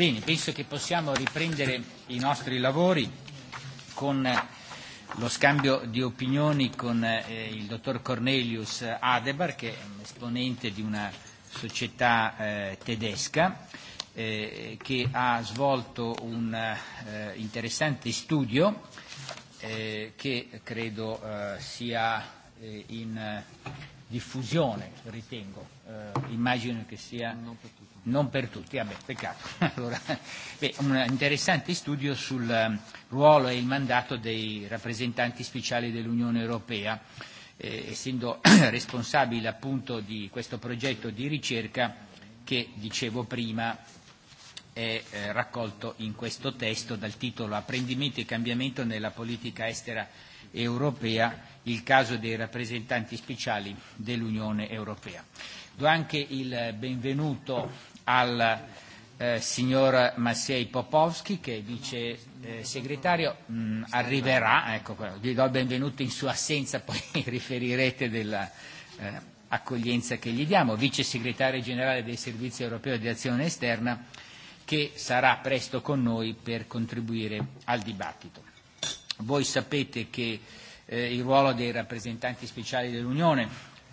Bene, penso che possiamo riprendere i nostri lavori con eh, lo scambio di opinioni con eh, il dottor Cornelius Adebar, che è un esponente di una società eh, tedesca eh, che ha svolto un eh, interessante studio eh, che credo eh, sia eh, in diffusione, ritengo. Eh, immagino che sia... Non per tutti non per tutti, vabbè, peccato. Allora, beh, un interessante studio sul ehm, ruolo e il mandato dei rappresentanti speciali dell'Unione Europea, eh, essendo responsabile appunto di questo progetto di ricerca che, dicevo prima, è eh, raccolto in questo testo dal titolo Apprendimento e cambiamento nella politica estera europea, il caso dei rappresentanti speciali dell'Unione Europea. Do anche il eh, benvenuto al eh, signor Massei Popovski, che è vice eh, segretario, mh, mm, arriverà, ecco, gli do il benvenuto in sua assenza, poi riferirete della eh, accoglienza che gli diamo, vice segretario generale dei servizi europeo di azione esterna, che sarà presto con noi per contribuire al dibattito. Voi sapete che eh, il ruolo dei rappresentanti speciali dell'Unione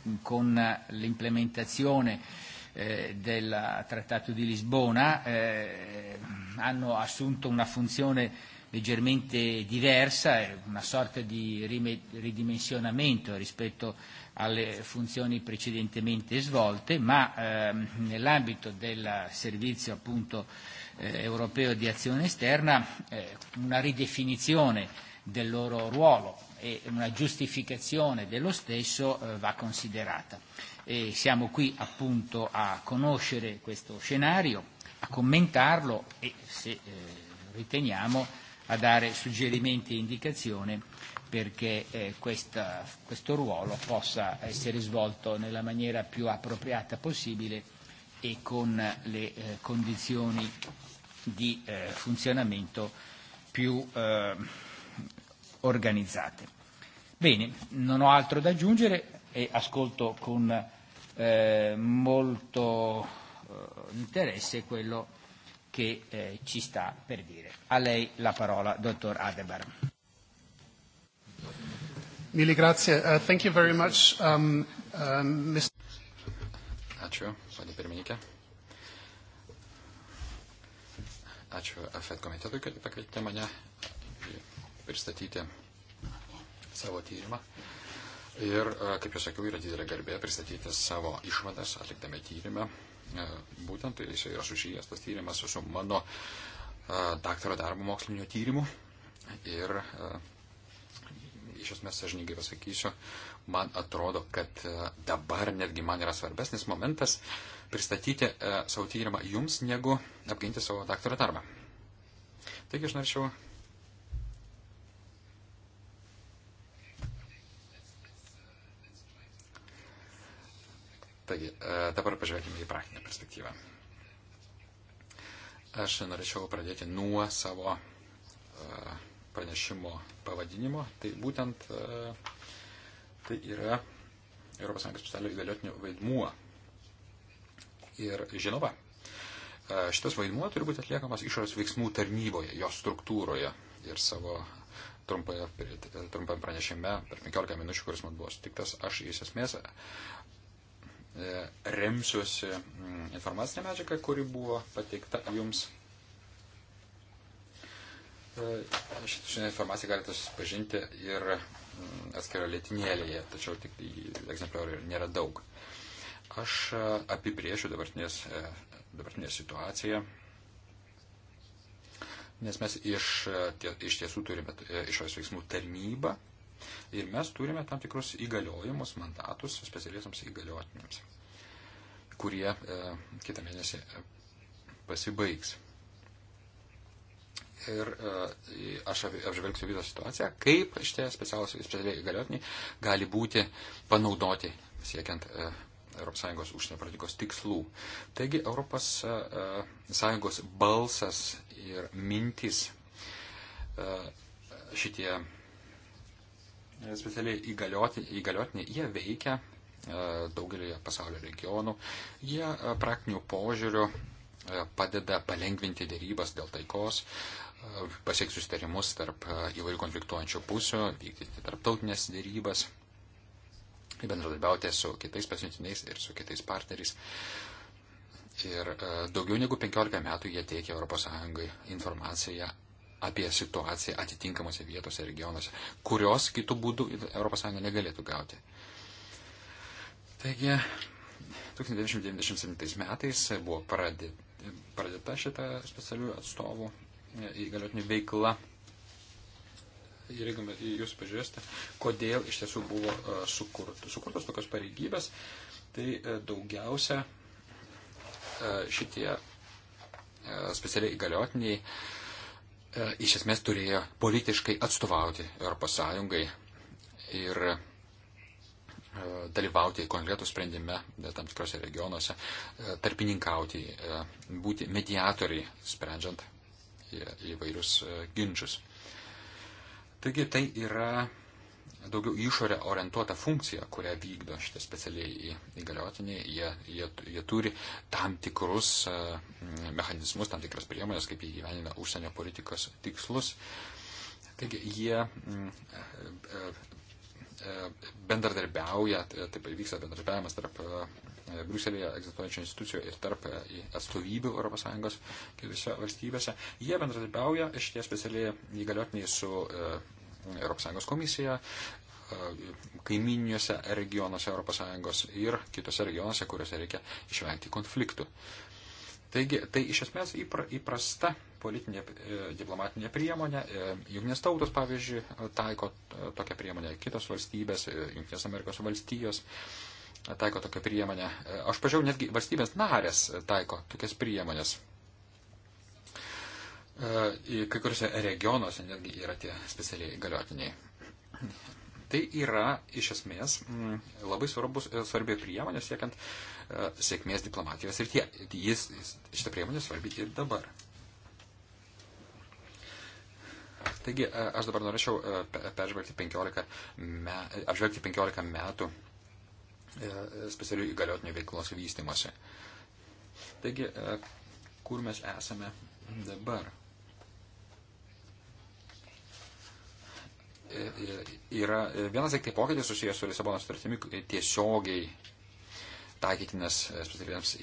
mm, con eh, l'implementazione eh, del Trattato di Lisbona eh, hanno assunto una funzione leggermente diversa, una sorta di ridimensionamento rispetto alle funzioni precedentemente svolte, ma ehm, nell'ambito del servizio appunto eh, europeo di azione esterna eh, una ridefinizione del loro ruolo e una giustificazione dello stesso eh, va considerata e siamo qui appunto a conoscere questo scenario, a commentarlo e se eh, riteniamo a dare suggerimenti e indicazioni perché eh, questa, questo ruolo possa essere svolto nella maniera più appropriata possibile e con le eh, condizioni di eh, funzionamento più eh, organizzate. Bene, non ho altro da aggiungere e ascolto con eh, molto eh, interesse quello che eh, ci sta per dire. A lei la parola, dottor Adebar. Mille grazie. Uh, thank you very much, um, uh, um, Mr. Ačiū, panė pirmininkė. Ačiū FED komitetui, kad pakvietėte mane pristatyti savo tyrimą. Uh, Ir, e, kaip jau sakiau, yra didelė garbė pristatyti savo išvadas atliktame tyrimę. E, būtent tai jis yra susijęs tas tyrimas su mano e, daktaro darbo mokslinio tyrimu. Ir iš esmės sažininkai pasakysiu, man atrodo, kad dabar netgi man yra svarbesnis momentas pristatyti savo tyrimą jums, negu apginti savo daktaro darbą. Taigi aš norėčiau Taigi, e, dabar pažvelgime į praktinę perspektyvą. Aš norėčiau pradėti nuo savo e, pranešimo pavadinimo. Tai būtent e, tai yra ES specialio įgaliotinio vaidmuo. Ir žinoma, šitas vaidmuo turi būti atliekamas išorės veiksmų tarnyboje, jos struktūroje ir savo trumpai, trumpam pranešime per 15 minučių, kuris man buvo sutiktas, aš iš esmės E, remsiuosi mm, informacinę medžiagą, kuri buvo pateikta jums. E, šią informaciją galite susipažinti ir mm, atskirio lėtinėlėje, tačiau tik egzempliorių nėra daug. Aš e, apibriešiu dabartinės, dabartinę situaciją, nes mes iš, iš tiesų turime išorės veiksmų tarnybą, Ir mes turime tam tikrus įgaliojimus, mandatus specialiesiams įgaliotiniams, kurie e, kitą mėnesį e, pasibaigs. Ir e, aš apžvelgsiu visą situaciją, kaip šitie specialiai įgaliotiniai gali būti panaudoti siekiant e, ES užsienio politikos tikslų. Taigi ES e, e, balsas ir mintis šitie E, specialiai įgaliotiniai, jie veikia e, daugelį pasaulio regionų. Jie e, praktinių požiūrių padeda palengvinti dėrybas dėl taikos, pasiekti sustarimus tarp įvairių konfliktuojančių pusių, vykdyti tarptautinės dėrybas, bendradarbiauti su kitais pasiuntiniais ir su kitais partneriais. Ir daugiau negu 15 metų jie teikia ES informaciją apie situaciją atitinkamose vietose, regionuose, kurios kitų būdų ES negalėtų gauti. Taigi, 1997 metais buvo pradėta šita specialių atstovų e, įgaliotinių veikla. Ir jeigu jūs pažiūrėsite, kodėl iš tiesų buvo e, sukurtos, sukurtos tokios pareigybės, tai e, daugiausia šitie specialiai įgaliotiniai E, iš esmės turėjo politiškai atstovauti ES ir e, dalyvauti konkretų sprendime e, tam tikrose regionuose, tarpininkauti, būti mediatoriai, sprendžiant įvairius ginčius. Taigi tai yra daugiau išorę orientuotą funkciją, kurią vykdo šitie specialiai įgaliotiniai. Jie, jie, jie turi tam tikrus e, mechanizmus, tam tikras priemonės, kaip įgyvenina užsienio politikos tikslus. Taigi jie mm, e, e, bendradarbiauja, taip vyksta bendradarbiavimas tarp Bruselėje egzistuojančių institucijų ir tarp atstovybių ES kitose valstybėse. Jie bendradarbiauja šitie specialiai įgaliotiniai su ES komisija e, kaimininiuose regionuose ES ir kitose regionuose, kuriuose reikia išvengti konfliktų. Taigi, tai iš esmės įpra, įprasta politinė e, diplomatinė priemonė. E, Junktinės tautos, pavyzdžiui, taiko tokią priemonę, kitos valstybės, e, Junktinės Amerikos valstijos taiko tokią priemonę. E, aš pažiūrėjau, netgi valstybės narės taiko tokias priemonės. E, kai kuriuose regionuose netgi yra tie specialiai galiotiniai. Tai yra iš esmės labai svarbus, e, svarbi priemonė siekiant e, sėkmės diplomatijos ir tie. Jis, šitą priemonę svarbi ir dabar. Taigi, aš dabar norėčiau peržvelgti 15, me, apžvelgti 15 metų specialių įgaliotinių veiklos vystimuose. Taigi, kur mes esame dabar? yra vienas tik tai pokytis susijęs su Lisabono sutartimi tiesiogiai taikytinas e, specialiams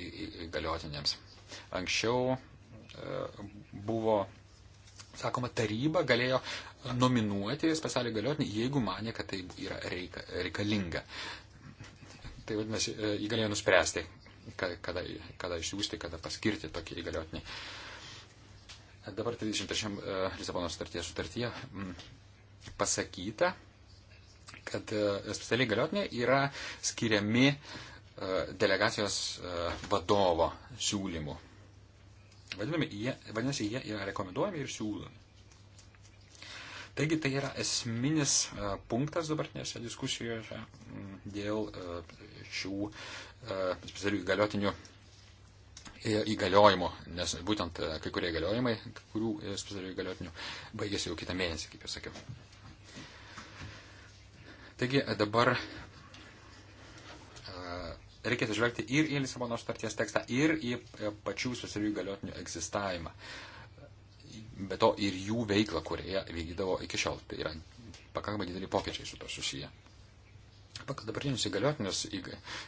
įgaliotinėms. Anksčiau e, buvo, sakoma, taryba galėjo nominuoti specialiai galiotinį, jeigu mane, kad tai yra reika, reikalinga. Tai vadinasi, e, jį galėjo nuspręsti, kada, kada išsiųsti, kada paskirti tokį įgaliotinį. Dabar 33 Lisabono sutarties sutartyje pasakyta, kad e, specialiai galiotinė yra skiriami e, delegacijos e, vadovo siūlymų. Vadinami, jie, vadinasi, jie yra rekomenduojami ir siūlomi. Taigi tai yra esminis punktas dabartinėse diskusijose dėl šių specialių įgaliotinių įgaliojimų, nes būtent kai kurie įgaliojimai, kurių specialių įgaliotinių, baigėsi jau kitą mėnesį, kaip jau sakiau. Taigi e, dabar e, reikia atsižvelgti ir į Lisabono sutarties tekstą, ir į e, pačių specialių įgaliotinių egzistavimą. Be to ir jų veiklą, kurie vykdydavo iki šiol. Tai yra pakankamai dideli pokyčiai su to susiję. Pagal dabartinius įgaliotinius,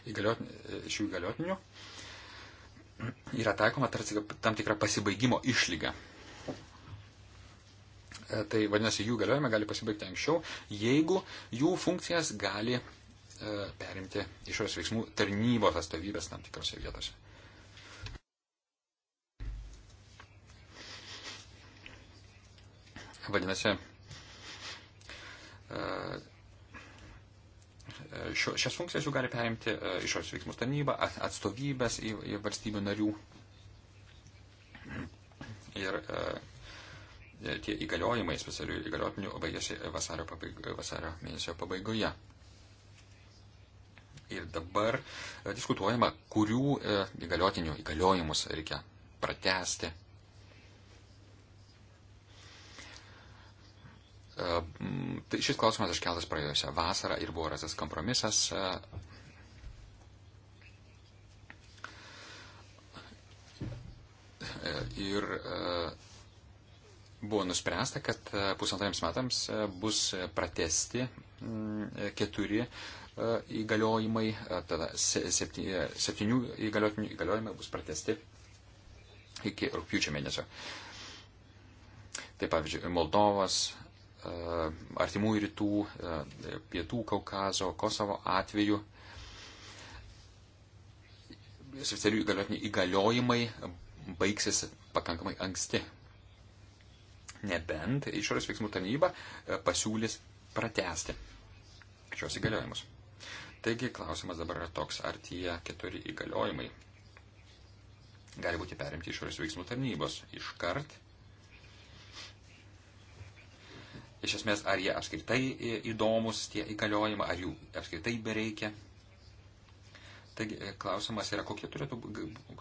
įgaliotin, šių įgaliotinių yra taikoma tarsi tam tikra pasibaigimo išlyga. E, tai vadinasi, jų galiojimai gali pasibaigti anksčiau, jeigu jų funkcijas gali e, perimti išorės veiksmų tarnybos atstovybės tam tikrose vietose. Vadinasi, e, šio, šias funkcijas jau gali perimti išorės veiksmus tarnyba, atstovybės į, į valstybių narių. Ir E, tie įgaliojimai specialių įgaliotinių baigėsi vasario, pabaig, vasario mėnesio pabaigoje. Ir dabar e, diskutuojama, kurių e, įgaliotinių įgaliojimus reikia pratesti. Tai šis klausimas iškeltas praėjusią vasarą ir buvo rastas kompromisas. Ir buvo nuspręsta, kad e, pusantrams metams e, bus pratesti mm, e, keturi įgaliojimai, tada septynių įgaliotinių įgaliojimai bus pratesti iki rūpjūčio mėnesio. Tai pavyzdžiui, Moldovas, Artimųjų rytų, Pietų Kaukazo, Kosovo atveju specialių įgaliotinių įgaliojimai baigsis pakankamai anksti nebent išorės veiksmų tarnyba e, pasiūlys pratesti šios įgaliojimus. Taigi klausimas dabar yra toks, ar tie keturi įgaliojimai gali būti perimti išorės veiksmų tarnybos iškart. Iš esmės, ar jie apskritai įdomus tie įgaliojimai, ar jų apskritai bereikia. Taigi e, klausimas yra, kokie turėtų,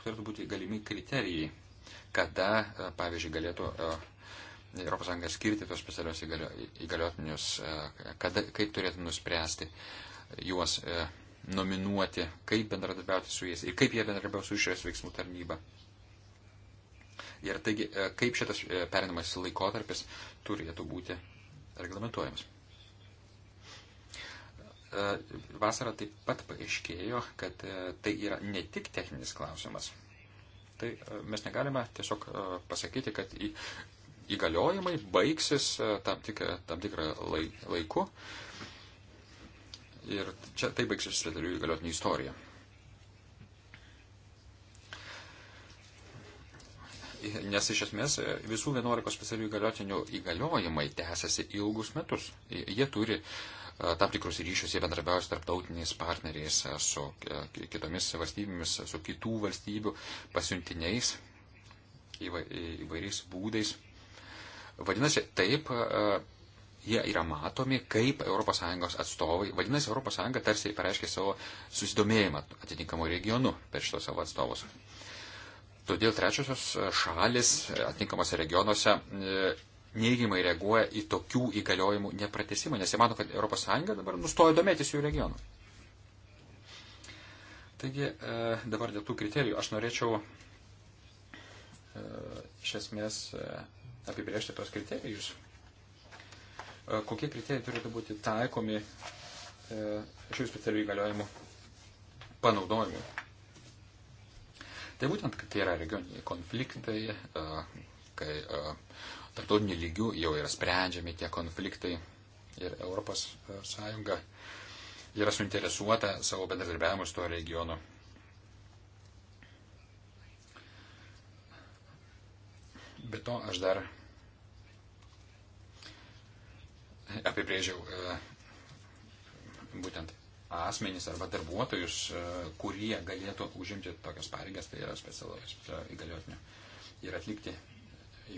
turėtų būti galimi kriterijai, kada, e, pavyzdžiui, galėtų ES skirti tos specialios įgaliotinius, e, kada, kaip turėtų nuspręsti juos e, nominuoti, kaip bendradarbiauti su jais ir kaip jie bendradarbiaus su išorės veiksmų tarnyba. Ir taigi, e, kaip šitas perinamas laikotarpis turėtų būti reglamentuojamas. Vasara taip pat paaiškėjo, kad tai yra ne tik techninis klausimas. Tai mes negalime tiesiog pasakyti, kad įgaliojimai baigsis e, tam, tikrą, tam tikrą lai, laiku. Ir čia tai baigsis specialių įgaliotinių istorija. Nes iš esmės e, visų 11 specialių įgaliotinių įgaliojimai tęsiasi ilgus metus. Jie turi e, tam tikrus ryšius, jie bendrabiausia tarptautiniais partneriais, su kitomis valstybėmis, su kitų valstybių pasiuntiniais įvairiais būdais. Vadinasi, taip e, jie yra matomi kaip ES atstovai. Vadinasi, ES tarsi pareiškia savo susidomėjimą atitinkamu regionu per šitos savo atstovus. Todėl trečiosios šalis atitinkamose regionuose e, neigiamai reaguoja į tokių įgaliojimų nepratesimą, nes jie mano, kad ES dabar nustojo domėtis jų regionu. Taigi e, dabar dėl tų kriterijų aš norėčiau iš esmės apibriežti tos kriterijus, e, kokie kriterijai turėtų būti taikomi e, šių specialių įgaliojimų panaudojimui. Tai būtent, kad tai yra regioniniai konfliktai, e, kai tarptautiniu lygiu jau yra sprendžiami tie konfliktai ir ES yra suinteresuota savo bendradarbiavimu su tuo regionu Be to aš dar apibrėžiau e, būtent asmenys arba darbuotojus, e, kurie galėtų užimti tokias pareigas, tai yra specialaus įgaliotinio ir atlikti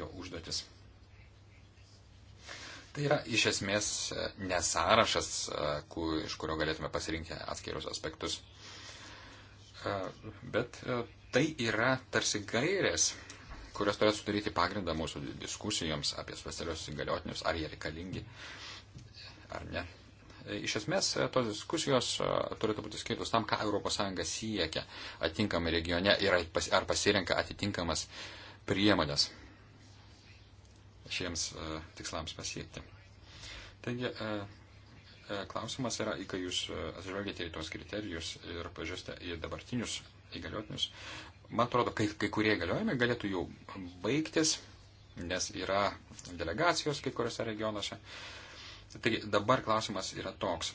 jo užduotis. Tai yra iš esmės e, nesąrašas, kur, iš kurio galėtume pasirinkti atskirius aspektus. Bet tai yra tarsi gairės, kurios turėtų sudaryti pagrindą mūsų diskusijoms apie specialius įgaliotinius, ar jie reikalingi ar ne. Iš esmės, tos diskusijos turėtų būti skirtos tam, ką ES siekia atitinkamai regione ir ar pasirenka atitinkamas priemonės šiems tikslams pasiekti. Taigi, klausimas yra, kai jūs atsižvelgėte į tos kriterijus ir pažiūrėsite į dabartinius įgaliotinius, Man atrodo, kai, kai kurie įgaliojimai galėtų jau baigtis, nes yra delegacijos kai kuriuose regionuose. Taigi dabar klausimas yra toks.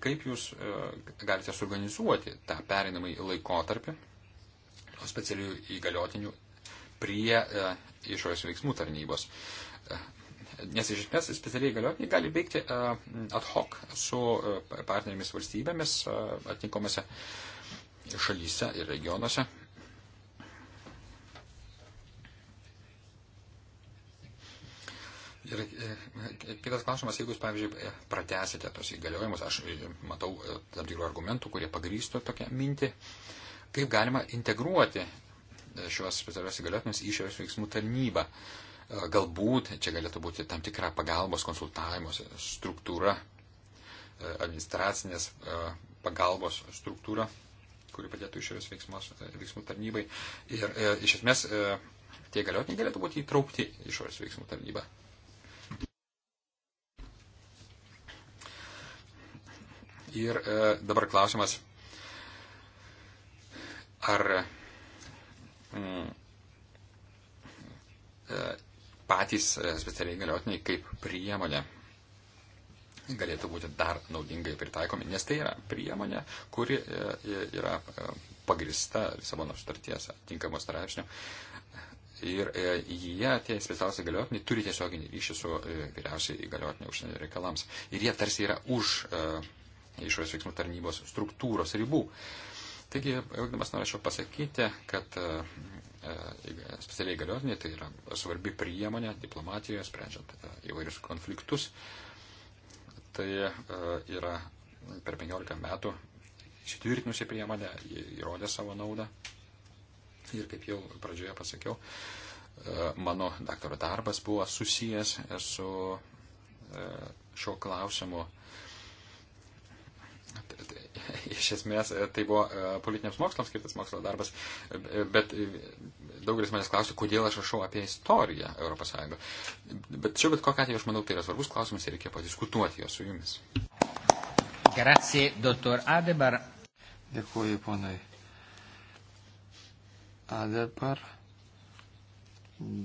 Kaip jūs e, galite suorganizuoti tą perinamąjį laikotarpį specialių įgaliotinių prie e, išorės veiksmų tarnybos? E, nes iš esmės specialiai įgaliotiniai gali veikti ad hoc su partnerėmis valstybėmis atitinkamose šalyse ir regionuose. Ir e, kitas klausimas, jeigu jūs, pavyzdžiui, pratesite tos įgaliojimus, aš matau e, tam tikrų argumentų, kurie pagrįsto tokią mintį, kaip galima integruoti e, šios specialios įgaliotinės į šios veiksmų tarnybą. Galbūt čia galėtų būti tam tikra pagalbos konsultavimus struktūra, administracinės pagalbos struktūra, kuri padėtų išorės veiksmų tarnybai. Ir iš esmės tie galiotiniai galėtų būti įtraukti išorės veiksmų tarnybą. Ir e, dabar klausimas, ar mm, e, patys e, specialiai galiotiniai kaip priemonė galėtų būti dar naudingai pritaikomi, nes tai yra priemonė, kuri e, e, yra pagrista Lisabono sutarties atitinkamo straipsnio. Ir jie, tie specialūs įgaliotiniai, turi tiesioginį ryšį su vyriausiai įgaliotiniai užsienio reikalams. Ir jie tarsi yra už uh, išorės veiksmų tarnybos struktūros ribų. Taigi, baigdamas norėčiau pasakyti, kad e, e, specialiai galiotinė tai yra svarbi priemonė diplomatijoje, sprendžiant e, įvairius konfliktus. Tai yra per 15 metų įsitvirtinusi priemonė, įrodė savo naudą. Ir kaip jau pradžioje pasakiau, mano daktaro darbas buvo susijęs su šio klausimu iš esmės e, tai buvo e, politiniams mokslams skirtas mokslo darbas, e, bet daugelis manęs klausia, kodėl aš rašau apie istoriją Europos Sąjungą. Bet čia bet kokia atveju aš manau, tai yra svarbus klausimas ir reikia padiskutuoti jo su jumis. Grazie, doktor Adebar. Dėkuoju, ponai. Adebar.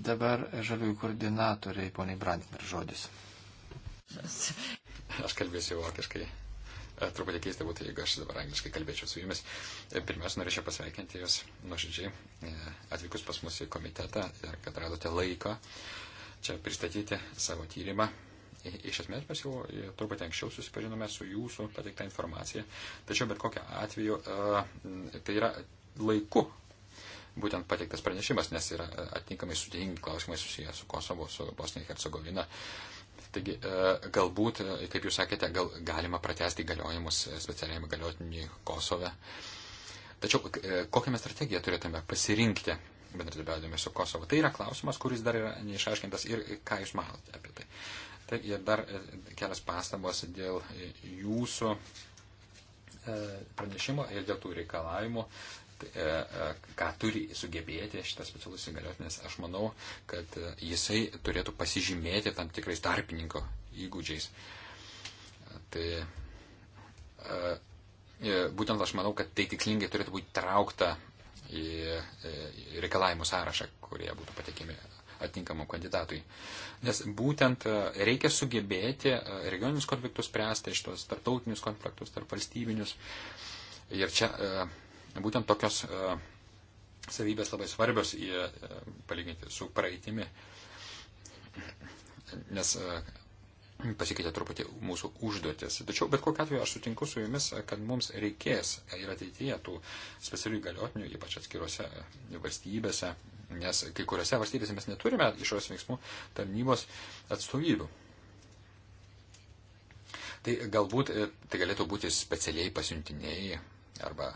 Dabar žaliųjų koordinatoriai, poniai Brantner, žodis. Aš kalbėsiu vokiškai. E, truputį keista būtų, jeigu aš dabar angliškai kalbėčiau su jumis. E, pirmiausia, norėčiau pasveikinti jūs nuoširdžiai e, atvykus pas mus į komitetą ir kad radote laiko čia pristatyti savo tyrimą. Iš esmės mes jau truputį anksčiau susipažinome su jūsų pateikta informacija, tačiau bet kokiu atveju tai yra laiku būtent pateiktas pranešimas, nes yra atitinkamai sudėtingi klausimai susijęs su Kosovo, su Bosnija ir Hercegovina. Uh, Taigi, e, galbūt, e, kaip jūs sakėte, gal, galima pratesti galiojimus e, specialiam galiotiniui Kosove. Tačiau kokią mes strategiją turėtume pasirinkti bendradarbiaudami su Kosovo? Tai yra klausimas, kuris dar yra neišaiškintas ir ką jūs manote apie tai. Taip, ir dar kelias pastabos dėl jūsų pranešimo ir dėl tų reikalavimų E, e, ką turi sugebėti šitas specialus įgaliotinis, aš manau, kad e, jisai turėtų pasižymėti tam tikrais tarpininko įgūdžiais. Tai būtent aš manau, kad tai tikslingai turėtų būti traukta į reikalavimų sąrašą, kurie būtų patekimi atinkamam kandidatui. Nes būtent reikia sugebėti regioninius konfliktus spręsti, šitos tarptautinius konfliktus, tarp valstybinius. Ir čia Būtent tokios e, savybės labai svarbios į, e, palyginti su praeitimi, nes e, pasikeitė truputį mūsų užduotis. Tačiau bet kokiu atveju aš sutinku su jumis, kad mums reikės ir ateityje tų specialių įgaliotinių, ypač atskiruose valstybėse, nes kai kuriuose valstybėse mes neturime išorės veiksmų tarnybos atstovybių. Tai galbūt tai galėtų būti specialiai pasiuntiniai arba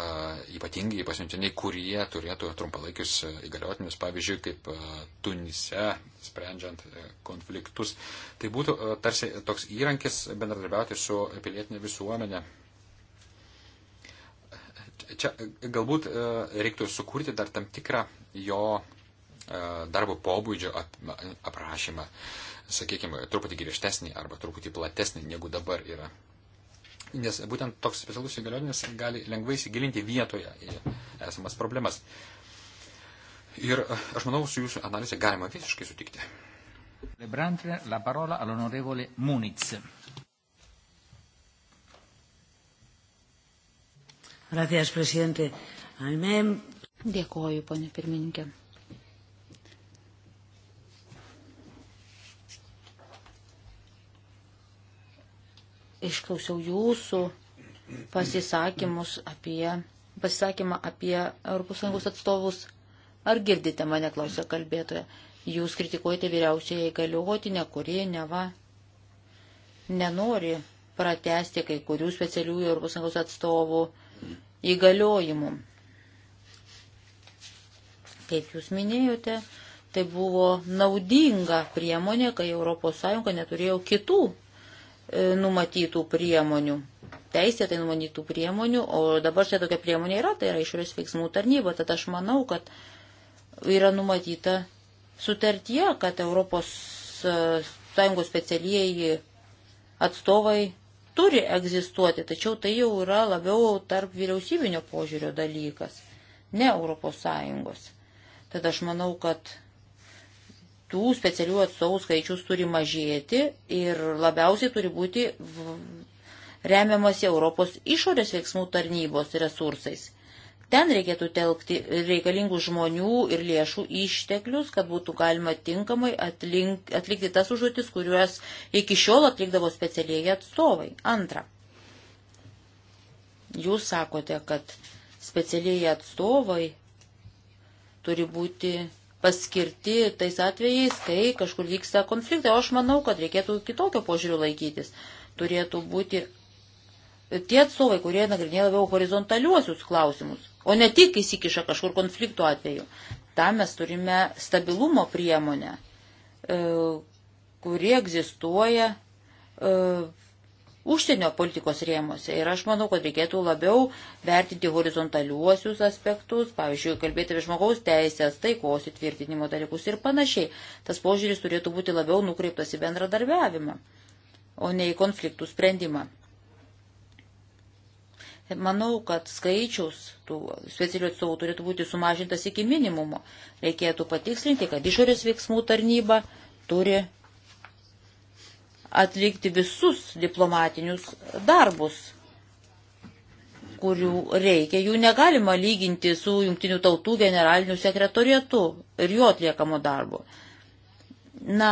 E, ypatingai pasiuntiniai, kurie turėtų trumpalaikius e, įgaliotinius, pavyzdžiui, kaip e, Tunise, sprendžiant konfliktus. Tai būtų tarsi toks įrankis bendradarbiauti su pilietinė visuomenė. Čia galbūt reiktų sukurti dar tam tikrą jo darbo pobūdžio aprašymą, sakykime, truputį griežtesnį arba truputį platesnį, negu dabar yra nes būtent toks specialus įgaliotinis gali lengvai įsigilinti vietoje į esamas problemas. Ir aš manau, su jūsų analizė galima visiškai sutikti. Brantre, la parola all'onorevole Muniz. Gracias, presidente. Alme... Dėkoju, ponė pirmininkė. Išklausiau jūsų pasisakymus apie, pasisakymą apie ES atstovus. Ar girdite mane, klausia kalbėtoja. Jūs kritikuojate vyriausiai įgaliotinę, kuri neva nenori pratesti kai kurių specialiųjų ES atstovų įgaliojimų. Kaip jūs minėjote, tai buvo naudinga priemonė, kai ES neturėjo kitų E, numatytų priemonių, teisėtai numatytų priemonių, o dabar čia tokia priemonė yra, tai yra išorės veiksmų tarnyba, tad aš manau, kad yra numatyta sutartie, kad Europos e, Sąjungos specialieji atstovai turi egzistuoti, tačiau tai jau yra labiau tarp vyriausybinio požiūrio dalykas, ne Europos Sąjungos. Tad aš manau, kad tų specialių atstovų skaičius turi mažėti ir labiausiai turi būti remiamasi Europos išorės veiksmų tarnybos resursais. Ten reikėtų telkti reikalingų žmonių ir lėšų išteklius, kad būtų galima tinkamai atlink, atlikti tas užduotis, kuriuos iki šiol atlikdavo specialieji atstovai. Antra. Jūs sakote, kad specialieji atstovai turi būti paskirti tais atvejais, kai kažkur vyksta konfliktai. O aš manau, kad reikėtų kitokio požiūrių laikytis. Turėtų būti tie atstovai, kurie nagrinėja labiau horizontaliuosius klausimus, o ne tik įsikiša kažkur konflikto atveju. Tam mes turime stabilumo priemonę, e, kuri egzistuoja e, užsienio politikos rėmose. Ir aš manau, kad reikėtų labiau vertinti horizontaliuosius aspektus, pavyzdžiui, kalbėti apie žmogaus teisės, taikos įtvirtinimo dalykus ir panašiai. Tas požiūris turėtų būti labiau nukreiptas į bendradarbiavimą, o ne į konfliktų sprendimą. Manau, kad skaičius tų specialių atstovų turėtų būti sumažintas iki minimumo. Reikėtų patikslinti, kad išorės veiksmų tarnyba turi atlikti visus diplomatinius darbus, kurių reikia. Jų negalima lyginti su jungtinių tautų generaliniu sekretorietu ir jo atliekamo darbu. Na,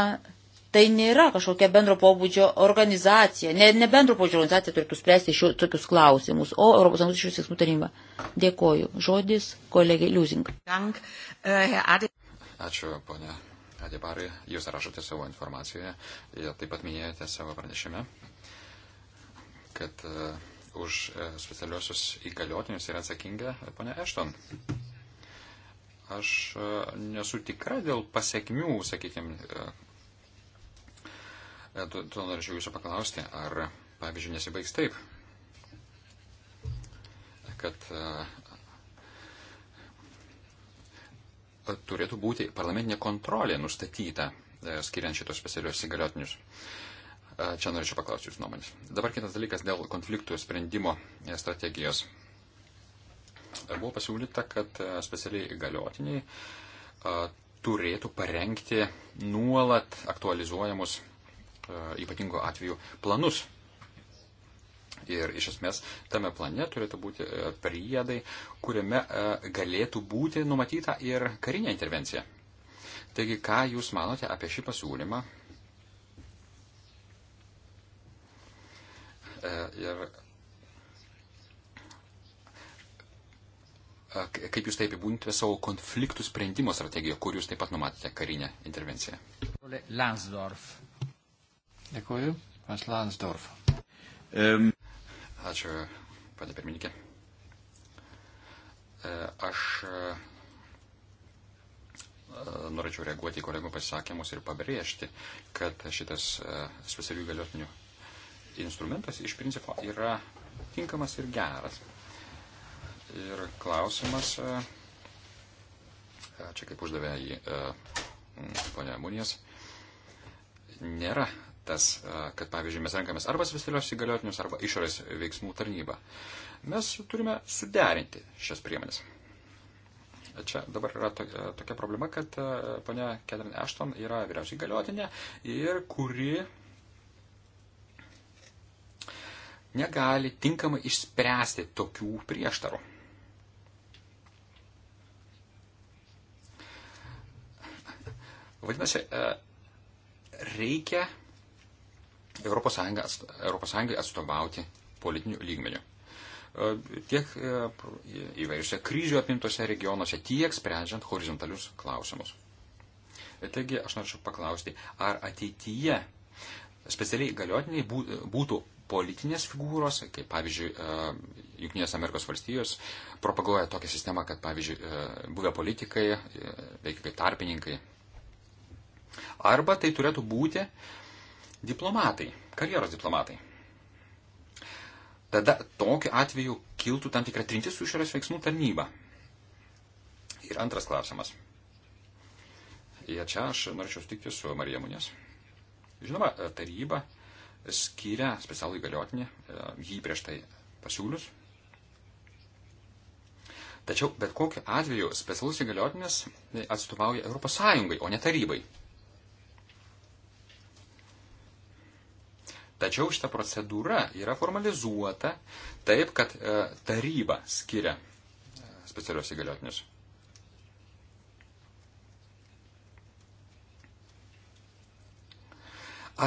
tai nėra kažkokia bendro pobūdžio organizacija. Ne, ne bendro pobūdžio organizacija turėtų spręsti šių, tokius klausimus, o ES išvis veiksmų taryba. Dėkoju. Žodis kolegė Liuzink. Äh, Ačiū, ponė Adibarai, jūs rašote savo informacijoje ir taip pat minėjote savo pranešime, kad uh, už e, specialiosius įgaliotinius yra atsakinga ponia Ešton. Aš uh, nesu tikra dėl pasiekmių, sakykime, uh, to norėčiau jūsų paklausti, ar, pavyzdžiui, nesibaigs taip, kad turėtų būti parlamentinė kontrolė nustatyta, e, skiriant šitos specialios įgaliotinius. E, čia norėčiau paklausti Jūsų nuomonės. Dabar kitas dalykas dėl konfliktų sprendimo e, strategijos. Buvo pasiūlyta, kad specialiai įgaliotiniai turėtų parengti nuolat aktualizuojamus ypatingo atveju planus Ir iš esmės tame plane turėtų būti e, priedai, kuriame e, galėtų būti numatyta ir karinė intervencija. Taigi, ką Jūs manote apie šį pasiūlymą? E, ir kaip Jūs tai apibūdintumėte savo konfliktų sprendimo strategiją, kur Jūs taip pat numatėte karinę intervenciją? Lansdorf. Dėkuoju. Pas Lansdorf. Um. Ačiū, panė pirmininkė. E, aš e, norėčiau reaguoti į kolegų pasisakymus ir pabrėžti, kad šitas e, specialių galiotinių instrumentas iš principo yra tinkamas ir geras. Ir klausimas, čia kaip uždavė į ponę Munijas, nėra tas, kad pavyzdžiui mes renkamės arba specialios įgaliotinius, arba išorės veiksmų tarnybą. Mes turime suderinti šias priemonės. Čia dabar yra tokia problema, kad ponia Ketrin Ashton yra vyriausiai galiotinė ir kuri negali tinkamai išspręsti tokių prieštarų. Vadinasi, reikia Europos Sąjungai atstovauti politiniu lygmeniu. E, tiek e, įvairiuose kryžių apimtose regionuose, tiek sprendžiant horizontalius klausimus. E, taigi aš norėčiau paklausti, ar ateityje specialiai galiotiniai būtų politinės figūros, kaip pavyzdžiui, Junktinės Amerikos valstijos propaguoja tokią sistemą, kad, pavyzdžiui, buvę politikai veikia kaip tarpininkai. Arba tai turėtų būti uh, diplomatai, karjeros diplomatai. Tada tokiu atveju kiltų tam tikra trintis su išorės veiksmų tarnyba. Ir antras klausimas. Ir čia aš norėčiau sutikti su Marija Munės. Žinoma, taryba skiria specialų įgaliotinį, e, jį prieš tai pasiūlius. Tačiau bet kokiu atveju specialus įgaliotinis atstovauja ES, o ne tarybai. Tačiau šita procedūra yra formalizuota taip, kad e, taryba skiria e, specialios įgaliotinius.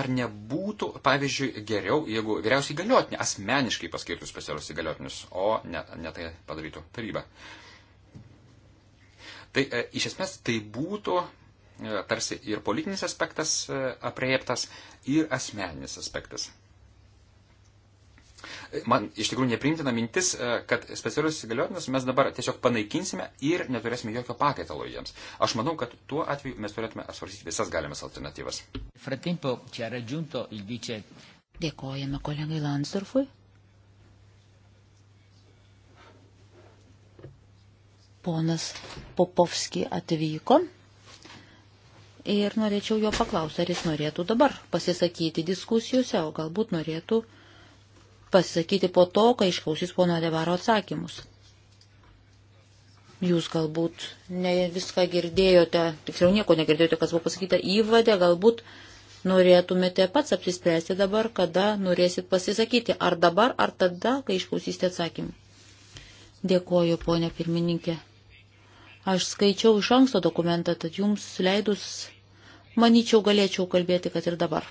Ar nebūtų, pavyzdžiui, geriau, jeigu vyriausiai galiotinė asmeniškai paskirtų specialius įgaliotinius, o ne, ne tai padarytų taryba? Tai e, iš esmės tai būtų E, tarsi ir politinis aspektas e, apriektas, ir asmeninis aspektas. E, man iš tikrųjų neprintina mintis, kad specialius įgaliotinus mes dabar tiesiog panaikinsime ir neturėsime jokio pakaitalo jiems. Aš manau, kad tuo atveju mes turėtume apsvarstyti visas galimas alternatyvas. Dėkojame kolegai Lansdorfui. Ponas Popovski atvyko ir norėčiau jo paklausti, ar jis norėtų dabar pasisakyti diskusijose, o galbūt norėtų pasisakyti po to, kai išklausys pono Devaro atsakymus. Jūs galbūt ne viską girdėjote, tiksliau nieko negirdėjote, kas buvo pasakyta įvadė, galbūt norėtumėte pats apsispręsti dabar, kada norėsit pasisakyti, ar dabar, ar tada, kai išklausysite atsakymą. Dėkuoju, ponė pirmininkė. Aš skaičiau iš anksto dokumentą, tad jums leidus, manyčiau, galėčiau kalbėti, kad ir dabar.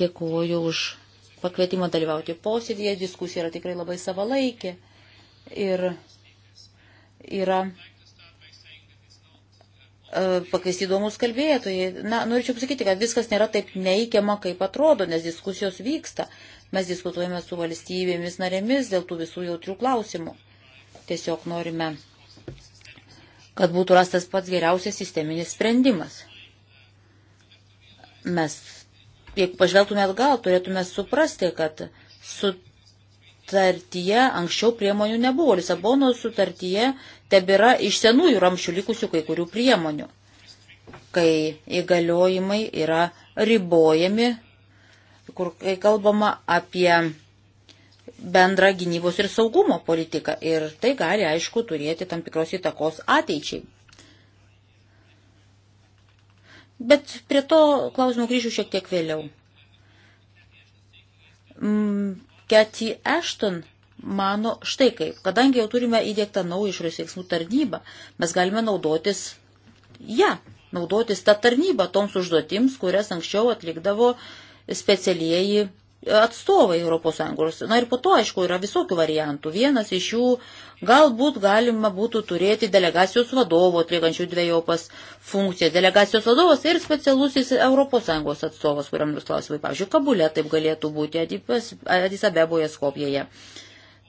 Dėkuoju už pakvietimą dalyvauti posėdėje. Diskusija yra tikrai labai savalaikė. Ir yra e, pakviesti įdomus kalbėtojai. Na, norėčiau pasakyti, kad viskas nėra taip neįkiama, kaip atrodo, nes diskusijos vyksta. Mes diskutuojame su valstybėmis narėmis dėl tų visų jautrių klausimų. Tiesiog norime, kad būtų rastas pats geriausias sisteminis sprendimas. Mes, jeigu pažvelgtume atgal, turėtume suprasti, kad su sutartyje anksčiau priemonių nebuvo. Lisabono sutartyje tebėra iš senųjų ramšių likusių kai kurių priemonių, kai įgaliojimai yra ribojami kur e, kalbama apie bendrą gynybos ir saugumo politiką. Ir tai gali, aišku, turėti tam tikros įtakos ateičiai. Bet prie to klausimo grįžiu šiek tiek vėliau. Keti mm, Ashton mano štai kaip, kadangi jau turime įdėktą naują išorės veiksmų tarnybą, mes galime naudotis ją, ja, naudotis tą tarnybą toms užduotims, kurias anksčiau atlikdavo uh, specialieji atstovai ES. Na ir po to, aišku, yra visokių variantų. Vienas iš jų galbūt galima būtų turėti delegacijos vadovo atliekančių dviejopas funkcijas. Delegacijos vadovas ir specialusis ES atstovas, kuriam bus klausimai. Pavyzdžiui, Kabulė taip galėtų būti, Adisabeboje, Skopijoje.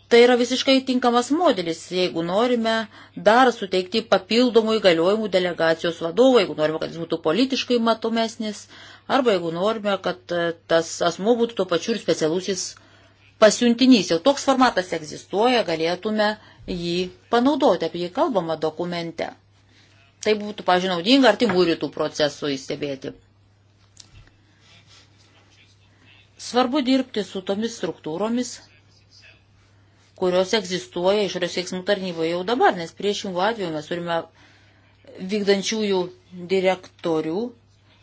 Tai yra visiškai tinkamas modelis, jeigu norime dar suteikti papildomų įgaliojimų delegacijos vadovui, jeigu norime, kad jis būtų politiškai matomesnis, uh, Arba jeigu norime, kad e, tas asmo būtų tuo pačiu ir specialusis pasiuntinys. Jau toks formatas egzistuoja, galėtume jį panaudoti, apie jį kalbama dokumente. Tai būtų, pažiūrėjau, naudinga artimų rytų procesų įstebėti. Svarbu dirbti su tomis struktūromis, kurios egzistuoja išorės veiksmų tarnyboje jau dabar, nes priešingų atveju mes turime vykdančiųjų direktorių,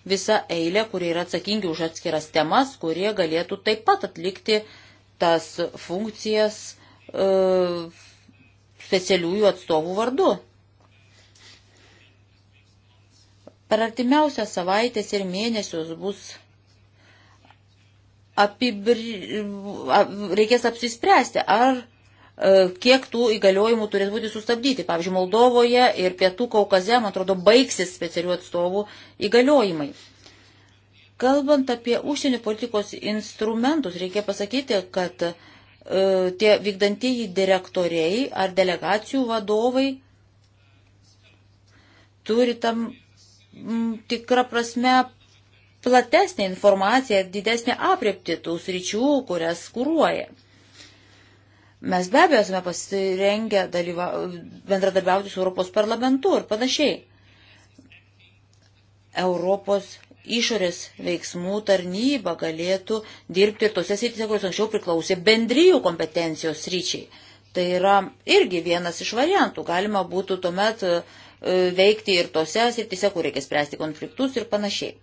visą eilę, kurie yra atsakingi už atskiras temas, kurie galėtų taip pat atlikti tas funkcijas e, specialiųjų atstovų vardu. Per artimiausią savaitės ir mėnesius bus apibri... reikės apsispręsti, ar E, kiek tų įgaliojimų turės būti sustabdyti. Pavyzdžiui, Moldovoje ir Pietų Kaukaze, man atrodo, baigsis specialių atstovų įgaliojimai. Kalbant apie užsienio politikos instrumentus, reikia pasakyti, kad e, tie vykdantieji direktoriai ar delegacijų vadovai turi tam m, tikrą prasme platesnę informaciją ir didesnę aprepti tų sričių, kurias kūruoja. Mes be abejo esame pasirengę dalyva, bendradarbiauti su Europos parlamentu ir panašiai. Europos išorės veiksmų tarnyba galėtų dirbti ir tose srityse, kurios anksčiau priklausė bendryjų kompetencijos ryčiai. Tai yra irgi vienas iš variantų. Galima būtų tuomet e, veikti ir tose srityse, kur reikia spręsti konfliktus ir panašiai.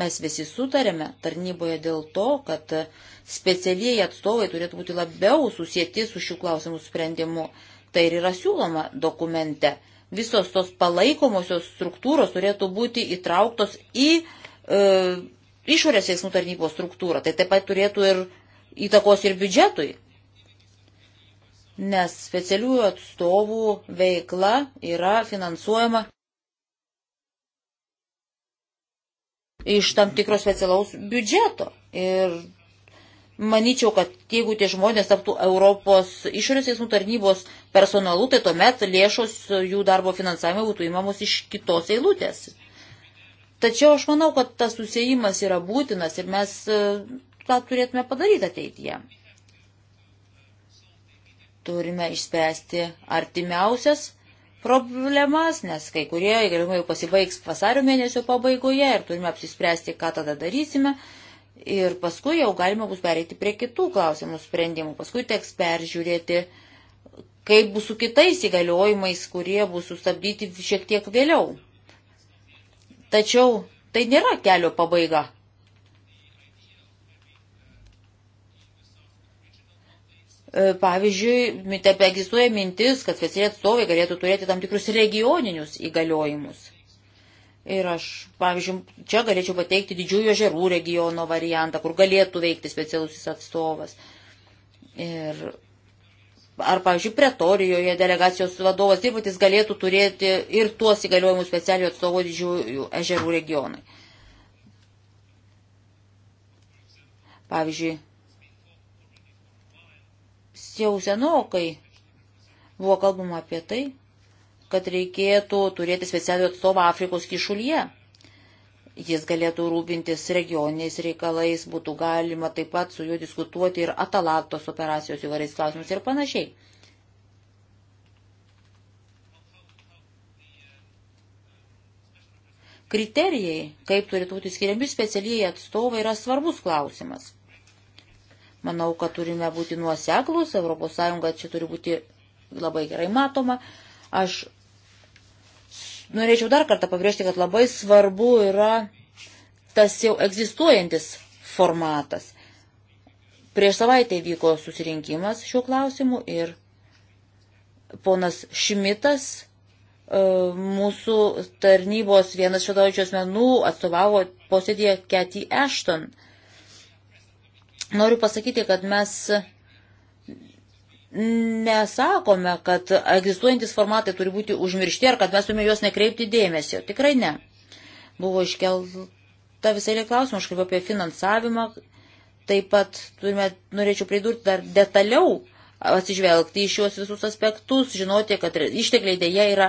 Mes visi sutarėme tarnyboje dėl to, kad specialieji atstovai turėtų būti labiau susijęti su šių klausimų sprendimu. Tai ir yra siūloma dokumente. Visos tos palaikomosios struktūros turėtų būti įtrauktos į e, išorės veiksmų tarnybos struktūrą. Tai taip pat turėtų ir įtakos ir biudžetui. Nes specialiųjų atstovų veikla yra finansuojama iš tam tikro specialaus biudžeto. Ir manyčiau, kad jeigu tie žmonės taptų Europos išorės teismų tarnybos personalu, tai tuomet lėšos jų darbo finansavimai būtų įmamos iš kitos eilutės. Tačiau aš manau, kad tas susijimas yra būtinas ir mes e, tą turėtume padaryti ateityje. Turime išspręsti artimiausias problemas, nes kai kurie įgaliojimai jau pasibaigs vasario mėnesio pabaigoje ir turime apsispręsti, ką tada darysime. Ir paskui jau galima bus pereiti prie kitų klausimų sprendimų. Paskui teks peržiūrėti, kaip bus su kitais įgaliojimais, kurie bus sustabdyti šiek tiek vėliau. Tačiau tai nėra kelio pabaiga. E, pavyzdžiui, tebe egzistuoja mintis, kad specialiai atstovai galėtų turėti tam tikrus regioninius įgaliojimus. Ir aš, pavyzdžiui, čia galėčiau pateikti didžiųjų žerų regiono variantą, kur galėtų veikti specialusis atstovas. Ir ar, pavyzdžiui, pretorijoje delegacijos vadovas dirbantis galėtų turėti ir tuos įgaliojimus specialių atstovų didžiųjų ežerų regionai. Pavyzdžiui, jau senokai buvo kalbama apie tai, kad reikėtų turėti specialių atstovą Afrikos kišulyje. Jis galėtų rūpintis regioniniais reikalais, būtų galima taip pat su juo diskutuoti ir atalantos operacijos įvairiais klausimais ir panašiai. Kriterijai, kaip turėtų būti skiriami specialieji atstovai, yra svarbus klausimas. Manau, kad turime būti nuoseklus, ES čia turi būti labai gerai matoma. Aš norėčiau dar kartą pabrėžti, kad labai svarbu yra tas jau egzistuojantis formatas. Prieš savaitę vyko susirinkimas šiuo klausimu ir ponas Šmitas, e, mūsų tarnybos vienas šadaujančių asmenų, atstovavo posėdėje Keti Ashton. Noriu pasakyti, kad mes nesakome, kad egzistuojantis formatai turi būti užmiršti ar kad mes turime juos nekreipti dėmesio. Tikrai ne. Buvo iškelta visai klausimų, aš kaip apie finansavimą. Taip pat turime, norėčiau pridurti dar detaliau atsižvelgti į šios visus aspektus, žinoti, kad ištekliai dėja yra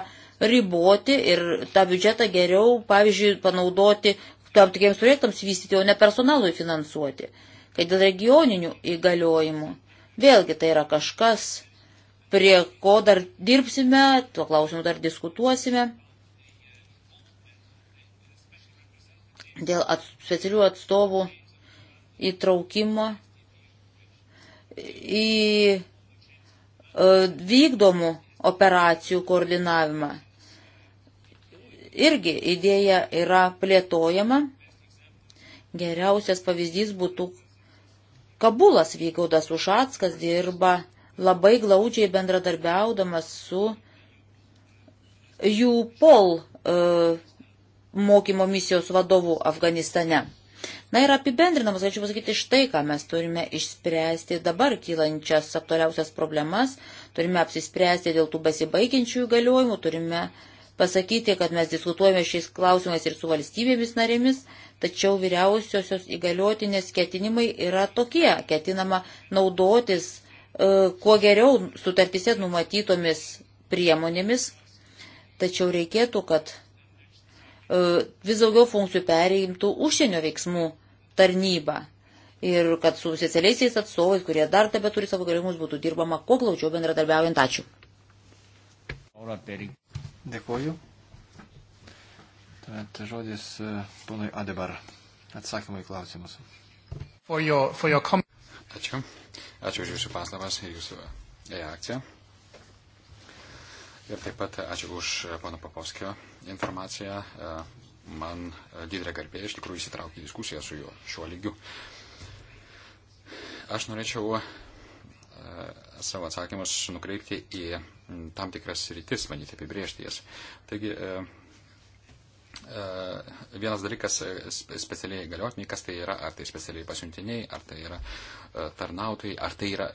riboti ir tą biudžetą geriau, pavyzdžiui, panaudoti tam tikriems projektams vystyti, o ne personalui finansuoti. Uh, Kai dėl regioninių įgaliojimų, vėlgi tai yra kažkas, prie ko dar dirbsime, tuo klausimu dar diskutuosime. Dėl at, specialių atstovų įtraukimo į e, vykdomų operacijų koordinavimą. Irgi idėja yra plėtojama. Geriausias pavyzdys būtų Kabulas Vygaudas Ušackas dirba labai glaudžiai bendradarbiaudamas su jų pol e, mokymo misijos vadovu Afganistane. Na ir apibendrinamas, galėčiau pasakyti štai, ką mes turime išspręsti dabar kylančias aktualiausias problemas, turime apsispręsti dėl tų besibaigiančių įgaliojimų, turime pasakyti, kad mes diskutuojame šiais klausimais ir su valstybėmis narėmis, tačiau vyriausiosios įgaliotinės ketinimai yra tokie. Ketinama naudotis e, kuo geriau sutartise numatytomis priemonėmis, tačiau reikėtų, kad e, vis daugiau funkcijų pereimtų užsienio veiksmų tarnybą ir kad su socialiaisiais atstovais, kurie dar tebe turi savo galimus, būtų dirbama kuo glaučiau bendradarbiaujant. Ačiū. Dėkuoju. Tad žodis e, ponui Adebar. Atsakymai klausimus. For your, for your Ačiū. Ačiū už jūsų pastabas ir jūsų reakciją. Ir taip pat ačiū už pono Papovskio informaciją. E, man e, didelė garbė iš tikrųjų įsitraukti į diskusiją su juo šiuo lygiu. Aš norėčiau savo atsakymus nukreipti į tam tikras rytis, bandyti apibriežti jas. Taigi, E, vienas dalykas e, specialiai įgaliotiniai, kas tai yra, ar tai specialiai pasiuntiniai, ar tai yra e, tarnautojai, ar tai yra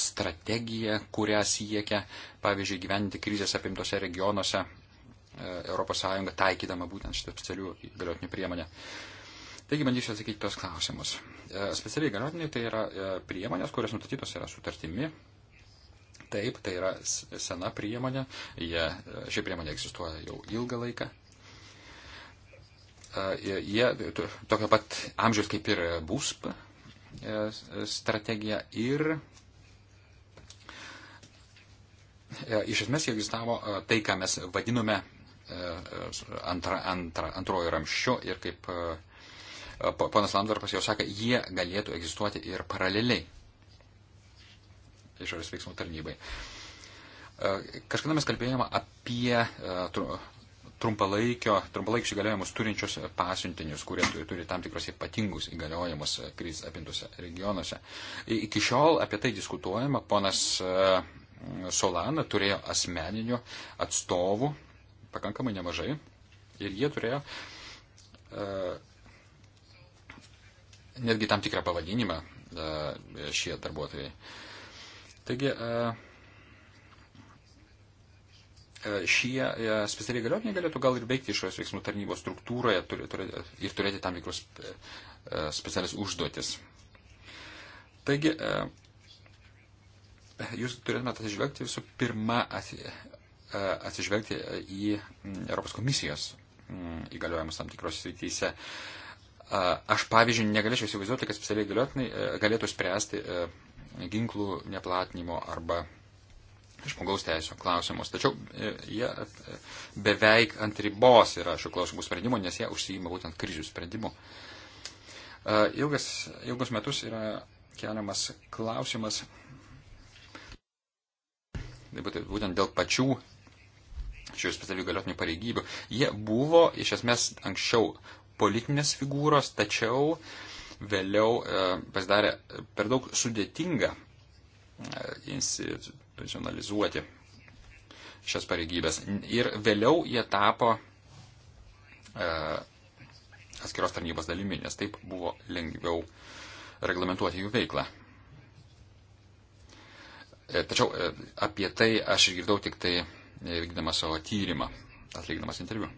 strategija, kurią siekia, pavyzdžiui, gyventi krizės apimtose regionuose ES taikydama būtent šitą specialių įgaliotinių priemonę. Taigi bandysiu atsakyti tos klausimus. Specialiai įgaliotiniai tai yra priemonės, kurios nustatytos yra sutartimi Taip, tai yra sena priemonė, jie, ši priemonė egzistuoja jau ilgą laiką jie tokio pat amžiaus kaip ir BUSP e, strategija ir e, iš esmės jie egzistavo e, tai, ką mes vadinome antra, antra, antrojo ramščio ir kaip ponas Landvarpas jau sakė, jie galėtų egzistuoti ir paraleliai išorės veiksmų tarnybai. Kažkada mes kalbėjome apie trumpalaikio, trumpalaikius įgaliojimus turinčius pasiuntinius, kurie turi, turi tam tikrus ypatingus įgaliojimus e, krizės apimtose regionuose. Iki šiol apie tai diskutuojama, ponas e, Solana turėjo asmeninių atstovų, pakankamai nemažai, ir jie turėjo e, netgi tam tikrą pavadinimą šie darbuotojai. Taigi, E, šie e, specialiai galiotiniai galėtų gal ir veikti išorės veiksmų tarnybos struktūroje turi, turi, ir turėti tam tikrus e, specialias užduotis. Taigi, jūs turėtumėte atsižvelgti visų pirma atsižvelgti į Europos komisijos įgaliojimus tam tikros srityse. Aš, pavyzdžiui, negalėčiau įsivaizduoti, kad specialiai galėtų spręsti ginklų neplatinimo arba žmogaus teisų klausimus. Tačiau e, jie e, beveik ant ribos yra šių klausimų sprendimo, nes jie užsijima būtent krizių sprendimu. E, ilgas, ilgus metus yra keliamas klausimas būtent dėl pačių šių specialių galiotinių pareigybių. Jie buvo iš esmės anksčiau politinės figūros, tačiau vėliau e, pasidarė per daug sudėtinga e, personalizuoti šias pareigybės. Ir vėliau jie tapo e, atskiros tarnybos dalimi, nes taip buvo lengviau reglamentuoti jų veiklą. E, tačiau e, apie tai aš išgirdau tik tai e, vykdamas savo tyrimą, atlikdamas interviu.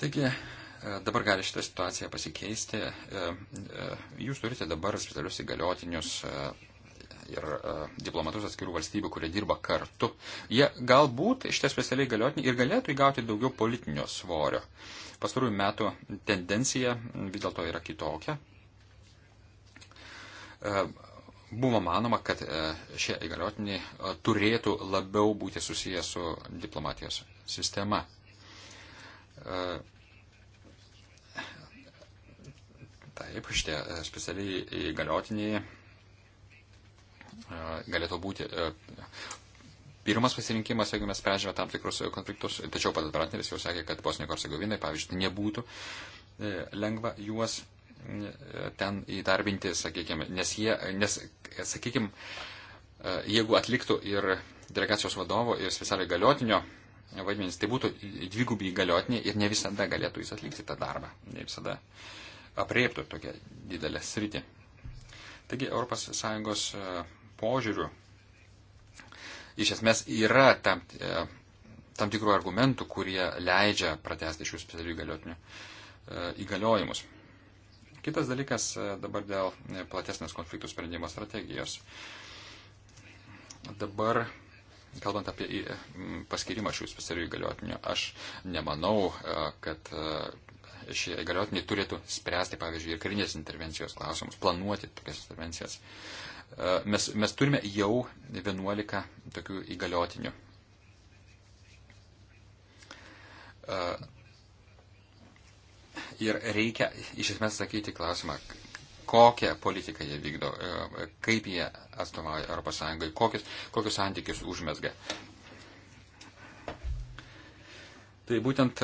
Taigi, e, dabar gali šitą situaciją pasikeisti. E, jūs turite dabar specialius įgaliotinius ir e, diplomatus atskirų valstybių, kurie dirba kartu, jie galbūt šitie specialiai galiotiniai ir galėtų įgauti daugiau politinio svorio. Pastarųjų metų tendencija vis dėlto yra kitokia. E, buvo manoma, kad e, šie įgaliotiniai turėtų labiau būti susiję su diplomatijos sistema. Taip, šitie specialiai įgaliotiniai galėtų būti pirmas pasirinkimas, jeigu mes peržiūrėjome tam tikrus konfliktus, tačiau pats partneris jau sakė, kad Bosnijo Korsegovinai, pavyzdžiui, nebūtų e, lengva juos e, ten įdarbinti, sakykime, nes jie, nes, sakykime, jeigu atliktų ir delegacijos vadovo, ir specialiai galiotinio vaidmenys, tai būtų dvigubai galiotiniai ir ne visada galėtų jis atlikti tą darbą, ne visada apriektų tokią didelę sritį. Taigi ES požiūrių iš esmės yra tam, e, tam tikrų argumentų, kurie leidžia pratesti šių specialių įgaliotinių e, įgaliojimus. Kitas dalykas e, dabar dėl platesnės konfliktų sprendimo strategijos. Dabar, kalbant apie paskirimą šių specialių įgaliotinių, aš nemanau, kad šie įgaliotiniai turėtų spręsti, pavyzdžiui, ir karinės intervencijos klausimus, planuoti tokias intervencijas. E, mes, mes turime jau 11 tokių įgaliotinių. E, ir reikia iš esmės sakyti klausimą, kokią politiką jie vykdo, e, kaip jie atstovauja Europos Sąjungai, kokius, kokius santykius užmesga. Tai būtent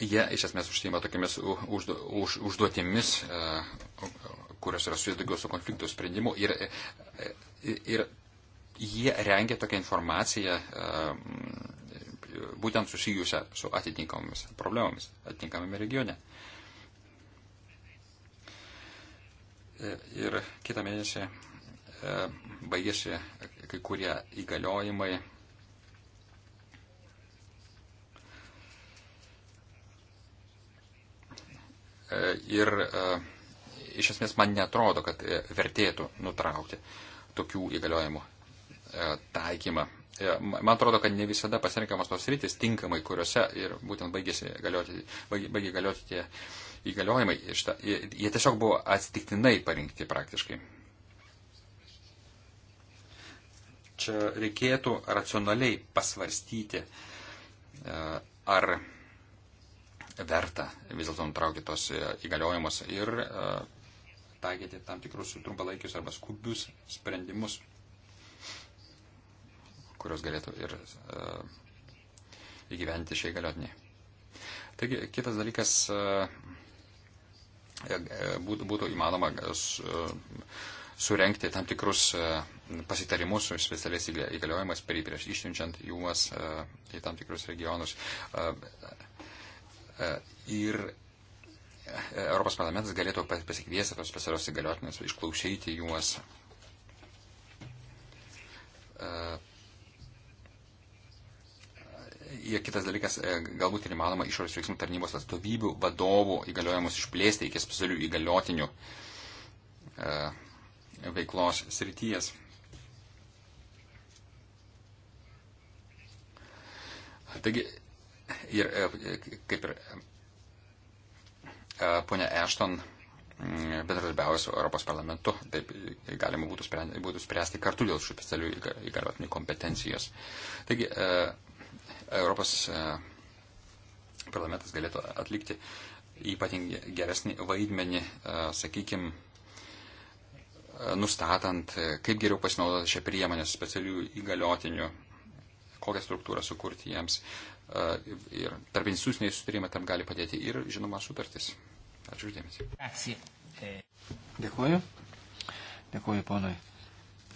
jie iš esmės užsima tokiamis uždu, už, užduotimis, kurios yra susijęs daugiau su konfliktų sprendimu. Ir, e, e, ir jie rengia tokią informaciją e, būtent susijusią su atitinkamomis problemomis atitinkamame regione. Ir kitą mėnesį baigėsi kai kurie įgaliojimai ir uh, iš esmės man netrodo, kad e, vertėtų nutraukti tokių įgaliojimų e, taikymą. E, man atrodo, kad ne visada pasirenkamos tos rytis tinkamai, kuriuose ir būtent baigėsi galioti, baigė galioti tie įgaliojimai. Šitą, jie tiesiog buvo atsitiktinai parinkti praktiškai. Čia reikėtų racionaliai pasvarstyti, ar verta vis dėlto nutraukti tos įgaliojimus ir taikyti tam tikrus trumpalaikius arba skubius sprendimus, kurios galėtų ir uh, įgyventi šiai galiotiniai. Taigi, kitas dalykas uh, būtų, būtų įmanoma uh, surenkti tam tikrus pasitarimus su specialiais įgaliojimais prieš išsiunčiant juos į tam tikrus regionus. Ir Europos parlamentas galėtų pasikviesti tos specialios įgaliotinės, išklausyti juos. E, ir kitas dalykas, e, galbūt ir įmanoma išorės veiksmų tarnybos atstovybių vadovų įgaliojimus išplėsti iki specialių įgaliotinių e, veiklos srities. Taigi, ir kaip ir E, ponia Ešton mm, bendradarbiauja su Europos parlamentu, taip galima būtų, sprend, būtų spręsti kartu dėl šių specialių įgaliotinių kompetencijos. Taigi, e, Europos e, parlamentas galėtų atlikti ypatingai geresnį vaidmenį, sakykime, nustatant, kaip geriau pasinaudoti šią priemonę specialių įgaliotinių, kokią struktūrą sukurti jiems. Ir tarp instituciniai sutarimai tam gali padėti ir, žinoma, sutartis. Ačiū uždėmesi. Eh. Dėkuoju. Dėkuoju ponui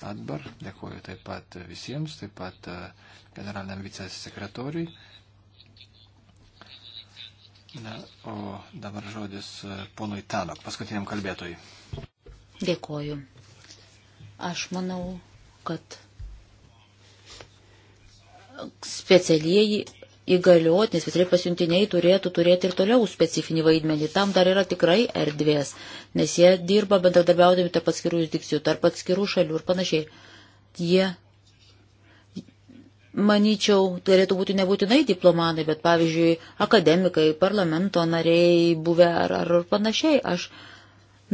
Atbar, dėkuoju taip pat visiems, taip pat eh, generaliniam vicesekretoriui. Na, o dabar žodis eh, ponui Tanok, paskutiniam kalbėtojui. Dėkuoju. Aš manau, kad specialieji įgaliotinis, visai pasiuntiniai turėtų turėti ir toliau specifinį vaidmenį. Tam dar yra tikrai erdvės, nes jie dirba bendradarbiaudami tarp atskirų jurisdikcijų, tarp atskirų šalių ir panašiai. Jie, manyčiau, turėtų būti nebūtinai diplomatai, bet pavyzdžiui, akademikai, parlamento nariai buvę ar, ar panašiai. Aš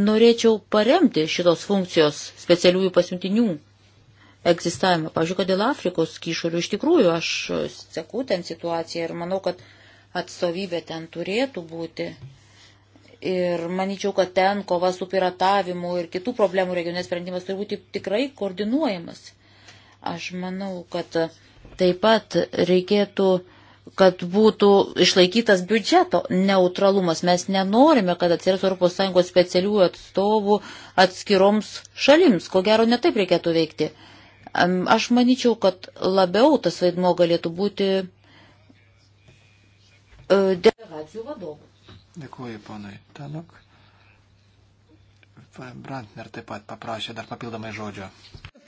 norėčiau paremti šitos funkcijos specialiųjų pasiuntinių egzistavimą. Pavyzdžiui, kad dėl Afrikos kyšulių iš tikrųjų aš seku ten situaciją ir manau, kad atstovybė ten turėtų būti. Ir manyčiau, kad ten kova su piratavimu ir kitų problemų regionės sprendimas turi būti tikrai koordinuojamas. Aš manau, kad taip pat reikėtų kad būtų išlaikytas biudžeto neutralumas. Mes nenorime, kad atsirastų ES specialių atstovų atskiroms šalims. Ko gero, netaip reikėtų veikti. Uh, Aš manyčiau, kad labiau tas vaidmo galėtų būti e, delegacijų vadovų. Dėkuoju, ponai Tanok. Brantner taip pat paprašė dar papildomai žodžio.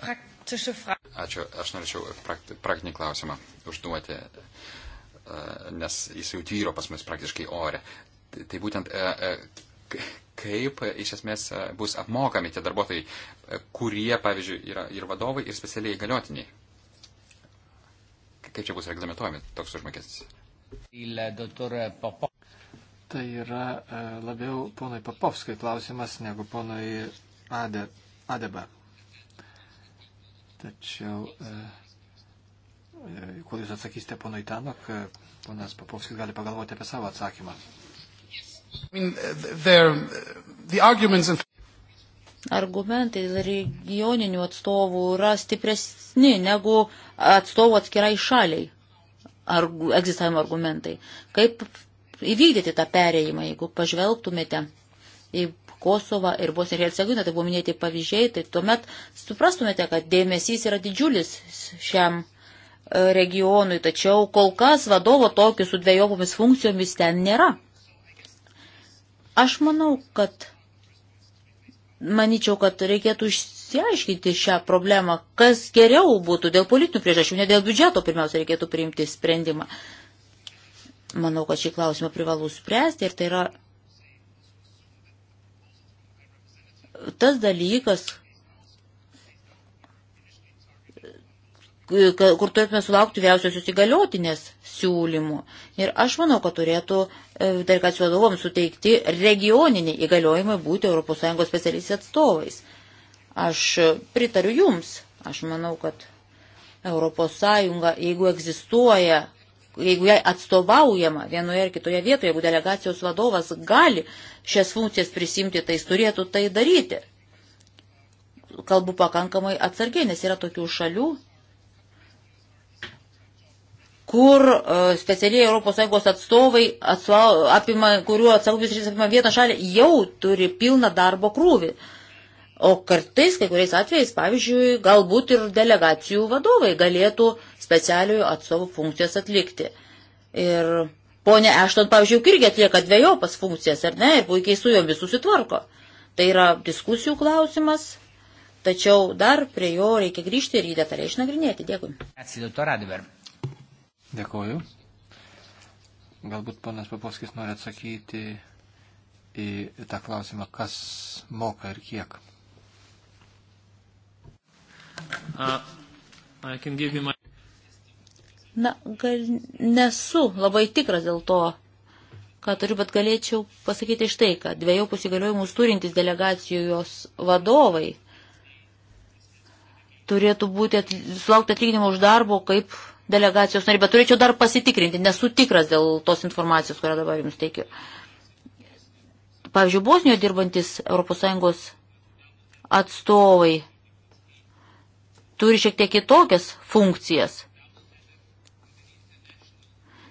Ačiū, aš norėčiau prakti, praktinį klausimą užduoti, e, nes jis jau tvyro pas mus praktiškai ore. Tai, tai būtent e, kaip iš esmės bus apmokami tie darbuotojai, kurie, pavyzdžiui, yra ir vadovai, ir specialiai įgaliotiniai. Kaip čia bus reglamentuojami toks užmokestis? Tai yra e, labiau ponui Papovskai klausimas negu ponui Ade, Adeba. Tačiau, e, e, kol jūs atsakysite ponui Tanok, ponas Papovskis gali pagalvoti apie savo atsakymą. Argumentai regioninių atstovų yra stipresni negu atstovų atskirai šaliai argu, egzistavimo argumentai. Kaip įvykdyti tą perėjimą, jeigu pažvelgtumėte į Kosovą ir Bosniją ir Hercegoviną, tai buvo minėti pavyzdžiai, tai tuomet suprastumėte, kad dėmesys yra didžiulis šiam e, regionui, tačiau kol kas vadovo tokiu su dviejopomis funkcijomis ten nėra. Aš manau, kad manyčiau, kad reikėtų išsiaiškinti šią problemą, kas geriau būtų dėl politinių priežasčių, ne dėl biudžeto pirmiausia reikėtų priimti sprendimą. Manau, kad šį klausimą privalu spręsti ir tai yra tas dalykas, kur turėtume sulaukti vyriausiosios įgaliotinės siūlymų. Ir aš manau, kad turėtų e, delegacijų vadovams suteikti regioniniai įgaliojimai būti ES specialiais atstovais. Aš pritariu Jums. Aš manau, kad ES, jeigu egzistuoja, jeigu jai atstovaujama vienoje ar kitoje vietoje, jeigu delegacijos vadovas gali šias funkcijas prisimti, tai jis turėtų tai daryti. Kalbu pakankamai atsargiai, nes yra tokių šalių, kur e, specialiai ES atstovai, atslau, apima, kurių atsakomybės rytis apima vieną šalį, jau turi pilną darbo krūvį. O kartais, kai kuriais atvejais, pavyzdžiui, galbūt ir delegacijų vadovai galėtų specialiųjų atstovų funkcijas atlikti. Ir ponė Ešton, pavyzdžiui, irgi atlieka dviejopas funkcijas, ar ne, ir puikiai su jomis susitvarko. Tai yra diskusijų klausimas, tačiau dar prie jo reikia grįžti ir jį detaliai išnagrinėti. Dėkui. Atsidu, to Radver. Dėkoju. Galbūt ponas Papovskis nori atsakyti į tą klausimą, kas moka ir kiek. Uh, my... Na, gal nesu labai tikras dėl to, ką turiu, bet galėčiau pasakyti iš tai, kad dviejopus įgaliojimus turintys delegacijos vadovai turėtų būti at, sulaukti atlyginimo už darbo kaip delegacijos nariai, bet turėčiau dar pasitikrinti, nesu tikras dėl tos informacijos, kurią dabar jums teikiu. Pavyzdžiui, Bosnijoje dirbantis ES atstovai turi šiek tiek kitokias funkcijas,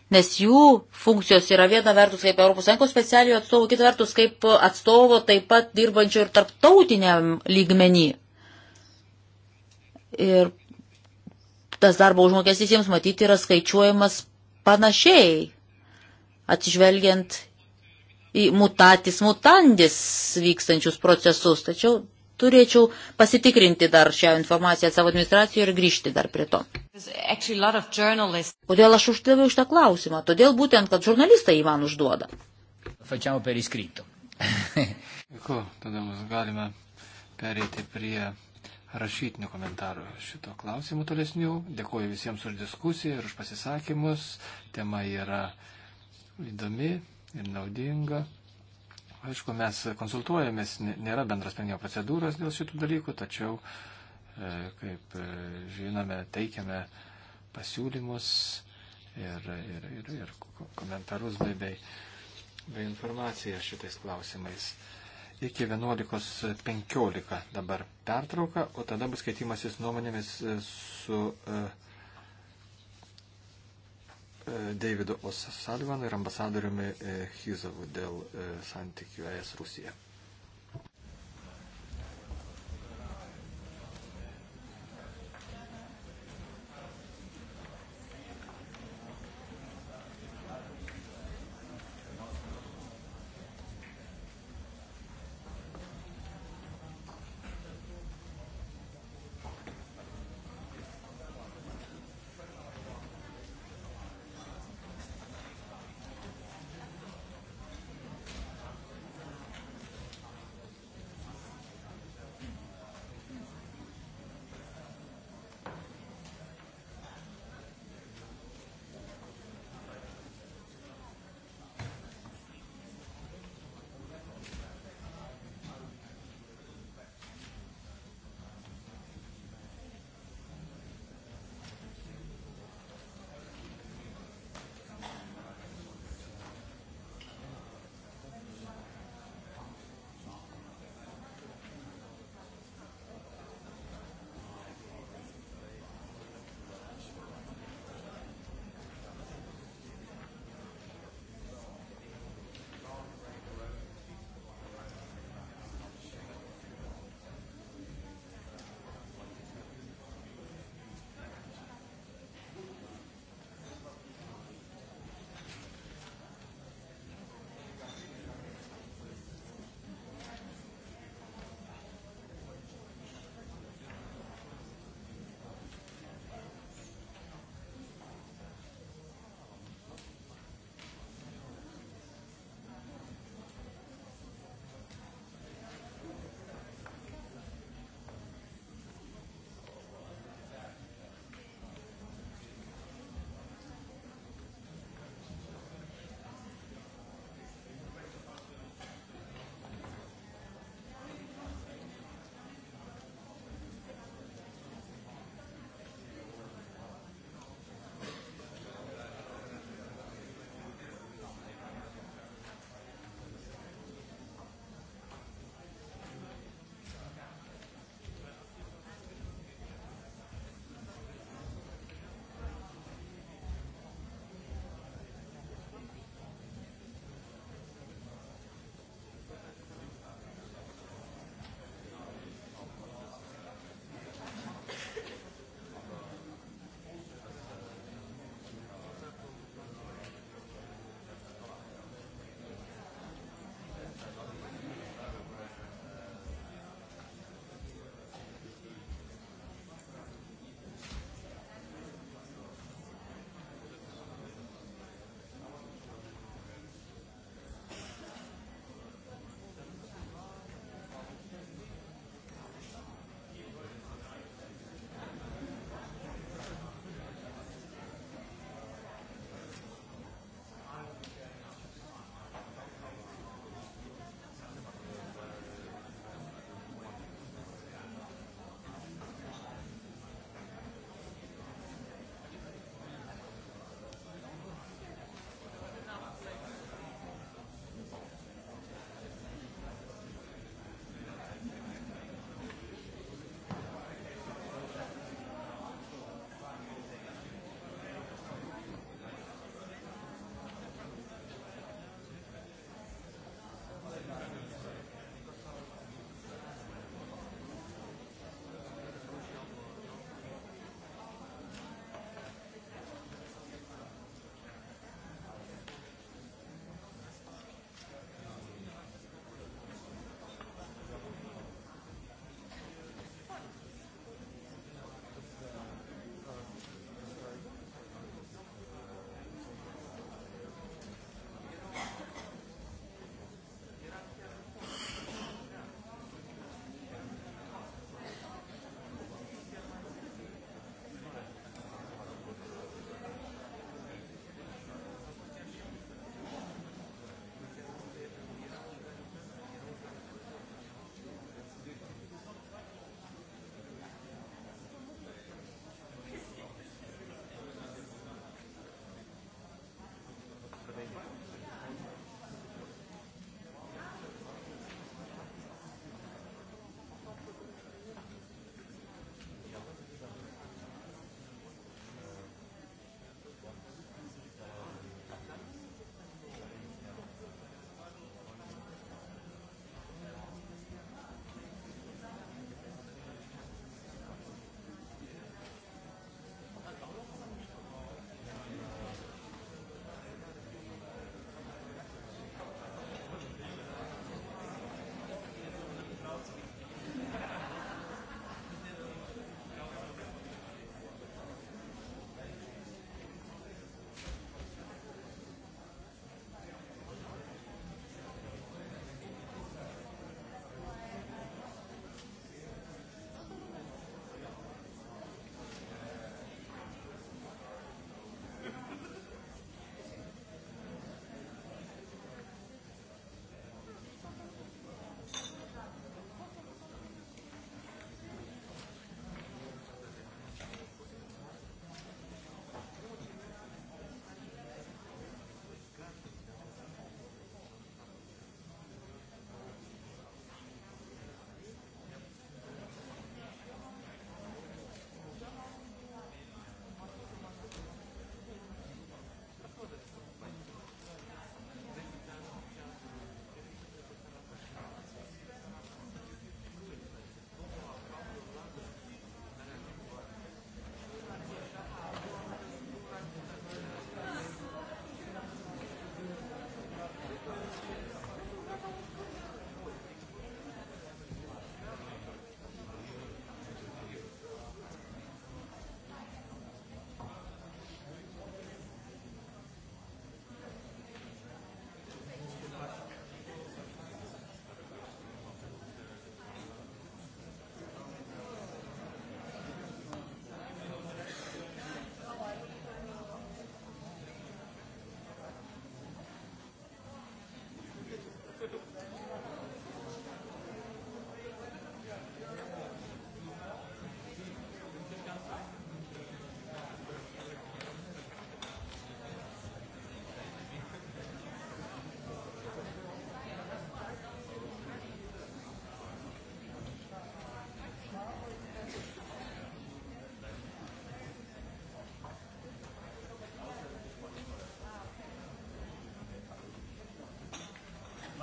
nes jų funkcijos yra viena vertus kaip ES specialių atstovų, kita vertus kaip atstovo taip pat dirbančio ir tarptautiniam lygmenį. Ir tas darbo užmokestis jiems matyti yra skaičiuojamas panašiai, atsižvelgiant į mutatis mutandis vykstančius procesus. Tačiau turėčiau pasitikrinti dar šią informaciją savo administracijoje ir grįžti dar prie to. Kodėl aš uždaviau šitą klausimą? Todėl būtent, kad žurnalistai jį man užduoda. Facciamo per iscritto. Dėkuoju, tada mes galime pereiti prie rašytinių komentarų šito klausimu tolesnių. Dėkuoju visiems už diskusiją ir už pasisakymus. Tema yra įdomi ir naudinga. Aišku, mes konsultuojamės, nėra bendras sprendimo procedūros dėl šitų dalykų, tačiau, e, kaip e, žinome, teikiame pasiūlymus ir, ir, ir, ir komentarus bei, bei, bei informaciją šitais klausimais iki 11.15 dabar pertrauka, o tada bus keitimasis nuomonėmis e, su e, e, Davidu Osasalvanu ir ambasadoriumi Hizovu dėl santykių ES Rusija.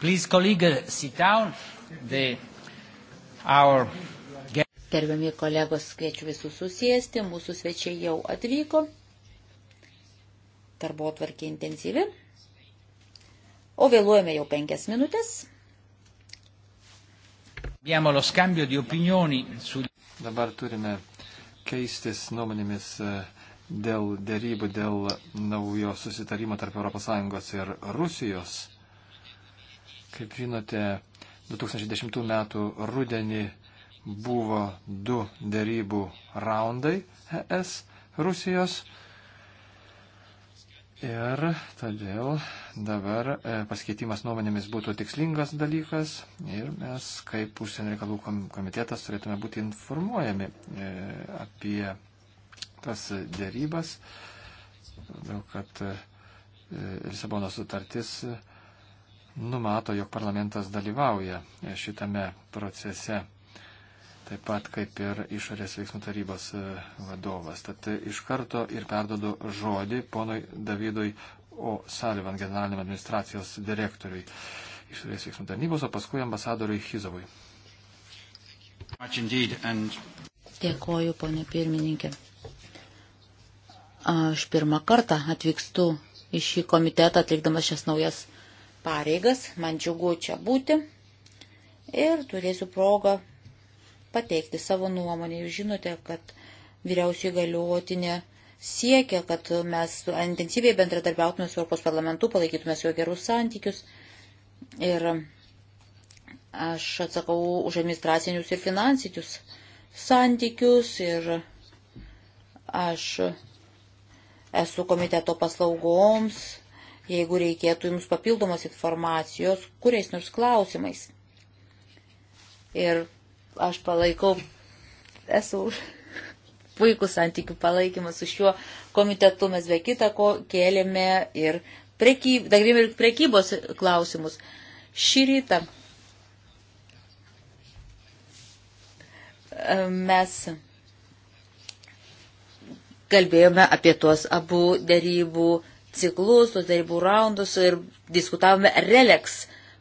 Please, colleague, sit down. The, our... Gerbiami kolegos, kviečiu visus susėsti, mūsų svečiai jau atvyko. Darbo atvarkė intensyvi. O vėluojame jau penkias minutės. Dabar turime keistis nuomonėmis e, dėl dėrybų, dėl naujo susitarimo tarp ES ir Rusijos Kaip žinote, 2010 m. rudenį buvo du dėrybų raundai ES Rusijos. Ir todėl dabar e, pasikeitimas nuomonėmis būtų tikslingas dalykas ir mes kaip užsienio reikalų komitetas turėtume būti informuojami e, apie tas dėrybas, kad e, Lisabono sutartis numato, jog parlamentas dalyvauja šitame procese, taip pat kaip ir išorės veiksmų tarybos e, vadovas. Tad iš karto ir perdodu žodį ponui Davidui O. Salivan, generaliniam administracijos direktoriui išorės veiksmų tarnybos, o paskui ambasadoriui Hizovui. Dėkoju, ponė pirmininkė. Aš pirmą kartą atvykstu į šį komitetą atlikdamas šias naujas pareigas, man džiugu čia būti ir turėsiu progą pateikti savo nuomonę. Jūs žinote, kad vyriausiai galiuotinė siekia, kad mes intensyviai bendradarbiautume su Europos parlamentu, palaikytume su jo gerus santykius. Ir aš atsakau už administracinius ir finansinius santykius ir aš esu komiteto paslaugoms jeigu reikėtų jums papildomos informacijos kuriais nors klausimais. Ir aš palaikau, esu už puikų santykių palaikymą su šiuo komitetu, mes be kita ko kėlėme ir, prekyb, ir prekybos klausimus. Šį rytą e, mes kalbėjome apie tuos abu darybų ciklus, tos darybų raundus ir diskutavome releks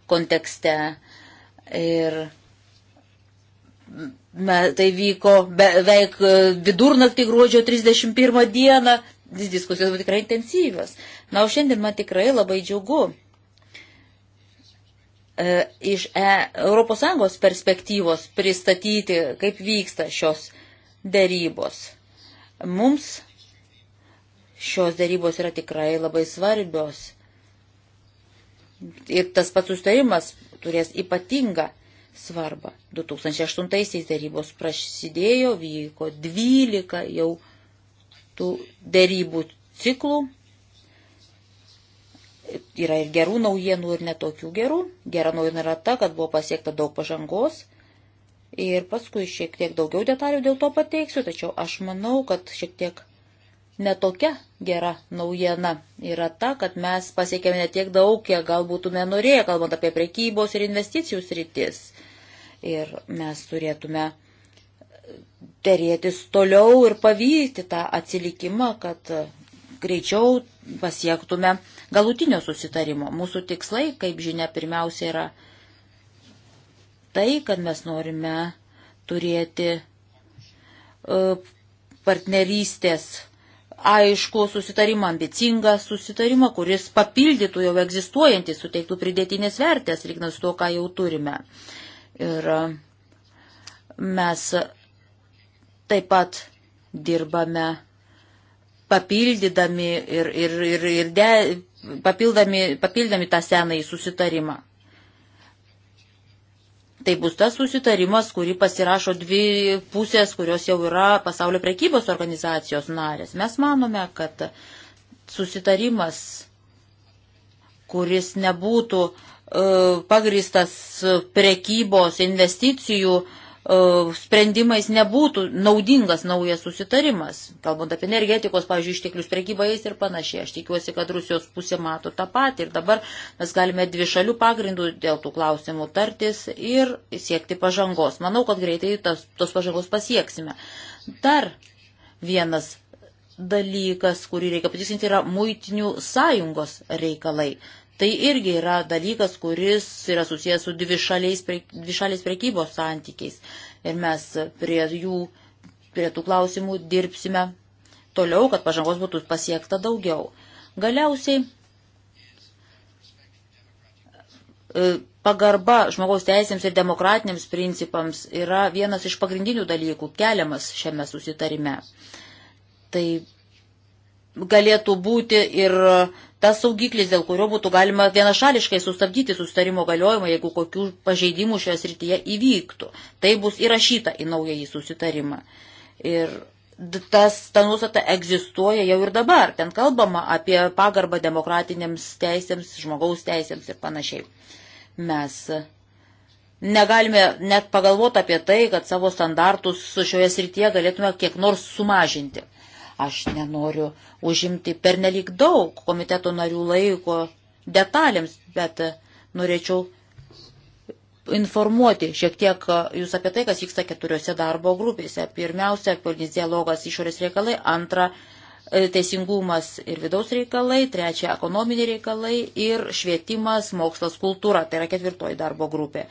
kontekste. Ir tai vyko beveik vidurnaktį gruodžio 31 dieną, diskusijos buvo tikrai intensyvios. Na, o šiandien man tikrai labai džiugu. E, iš e, ES perspektyvos pristatyti, kaip vyksta šios dėrybos. Mums Šios darybos yra tikrai labai svarbios. Ir tas pats sustarimas turės ypatingą svarbą. 2008-aisiais darybos prasidėjo, vyko 12 jau tų darybų ciklų. Yra ir gerų naujienų, ir netokių gerų. Gera naujiena yra ta, kad buvo pasiekta daug pažangos. Ir paskui šiek tiek daugiau detalių dėl to pateiksiu, tačiau aš manau, kad šiek tiek netokia gera naujiena yra ta, kad mes pasiekėme netiek daug, kiek gal būtume norėję, kalbant apie prekybos ir investicijų sritis. Ir mes turėtume dėrėtis toliau ir pavyti tą atsilikimą, kad greičiau pasiektume galutinio susitarimo. Mūsų tikslai, kaip žinia, pirmiausia yra tai, kad mes norime turėti e, partnerystės aišku susitarimą, ambicingą susitarimą, kuris papildytų jau egzistuojantį, suteiktų pridėtinės vertės, lygnant su to, ką jau turime. Ir e, mes taip pat dirbame papildydami ir, ir, ir, ir de, papildami, papildami tą senąjį susitarimą. Tai bus tas susitarimas, kurį pasirašo dvi pusės, kurios jau yra pasaulio prekybos organizacijos narės. Mes manome, kad susitarimas, kuris nebūtų e, pagristas prekybos investicijų uh, E, sprendimais nebūtų naudingas naujas susitarimas, kalbant apie energetikos, pavyzdžiui, išteklius prekybais ir panašiai. Aš tikiuosi, kad Rusijos pusė mato tą patį ir dabar mes galime dvi šalių pagrindų dėl tų klausimų tartis ir siekti pažangos. Manau, kad greitai tas, tos pažangos pasieksime. Dar vienas dalykas, kurį reikia patisinti, yra muitinių sąjungos reikalai. Tai irgi yra dalykas, kuris yra susijęs su dvišaliais, dvišaliais prekybos santykiais. Ir mes prie jų, prie tų klausimų dirbsime toliau, kad pažangos būtų pasiekta daugiau. Galiausiai e, pagarba žmogaus teisėms ir demokratiniams principams yra vienas iš pagrindinių dalykų keliamas šiame susitarime. Tai galėtų būti ir e, tas saugiklis, dėl kurio būtų galima vienašališkai sustabdyti sustarimo galiojimą, jeigu kokių pažeidimų šioje srityje įvyktų. Tai bus įrašyta į naująjį susitarimą. Ir tas, ta nuostata egzistuoja jau ir dabar. Ten kalbama apie pagarbą demokratinėms teisėms, žmogaus teisėms ir panašiai. Mes negalime net pagalvoti apie tai, kad savo standartus šioje srityje galėtume kiek nors sumažinti. Aš nenoriu užimti pernelik daug komiteto narių laiko detalėms, bet norėčiau informuoti šiek tiek jūs apie tai, kas vyksta keturiose darbo grupėse. Pirmiausia, politinis dialogas išorės reikalai, antra, e, teisingumas ir vidaus reikalai, trečia, ekonominiai reikalai ir švietimas, mokslas, kultūra. Tai yra ketvirtoji darbo grupė.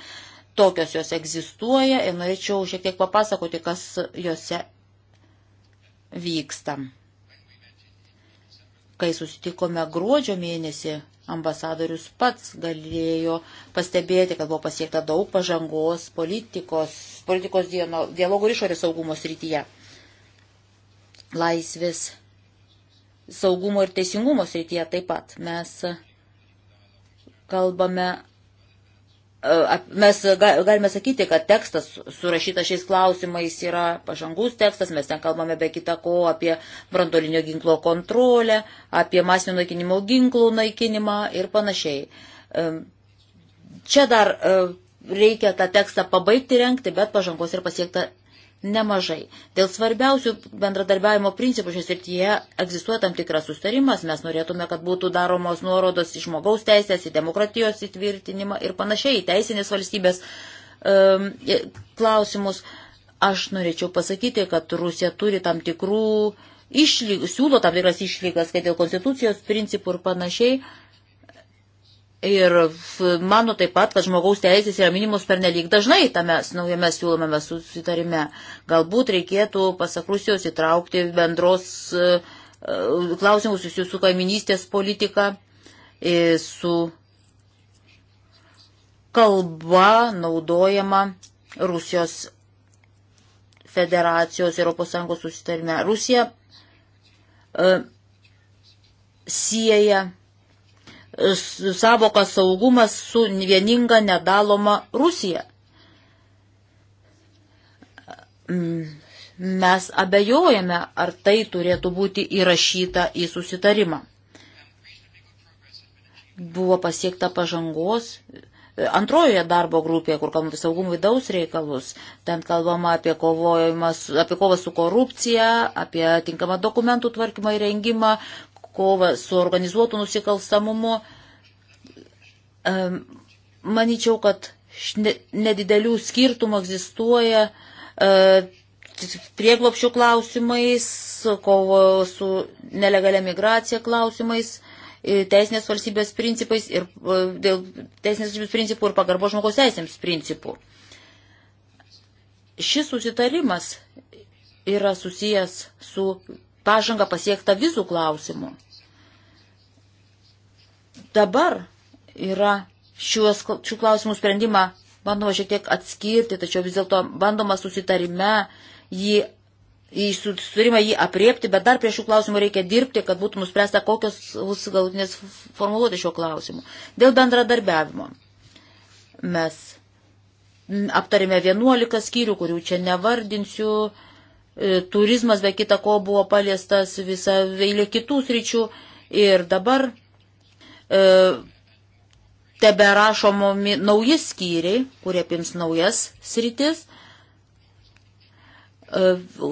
Tokios jos egzistuoja ir norėčiau šiek tiek papasakoti, kas jose vyksta. Kai susitikome gruodžio mėnesį, ambasadorius pats galėjo pastebėti, kad buvo pasiekta daug pažangos politikos, politikos dieno, dialogų išorės saugumo srityje. Laisvės saugumo ir teisingumo srityje taip pat mes kalbame Mes galime sakyti, kad tekstas surašytas šiais klausimais yra pažangus tekstas, mes ten kalbame be kita ko apie brandolinio ginklo kontrolę, apie masinio naikinimo ginklų naikinimą ir panašiai. Čia dar reikia tą tekstą pabaigti renkti, bet pažangos ir pasiekta nemažai. Dėl svarbiausių bendradarbiavimo principų šios srityje egzistuoja tam tikras sustarimas, mes norėtume, kad būtų daromos nuorodos į žmogaus teisės, į demokratijos įtvirtinimą ir panašiai, į teisinės valstybės um, klausimus. Aš norėčiau pasakyti, kad Rusija turi tam tikrų išlygų, siūlo tam tikras išlygas, kad dėl konstitucijos principų ir panašiai. Uh, Ir mano taip pat, kad žmogaus teisės yra minimos per nelik dažnai tame naujame siūlomame susitarime. Galbūt reikėtų pasak Rusijos įtraukti bendros e, e, klausimus susijusius su kaiminystės politika, e, su kalba naudojama Rusijos federacijos Europos Sąjungos susitarime. Rusija sieja savoką saugumas su vieninga nedaloma Rusija. Mm, mes abejojame, ar tai turėtų būti įrašyta į susitarimą. Buvo pasiekta pažangos e, antrojoje darbo grupėje, kur kalbama apie saugumų vidaus reikalus, ten kalbama apie, apie kovą su korupcija, apie tinkamą dokumentų tvarkymą įrengimą, kovą su organizuotu nusikalstamumu. Maničiau, kad nedidelių skirtumų egzistuoja e, prieglopščių klausimais, kovo su nelegalia migracija klausimais, e, teisinės valstybės principais ir e, dėl teisinės valstybės principų ir pagarbo žmogaus teisėms principų. Šis susitarimas yra susijęs su pažanga pasiektą vizų klausimu. Dabar yra šiuos, šių klausimų sprendimą bandoma šiek tiek atskirti, tačiau vis dėlto bandoma susitarime jį, į susitarimą jį apriepti, bet dar prie šių klausimų reikia dirbti, kad būtų nuspręsta, kokios bus galutinės formuluoti šio klausimu. Dėl bendradarbiavimo mes aptarėme 11 skyrių, kurių čia nevardinsiu. E, turizmas be kita ko buvo paliestas visą veilę kitų sričių ir dabar E, tebe rašomomi nauji skyriai, kurie apims naujas sritis. E,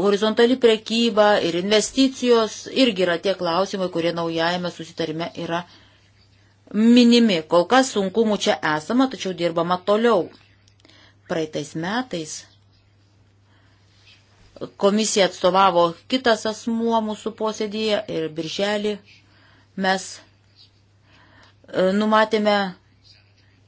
horizontali prekyba ir investicijos irgi yra tie klausimai, kurie naujajame susitarime yra minimi. Kol kas sunkumų čia esama, tačiau dirbama toliau. Praeitais metais komisija atstovavo kitas asmuo mūsų posėdėje ir birželį mes E, numatėme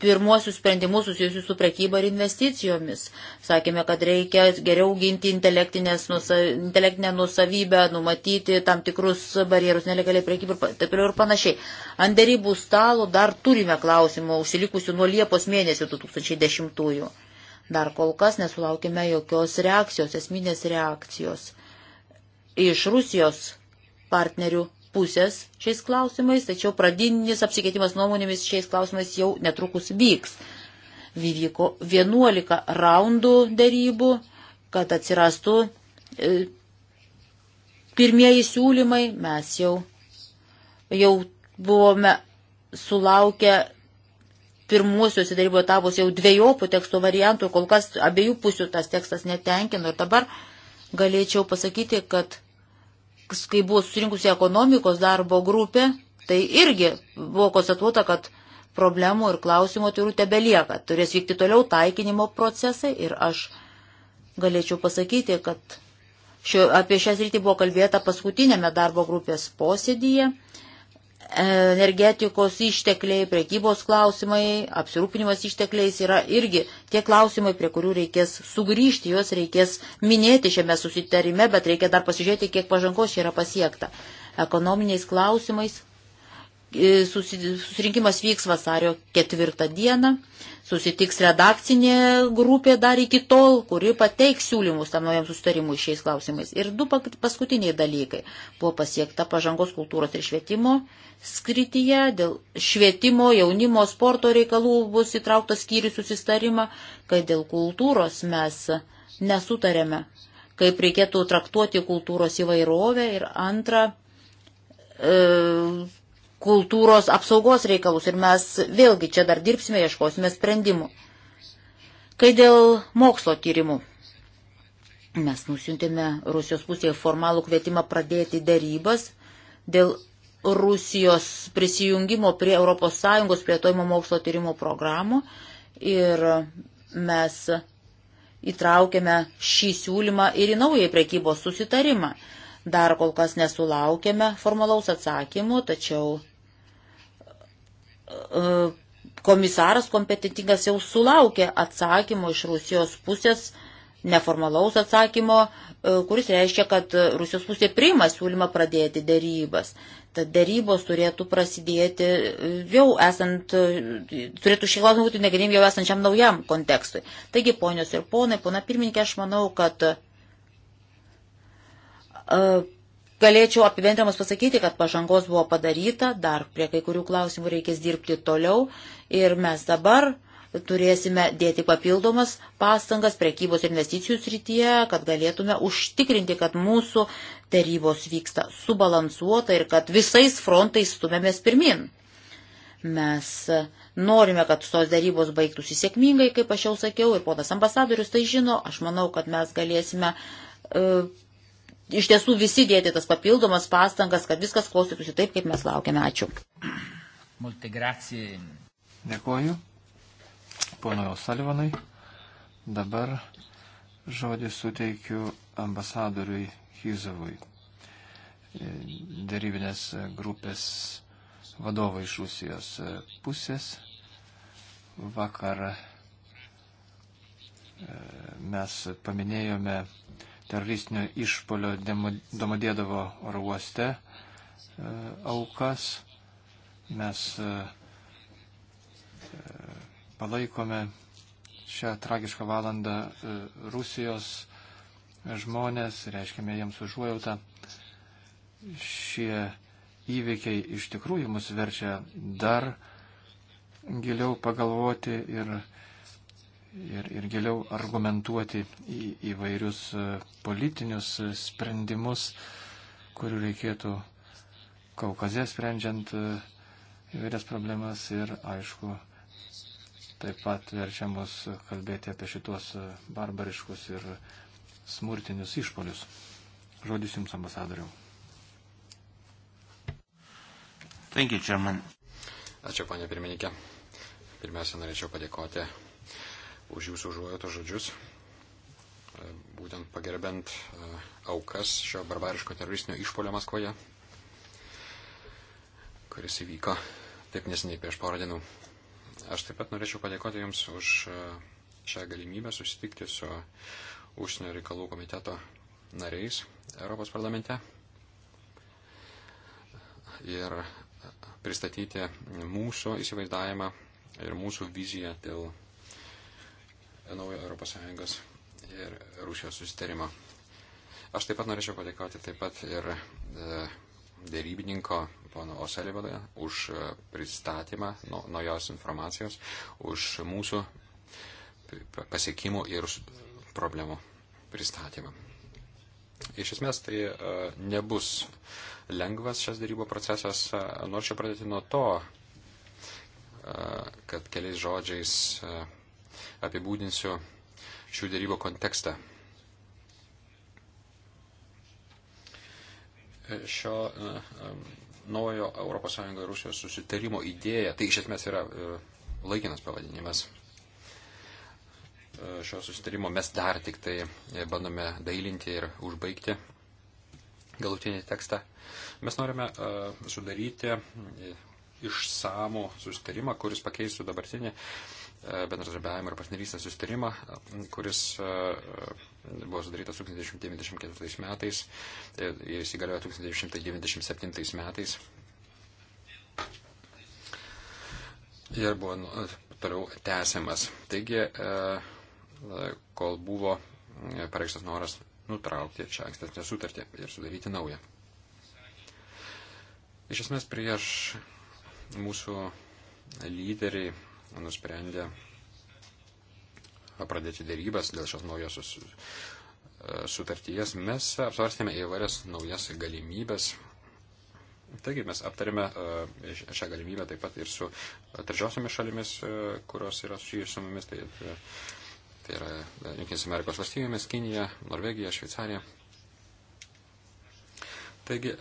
pirmuosius sprendimus susijusius su prekyba ir investicijomis. Sakėme, kad reikia geriau ginti nusa, intelektinę nusavybę, numatyti tam tikrus barjerus nelegaliai prekybai ir taip ir panašiai. Ant darybų stalo dar turime klausimų užsilikusių nuo Liepos mėnesio 2010. -ųjų. Dar kol kas nesulaukime jokios reakcijos, esminės reakcijos iš Rusijos partnerių pusės šiais klausimais, tačiau pradinis apsikeitimas nuomonėmis šiais klausimais jau netrukus vyks. Vyko 11 raundų dėrybų, kad atsirastų e, pirmieji siūlymai, mes jau, jau buvome sulaukę pirmuosius dėrybų etapus jau dviejopų teksto variantų, kol kas abiejų pusių tas tekstas netenkino ir dabar galėčiau pasakyti, kad kai buvo surinkusi ekonomikos darbo grupė, tai irgi buvo konstatuota, kad problemų ir klausimų turų tebelieka. Turės vykti toliau taikinimo procesai ir aš galėčiau pasakyti, kad šio, apie šią sritį buvo kalbėta paskutinėme darbo grupės posėdyje energetikos ištekliai, priekybos klausimai, apsirūpinimas ištekliais yra irgi tie klausimai, prie kurių reikės sugrįžti, juos reikės minėti šiame susitarime, bet reikia dar pasižiūrėti, kiek pažangos čia yra pasiekta. Ekonominiais klausimais E, susirinkimas vyks vasario ketvirtą dieną, susitiks redakcinė grupė dar iki tol, kuri pateiks siūlymus tam naujam sustarimui šiais klausimais. Ir du paskutiniai dalykai. Buvo pasiekta pažangos kultūros ir švietimo skrityje, dėl švietimo, jaunimo, sporto reikalų bus įtrauktas skyrių susistarimą, kai dėl kultūros mes nesutarėme, kaip reikėtų traktuoti kultūros įvairovę ir antrą. E, kultūros apsaugos reikalus ir mes vėlgi čia dar dirbsime, ieškosime sprendimų. Kai dėl mokslo tyrimų mes nusintėme Rusijos pusėje formalų kvietimą pradėti darybas dėl Rusijos prisijungimo prie ES plėtojimo mokslo tyrimo programų ir mes įtraukėme šį siūlymą ir į naują prekybos susitarimą. Dar kol kas nesulaukėme formalaus atsakymų, tačiau e, komisaras kompetitingas jau sulaukė atsakymo iš Rusijos pusės, neformalaus atsakymo, e, kuris reiškia, kad Rusijos pusė priima siūlymą pradėti dėrybas. Tad dėrybos turėtų prasidėti jau esant, e, turėtų šį klausimą būti negrinim jau esančiam naujam kontekstui. Taigi, ponios ir ponai, pona pirmininkė, aš manau, kad E, galėčiau apibendriamas pasakyti, kad pažangos buvo padaryta, dar prie kai kurių klausimų reikės dirbti toliau ir mes dabar turėsime dėti papildomas pastangas prekybos ir investicijų srityje, kad galėtume užtikrinti, kad mūsų tarybos vyksta subalansuota ir kad visais frontais stumėmės pirmin. Mes norime, kad tos darybos baigtųsi sėkmingai, kaip aš jau sakiau, ir ponas ambasadorius tai žino, aš manau, kad mes galėsime uh, iš tiesų visi dėti tas papildomas pastangas, kad viskas klostytųsi taip, kaip mes laukiame. Ačiū. Molte grazie. Dėkuoju. Pono Salivanai. Dabar žodį suteikiu ambasadoriui Hizovui, e, darybinės grupės vadovai iš Rusijos pusės. Vakar e, mes paminėjome teroristinio išpolio Domodėdovo oro uoste e, aukas. Mes e, e, palaikome šią tragišką valandą Rusijos žmonės, reiškime jiems užuojautą. Šie įvykiai iš tikrųjų mus verčia dar giliau pagalvoti ir uh, ir, ir giliau argumentuoti į, įvairius e, politinius e, sprendimus, kurių reikėtų Kaukazė sprendžiant e, įvairias problemas ir, aišku, taip pat verčia mus kalbėti apie šitos barbariškus ir smurtinius išpolius. Žodis Jums, ambasadoriau. Thank you, Chairman. Ačiū, panė pirmininkė. Pirmiausia, norėčiau padėkoti už jūsų užuojoto žodžius, e, būtent pagerbent e, aukas šio barbariško teroristinio išpolio Maskvoje, kuris įvyko taip nesiniai prieš porą dienų. Aš taip pat norėčiau padėkoti Jums už e, šią galimybę susitikti su užsienio reikalų komiteto nariais Europos parlamente ir pristatyti mūsų įsivaizdavimą ir mūsų viziją dėl naujo ES ir Rusijos susitarimo. Aš taip pat norėčiau padėkoti taip pat ir e, dėrybininko pono Oselivadą už e, pristatymą naujos informacijos, už mūsų pasiekimų ir problemų pristatymą. Iš esmės tai e, nebus lengvas šias darybų procesas. Norčiau pradėti nuo to, kad keliais žodžiais apibūdinsiu šių dėrybų kontekstą. Šio e, e, naujo ES ir Rusijos susitarimo idėja, tai iš esmės yra e, laikinas pavadinimas. Šio susitarimo mes dar tik tai bandome dailinti ir užbaigti galutinį tekstą. Mes norime sudaryti išsamų susitarimą, kuris pakeistų dabartinį uh, E, bendradarbiavimo ir partnerystės sustarimą, e, kuris e, buvo sudarytas 1994 metais ir įsigaliojo 1997 metais. Ir buvo nu, toliau tęsiamas. Taigi, kol buvo pareikštas noras nutraukti šią ankstesnę sutartį ir sudaryti naują. Iš esmės prieš mūsų lyderiai nusprendė pradėti dėrybas dėl šios naujosios e, sutarties, mes apsvarstėme įvairias naujas galimybės. Taigi mes aptarėme e, šią galimybę taip pat ir su trečiosiomis šalimis, e, kurios yra susijusios su mumis, tai, tai yra Junkinės Amerikos valstybėmis, Kinija, Norvegija, Šveicarija. Taigi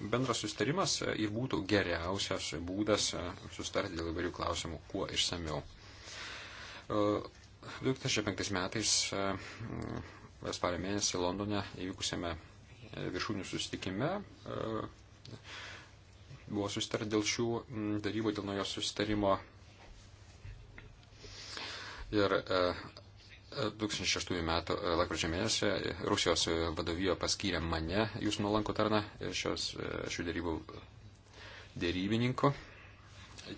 bendras sustarimas ir būtų geriausias būdas sustarti dėl įvairių klausimų kuo išsameu. 2005 e, metais e, spalio mėnesį Londone įvykusėme viršūnių susitikime e, buvo susitarta dėl šių darybų, dėl naujo susitarimo. Ir 2006 m. lakryčio mėnesį e, Rusijos e, vadovijo paskyrė mane, jūs nuolankų tarną, e, šios, šių dėrybų dėrybininku.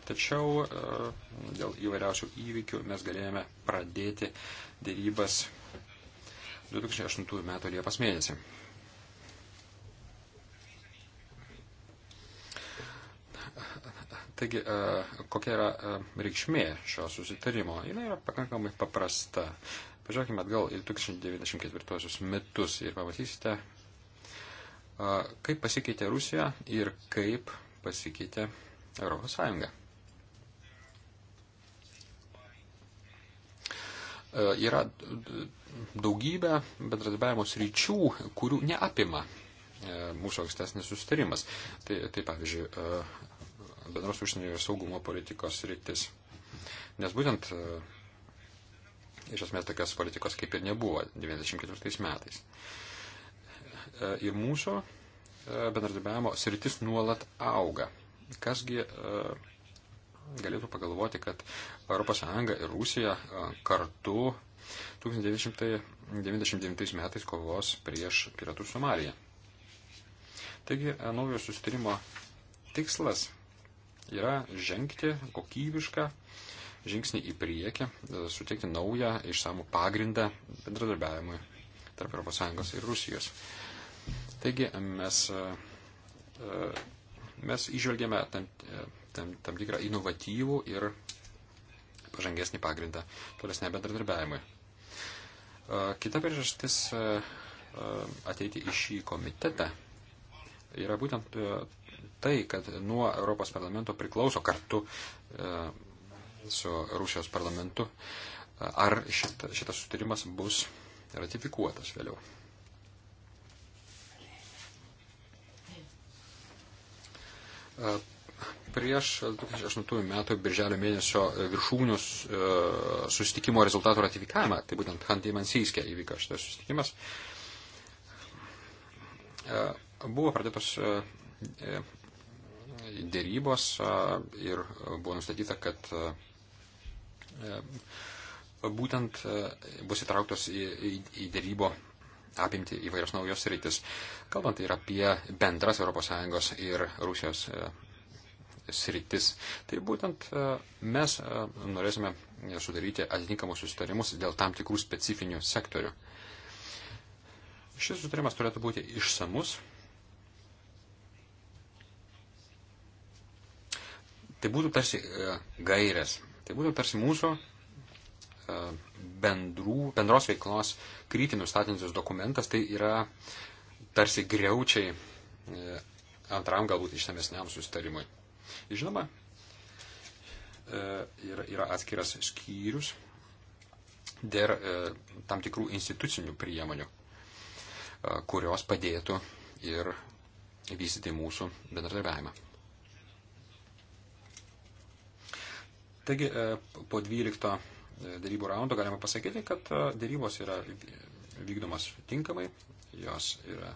Tačiau dėl įvairiausių įvykių mes galėjome pradėti dėrybas 2008 m. Liepos mėnesį. Taigi, kokia yra reikšmė šio susitarimo? Jis yra pakankamai paprasta. Pažiūrėkime atgal į 2094 metus ir pamatysite, kaip pasikeitė Rusija ir kaip pasikeitė Europos Sąjunga. Yra daugybė bendradarbiavimo sryčių, kurių neapima e, mūsų ankstesnis sustarimas. Tai, tai pavyzdžiui, bendros užsienio ir saugumo politikos rytis. Nes būtent iš esmės tokios politikos kaip ir nebuvo 94 metais. E, ir mūsų e, bendradarbiavimo sritis nuolat auga. Kasgi e, galėtų pagalvoti, kad ES ir Rusija kartu 1999 metais kovos prieš piratų Somaliją. Taigi naujo susitarimo tikslas yra žengti kokybišką uh, žingsnį į priekį, e, suteikti naują išsamų pagrindą bendradarbiavimui tarp ES ir Rusijos. Taigi mes, e, e, mes išvelgėme tam, tam, tam tikrą inovatyvų ir pažangesnį pagrindą tolesnė bendradarbiavimui. Kita priežastis ateiti į šį komitetą yra būtent tai, kad nuo Europos parlamento priklauso kartu su Rusijos parlamentu, ar šita, šitas sutarimas bus ratifikuotas vėliau. E, prieš 2008 metų birželio mėnesio viršūnius e, susitikimo rezultatų ratifikavimą, tai būtent Hantė Mansyskė įvyko šitas susitikimas, e, buvo pradėtos dėrybos ir buvo nustatyta, kad Ehm, būtent e, bus įtrauktos į, į, į dėrybo apimti įvairios naujos rytis. Kalbant ir apie bendras ES ir Rusijos e, sritis. Tai būtent e, mes norėsime sudaryti atitinkamus susitarimus dėl tam tikrų specifinių sektorių. Šis sutarimas turėtų būti išsamus. Tai būtų tarsi gairės Tai būtent tarsi mūsų e, bendrų, bendros veiklos krytį nustatantis dokumentas, tai yra tarsi greučiai e, antram galbūt išsamesniam sustarimui. Žinoma, e, yra, yra atskiras skyrius dėl tam tikrų institucinių priemonių, kurios padėtų ir vystyti mūsų bendradarbiavimą. Taigi e, po 12 e, darybų raundo galima pasakyti, kad e, darybos yra vykdomas tinkamai, jos, yra,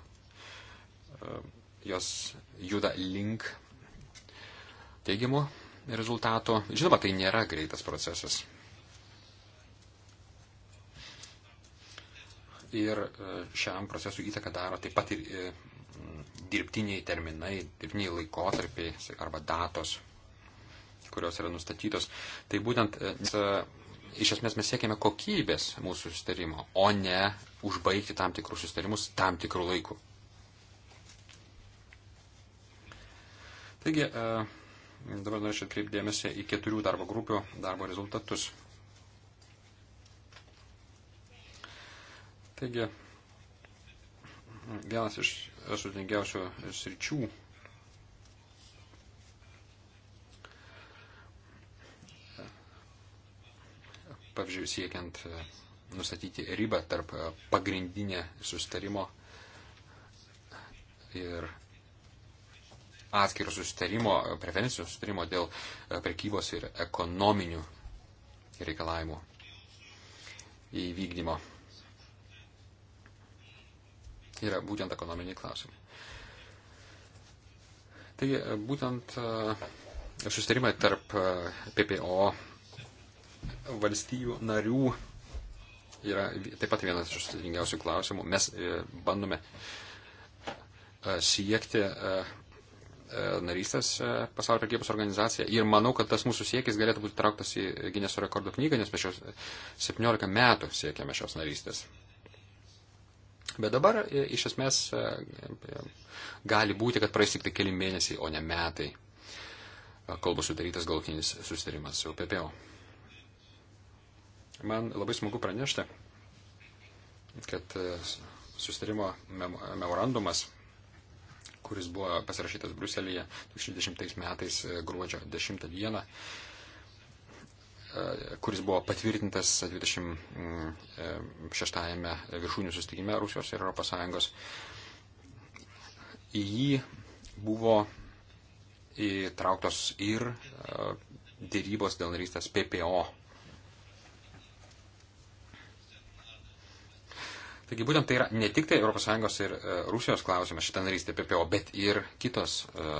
jos juda link teigiamų rezultatų. Žinoma, tai nėra greitas procesas. Ir šiam procesui įtaką daro taip pat ir dirbtiniai terminai, dirbtiniai laikotarpiai arba datos kurios yra nustatytos. Tai būtent e, e, iš esmės mes siekiame kokybės mūsų susitarimo, o ne užbaigti tam tikrus susitarimus tam tikrų laikų. Taigi, e, dabar norėčiau atkreipdėmėsi į keturių darbo grupių darbo rezultatus. Taigi, vienas iš sudėtingiausių sričių pavyzdžiui, siekiant e, nustatyti ribą tarp e, pagrindinė sustarimo ir atskirų sustarimo, e, preferencijų sustarimo dėl prekybos ir ekonominių reikalavimų įvykdymo. Yra būtent ekonominiai klausimai. Taigi, būtent sustarimai tarp PPO valstybių narių yra taip pat vienas iš sudėtingiausių klausimų. Mes e, bandome e, siekti e, narystės pasaulio prekybos organizacija ir manau, kad tas mūsų siekis galėtų būti trauktas į Gineso rekordų knygą, nes mes šios 17 metų siekiame šios narystės. Bet dabar iš esmės gali būti, kad praeis tik tai keli mėnesiai, o ne metai, kol bus sudarytas galutinis susitarimas su PPO. Man labai smagu pranešti, kad e, sustarimo memorandumas, kuris buvo pasirašytas Bruselėje 2010 metais e, gruodžio 10 dieną, e, kuris buvo patvirtintas 26-ame mm, viršūnių sustikime Rusijos ir ES, į jį buvo įtrauktos ir dėrybos dėl narystės PPO Taigi būtent tai yra ne tik tai ES ir e, Rusijos klausimas šitą narystę PPO, bet ir kitos e,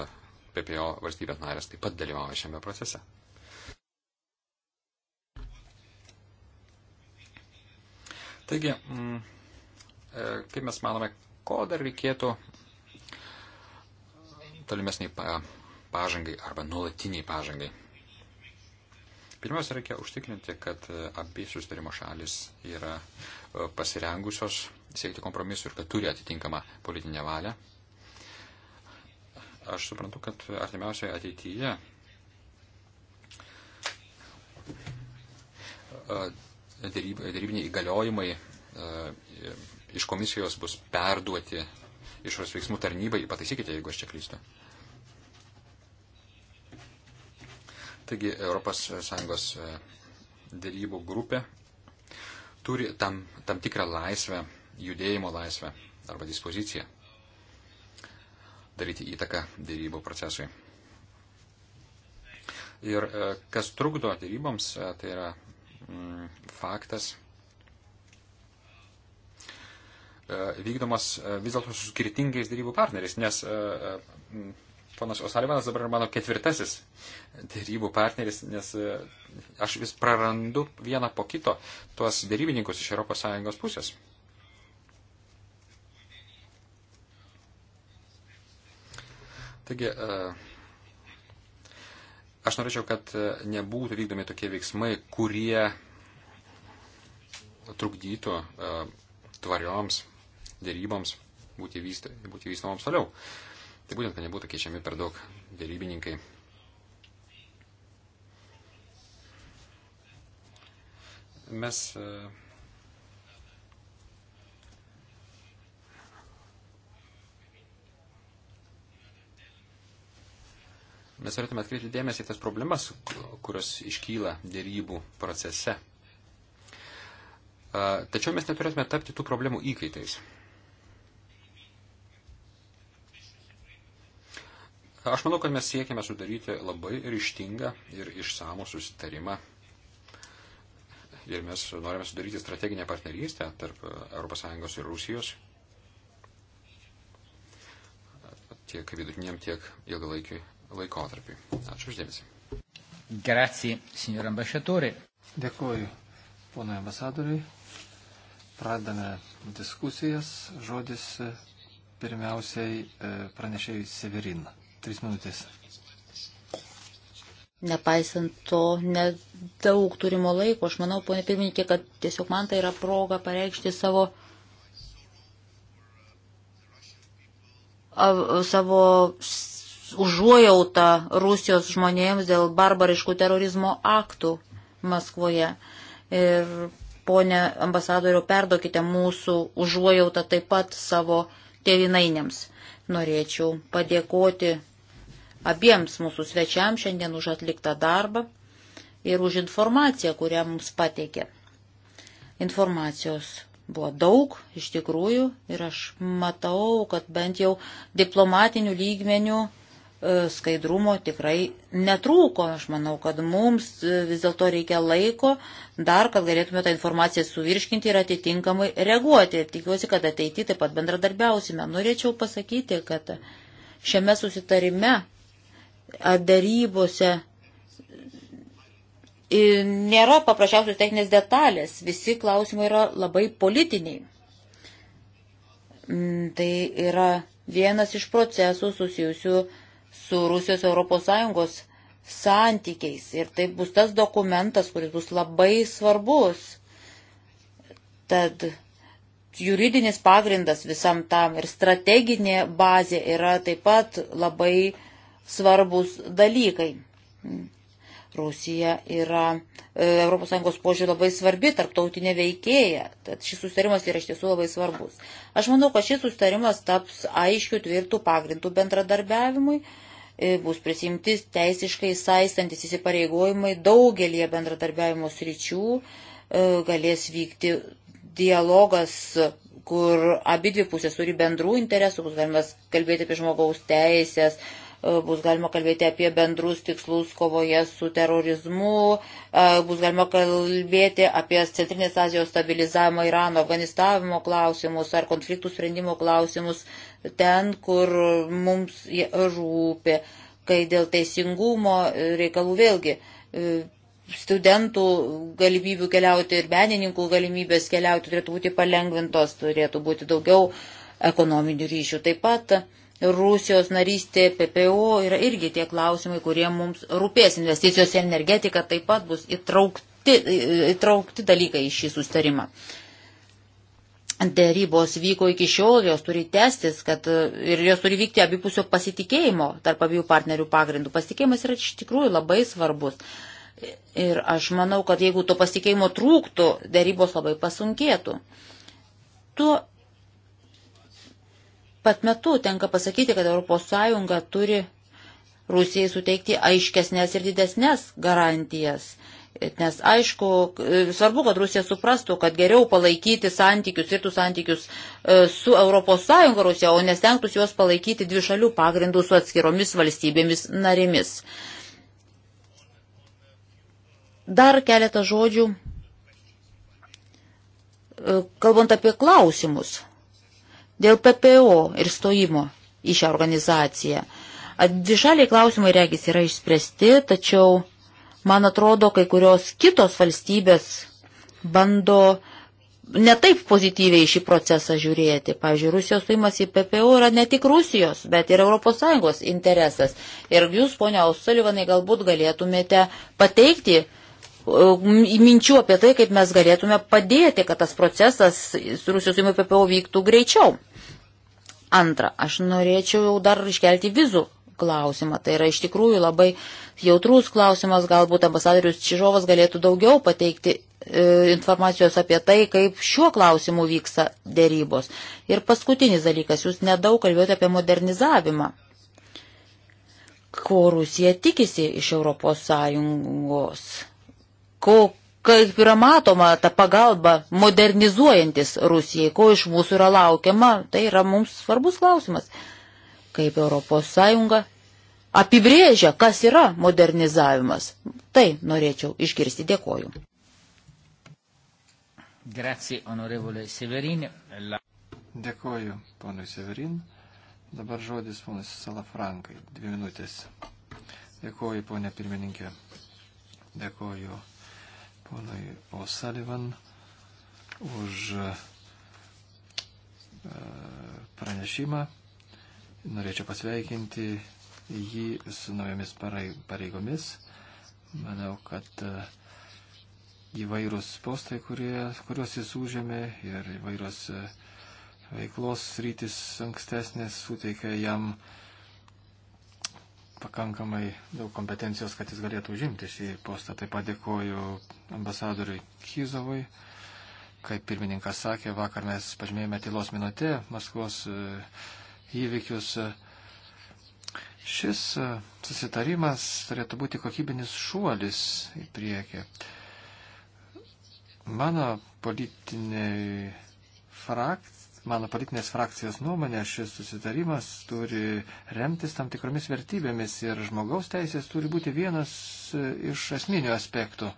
PPO valstybės narės taip pat dalyvauja šiame procese. Taigi, mm, e, kaip mes manome, ko dar reikėtų tolimesniai pažangai arba nuolatiniai pažangai Pirmiausia, reikia užtikrinti, kad e, abi susitarimo šalis yra e, pasirengusios siekti kompromisų ir kad turi atitinkamą politinę valią. Aš suprantu, kad artimiausioje ateityje e, dėrybiniai įgaliojimai iš komisijos bus perduoti išorės veiksmų tarnybai. Pataisykite, jeigu aš čia klystu. Taigi ES e, dėrybų grupė turi tam, tam tikrą laisvę, judėjimo laisvę arba dispoziciją daryti įtaką dėrybų procesui. Ir e, kas trukdo dėryboms, e, tai yra mm, faktas vykdomas vis dėlto su skirtingais dėrybų partneriais, nes Ponas Osalivanas dabar yra mano ketvirtasis dėrybų partneris, nes e, aš vis prarandu vieną po kito tuos dėrybininkus iš ES pusės. Taigi, e, aš norėčiau, kad e, nebūtų vykdomi tokie veiksmai, kurie trukdytų tvarioms dėryboms būti, vyst, būti vystomoms toliau. Tai būtent, kad nebūtų keičiami per daug dėrybininkai. Mes e, mes turėtume atkreipti dėmesį į tas problemas, kurios iškyla dėrybų procese. E, tačiau mes neturėtume tapti tų problemų įkaitais. Aš manau, kad mes siekime sudaryti labai ryštingą ir išsamų susitarimą. Ir mes norime sudaryti strateginę partnerystę tarp ES ir Rusijos tiek vidutiniam, tiek ilgalaikiui laikotarpiui. Ačiū uždėmesi. Grazie, signor ambasciatore. Dėkuoju, ponai ambasadoriui. Pradame diskusijas. Žodis e, pirmiausiai e, pranešėjai Severiną. Tris minutės. Nepaisant to, nedaug turimo laiko, aš manau, ponė pirmininkė, kad tiesiog man tai yra proga pareikšti savo, savo užuojautą Rusijos žmonėms dėl barbariškų terorizmo aktų Maskvoje. Ir ponė ambasadoriu, perdokite mūsų užuojautą taip pat savo tėvinainėms. Norėčiau padėkoti abiems mūsų svečiam šiandien už atliktą darbą ir už informaciją, kurią mums pateikė. Informacijos buvo daug, iš tikrųjų, ir aš matau, kad bent jau diplomatinių lygmenių e, skaidrumo tikrai netrūko. Aš manau, kad mums e, vis dėlto reikia laiko dar, kad galėtume tą informaciją suvirškinti ir atitinkamai reaguoti. Tikiuosi, kad ateity taip pat bendradarbiausime. Norėčiau pasakyti, kad šiame susitarime darybose nėra paprasčiausios techninės detalės, visi klausimai yra labai politiniai. Mm, tai yra vienas iš procesų susijusių su Rusijos ES santykiais. Ir tai bus tas dokumentas, kuris bus labai svarbus. Tad juridinis pagrindas visam tam ir strateginė bazė yra taip pat labai svarbus svarbus dalykai. Rusija yra ES požiūrį labai svarbi tarptautinė veikėja, tad šis sustarimas yra iš tiesų labai svarbus. Aš manau, kad šis sustarimas taps aiškių tvirtų pagrindų bendradarbiavimui, e, bus prisimti teisiškai saistantis įsipareigojimai daugelie bendradarbiavimo sričių, e, galės vykti dialogas, kur abi dvi pusės turi bendrų interesų, bus galima kalbėti apie žmogaus teisės, bus galima kalbėti apie bendrus tikslus kovoje su terorizmu, e, bus galima kalbėti apie Centrinės Azijos stabilizavimo Irano, Afganistavimo klausimus ar konfliktų sprendimo klausimus ten, kur mums rūpi, kai dėl teisingumo reikalų vėlgi e, studentų galimybių keliauti ir menininkų galimybės keliauti turėtų būti palengvintos, turėtų būti daugiau ekonominių ryšių. Taip pat Rusijos narystė PPO yra irgi tie klausimai, kurie mums rūpės. Investicijos į energetiką taip pat bus įtraukti, įtraukti dalykai į šį sustarimą. Dėrybos vyko iki šiol, jos turi tęstis kad, ir jos turi vykti abipusio pasitikėjimo tarp abiejų partnerių pagrindų. Pasitikėjimas yra iš tikrųjų labai svarbus. Ir aš manau, kad jeigu to pasitikėjimo trūktų, dėrybos labai pasunkėtų. Tuo pat metu tenka pasakyti, kad ES turi Rusijai suteikti aiškesnės ir didesnės garantijas. Nes aišku, svarbu, kad Rusija suprastų, kad geriau palaikyti santykius ir tų santykius e, su ES Rusija, o nestengtųsi juos palaikyti dvi šalių pagrindų su atskiromis valstybėmis narėmis. Dar keletą žodžių, e, kalbant apie klausimus. Dėl PPO ir stojimo į šią organizaciją. Dvišaliai klausimai regis yra išspręsti, tačiau, man atrodo, kai kurios kitos valstybės bando netaip pozityviai šį procesą žiūrėti. Pavyzdžiui, Rusijos stojimas į PPO yra ne tik Rusijos, bet ir ES interesas. Ir jūs, ponia Ausalivanai, galbūt galėtumėte pateikti um, minčių apie tai, kaip mes galėtume padėti, kad tas procesas su Rusijos stojimu į PPO vyktų greičiau. Antra, aš norėčiau dar iškelti vizų klausimą. Tai yra iš tikrųjų labai jautrus klausimas, galbūt ambasadorius Čižovas galėtų daugiau pateikti e, informacijos apie tai, kaip šiuo klausimu vyksta dėrybos. Ir paskutinis dalykas, jūs nedaug kalbėjote apie modernizavimą. Ko Rusija tikisi iš Europos Sąjungos? Ko, kaip yra matoma ta pagalba modernizuojantis Rusijai, ko iš mūsų yra laukiama, tai yra mums svarbus klausimas. Kaip ES apibrėžia, kas yra modernizavimas. Tai norėčiau išgirsti. Dėkoju. Grazie, onorevole Severin. La... Dėkoju, ponui Severin. Dabar žodis ponas Salafrankai. Dvi minutės. Dėkoju, ponė pirmininkė. Dėkoju ponai O'Sullivan už e, pranešimą. Norėčiau pasveikinti jį su naujomis pareigomis. Manau, kad e, įvairūs postai, kurie, kuriuos jis užėmė ir įvairios e, veiklos rytis ankstesnės suteikia jam uh, pakankamai daug kompetencijos, kad jis galėtų užimti šį postą. Taip pat dėkoju ambasadoriui Kyzovui. Kaip pirmininkas sakė, vakar mes pažymėjome tylos minutė Maskvos e, įvykius. Šis e, susitarimas turėtų būti kokybinis šuolis į priekį. Mano politiniai frakcijai mano politinės frakcijos nuomonė, šis susitarimas turi remtis tam tikromis vertybėmis ir žmogaus teisės turi būti vienas e, iš esminių aspektų.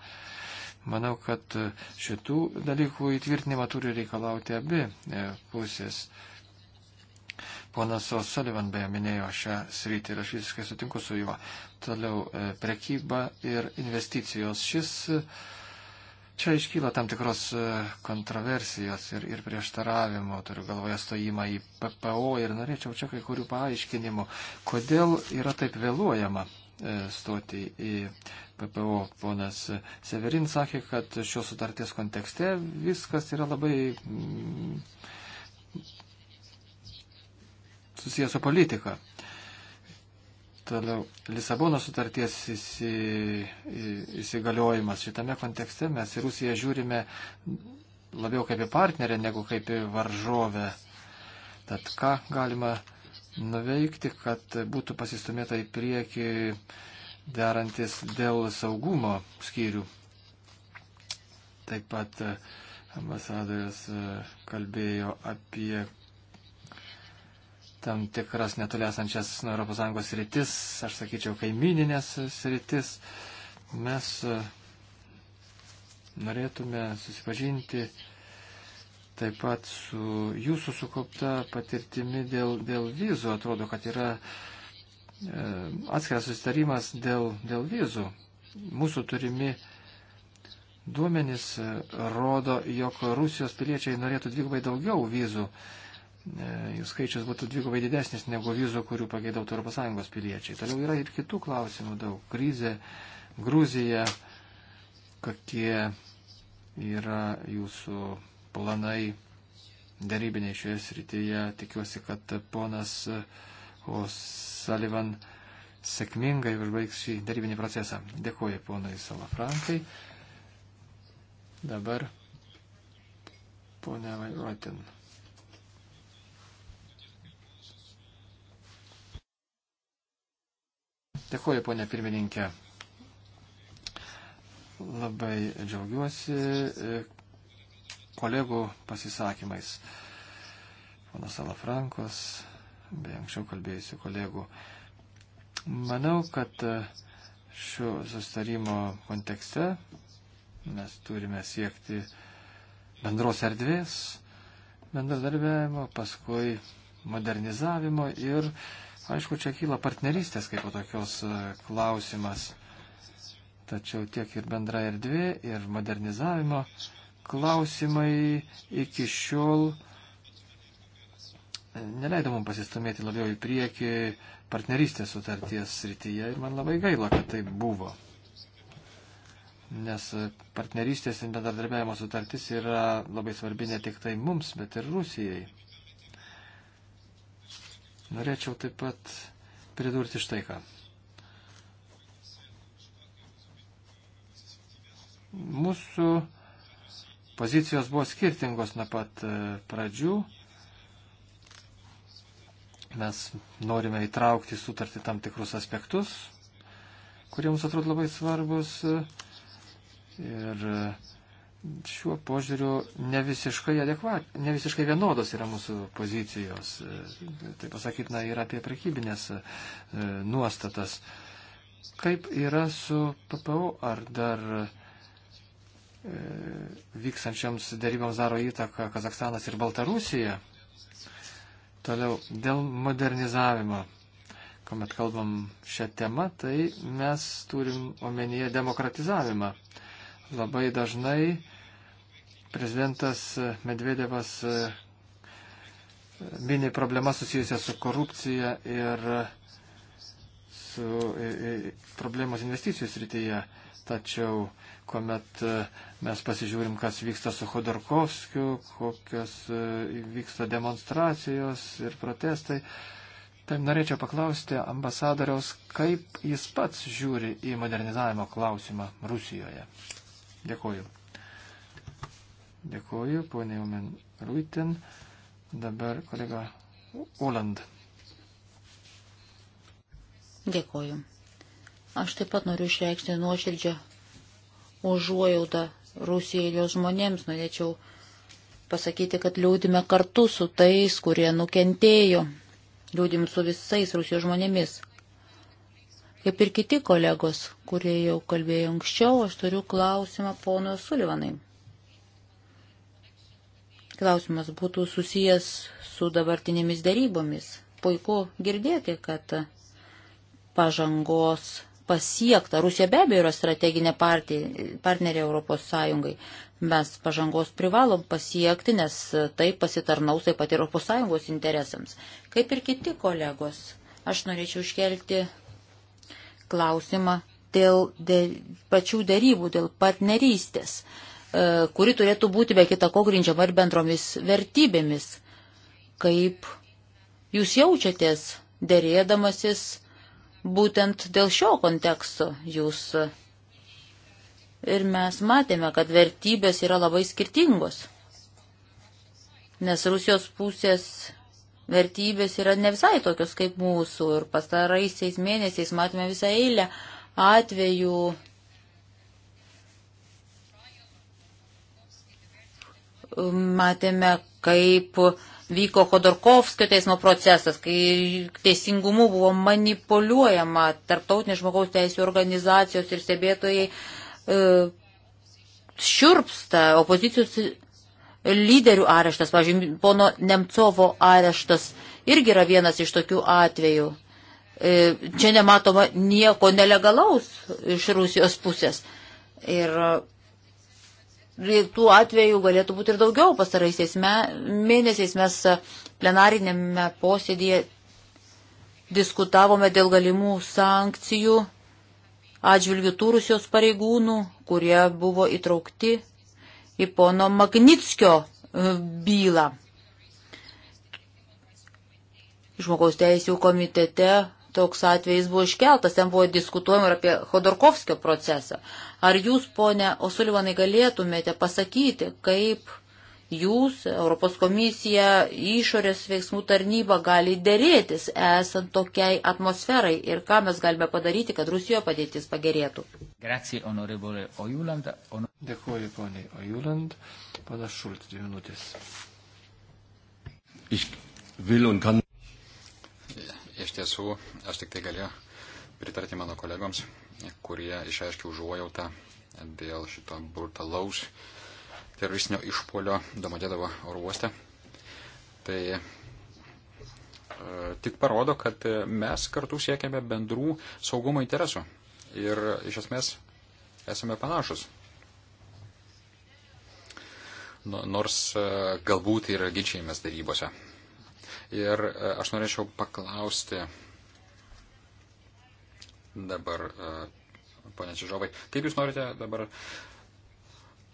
Manau, kad e, šitų dalykų įtvirtinimą turi reikalauti abi e, pusės. Ponas O'Sullivan beje minėjo šią sritį ir aš visiškai sutinku su juo. Toliau prekyba ir investicijos. Šis uh, Čia iškyla tam tikros e, kontroversijos ir, ir prieštaravimo, turiu galvoje stojimą į PPO ir norėčiau čia kai kurių paaiškinimų, kodėl yra taip vėluojama e, stoti į PPO. Ponas Severin sakė, kad šios sutarties kontekste viskas yra labai mm, susijęs su politika. Toliau, Lisabono sutarties įsi, įsigaliojimas. Šitame kontekste mes į Rusiją žiūrime labiau kaip į partnerę negu kaip į varžovę. Tad ką galima nuveikti, kad būtų pasistumėta į priekį derantis dėl saugumo skyrių. Taip pat e, ambasadorius e, kalbėjo apie tam tikras netoliesančias nuo ES rytis, aš sakyčiau, kaimininės rytis. Mes e, norėtume susipažinti taip pat su jūsų sukaupta patirtimi dėl, dėl vizų. Atrodo, kad yra e, atskiras susitarimas dėl, dėl vizų. Mūsų turimi duomenys e, rodo, jog Rusijos piliečiai norėtų dvigubai daugiau vizų. E, E, jų skaičius būtų dvigubai didesnis negu vizų, kurių pageidautų ES piliečiai. Toliau yra ir kitų klausimų daug. Krizė, Gruzija, kokie yra jūsų planai darybiniai šioje srityje. Tikiuosi, kad ponas O'Sullivan sėkmingai užbaigs šį darybinį procesą. Dėkuoju ponui Salafrankai. Dabar ponia Vairuotin. Dėkuoju, ponė pirmininkė. Labai džiaugiuosi e, kolegų pasisakymais. Ponas Alafrankos, bei anksčiau kalbėjusių kolegų. Manau, kad e, šio sustarimo kontekste mes turime siekti bendros erdvės, bendradarbiavimo, paskui modernizavimo ir uh, Aišku, čia kyla partnerystės kaip tokios e, klausimas, tačiau tiek ir bendra erdvė, ir modernizavimo klausimai iki šiol e, neleido mums pasistumėti labiau į priekį partnerystės sutarties srityje ir man labai gaila, kad taip buvo. Nes partnerystės ir bendradarbiavimo sutartis yra labai svarbi ne tik tai mums, bet ir Rusijai. Norėčiau taip pat pridurti štai ką. Mūsų pozicijos buvo skirtingos nuo pat e, pradžių. Mes norime įtraukti sutartį tam tikrus aspektus, kurie mums atrodo labai svarbus. E, ir e, šiuo požiūriu ne visiškai, adekvat, ne visiškai vienodos yra mūsų pozicijos. Tai pasakytina ir apie prekybinės e, nuostatas. Kaip yra su PPO, ar dar e, vykstančiams daryboms daro įtaką Kazakstanas ir Baltarusija? Toliau, dėl modernizavimo. Komet kalbam šią temą, tai mes turim omenyje demokratizavimą. Labai dažnai Prezidentas Medvedevas e, mini problema susijusia su korupcija ir su e, e, problemos investicijų srityje. Tačiau, kuomet mes pasižiūrim, kas vyksta su Khodorkovskiu, kokios vyksta demonstracijos ir protestai, tai norėčiau paklausti ambasadoriaus, kaip jis pats žiūri į modernizavimo klausimą Rusijoje. Dėkuoju. Dėkuoju, ponė Omen Ruiten. Dabar kolega Oland. Dėkuoju. Aš taip pat noriu išreikšti nuoširdžią užuojautą Rusijai ir jos žmonėms. Norėčiau pasakyti, kad liūdime kartu su tais, kurie nukentėjo. Liūdim su visais Rusijos žmonėmis. Kaip ir kiti kolegos, kurie jau kalbėjo anksčiau, aš turiu klausimą pono Sulivanai klausimas būtų susijęs su dabartinėmis darybomis. Puiku girdėti, kad pažangos pasiekta. Rusija be abejo yra strateginė partnerė Europos Sąjungai. Mes pažangos privalom pasiekti, nes tai pasitarnaus taip pat Europos Sąjungos interesams. Kaip ir kiti kolegos, aš norėčiau iškelti klausimą dėl, dėl pačių darybų, dėl partnerystės. Uh, E, kuri turėtų būti be kita ko grindžiama ir bendromis vertybėmis. Kaip jūs jaučiatės dėrėdamasis būtent dėl šio konteksto jūs. Ir mes matėme, kad vertybės yra labai skirtingos, nes Rusijos pusės vertybės yra ne visai tokios kaip mūsų. Ir pastaraisiais mėnesiais matėme visą eilę atvejų matėme, kaip vyko Khodorkovskio teismo procesas, kai teisingumu buvo manipuliuojama tarptautinės žmogaus teisų organizacijos ir stebėtojai e, šiurpsta opozicijos lyderių areštas, pavyzdžiui, pono Nemcovo areštas irgi yra vienas iš tokių atvejų. E, čia nematoma nieko nelegalaus iš Rusijos pusės. Ir tų atvejų galėtų būti ir daugiau pastaraisiais me, mėnesiais mes plenarinėme posėdėje diskutavome dėl galimų sankcijų atžvilgių turusios pareigūnų, kurie buvo įtraukti į pono Magnitskio e, bylą. Žmogaus teisėjų komitete toks atvejis buvo iškeltas, ten buvo diskutuojama ir apie Khodorkovskio procesą. Ar jūs, ponė Osulivanai, galėtumėte pasakyti, kaip jūs, Europos komisija, išorės veiksmų tarnyba gali dėrėtis esant tokiai atmosferai ir ką mes galime padaryti, kad Rusijoje padėtis pagerėtų? Grazie, onorevole Ojuland. On... Dėkuoju, ponė Ojuland. Panas Šultis, dvi minutės. Ich will und kann Iš tiesų, aš tik tai galiu pritarti mano kolegoms, kurie išaiškiai užuojautą dėl šito brutalaus teroristinio išpolio Domodėdavo oro uoste. Tai e, tik parodo, kad e, mes kartu siekiame bendrų saugumo interesų ir iš esmės esame panašus. Nors e, galbūt ir ginčiamės darybose Ir e, aš norėčiau paklausti dabar, e, ponė Čižovai, kaip jūs norite dabar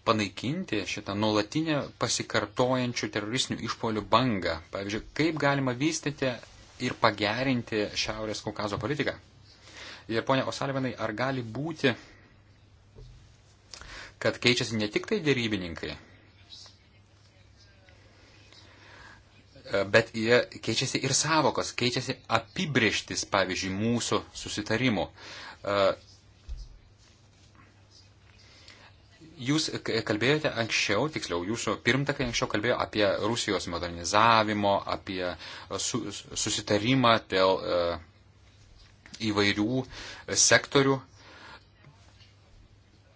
panaikinti šitą nuolatinę pasikartojančių teroristinių išpolių bangą? Pavyzdžiui, kaip galima vystyti ir pagerinti Šiaurės Kaukazo politiką? Ir ponia Osalvinai, ar gali būti, kad keičiasi ne tik tai dėrybininkai, bet jie keičiasi ir savokos, keičiasi apibrieštis, pavyzdžiui, mūsų susitarimų. E, jūs kalbėjote anksčiau, tiksliau, jūsų pirmtakai anksčiau kalbėjo apie Rusijos modernizavimo, apie su, susitarimą dėl e, įvairių sektorių.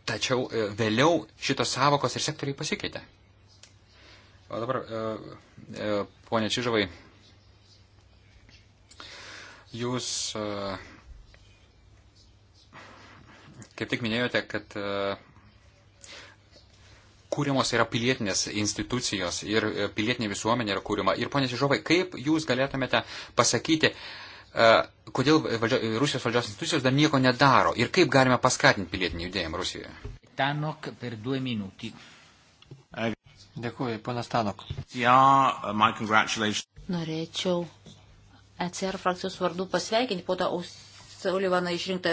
Tačiau e, vėliau šitos savokos ir sektoriai pasikeitė. O dabar, e, e, ponė Čižavai, jūs e, kaip tik minėjote, kad kūrimos yra pilietinės institucijos ir pilietinė visuomenė yra kūrima. Ir ponė Čižovai, kaip jūs galėtumėte pasakyti, kodėl valdžio, Rusijos valdžios institucijos dar nieko nedaro ir kaip galime paskatinti pilietinį judėjimą Rusijoje? Tanok per du minutį. Dėkuoju, ponas Tanok. Norėčiau ECR frakcijos vardu pasveikinti po to Saulivaną išrinktą,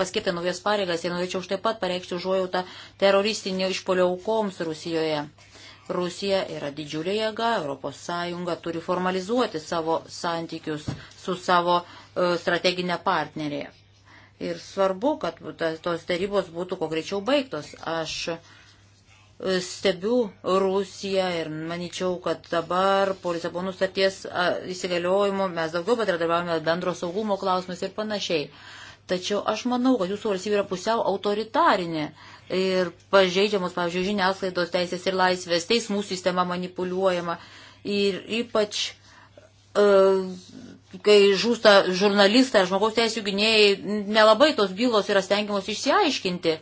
paskirtą naujas pareigas ir norėčiau už taip pat pareikšti užuojautą teroristinio išpolio aukoms Rusijoje. Rusija yra didžiulė jėga, ES turi formalizuoti savo santykius su savo e, strateginė partnerė. Ir svarbu, kad tos darybos būtų kuo greičiau baigtos. Aš stebiu Rusiją ir manyčiau, kad dabar po Lisabonų starties įsigaliojimo mes daugiau patradarbiavome bendro saugumo klausimus ir panašiai. Tačiau aš manau, kad jūsų valstybė yra pusiau autoritarinė ir pažeidžiamos, pavyzdžiui, žiniasklaidos teisės ir laisvės, teismų sistema manipuliuojama ir ypač e, kai žūsta žurnalistai, žmogaus teisų gynėjai, nelabai tos bylos yra stengiamos išsiaiškinti.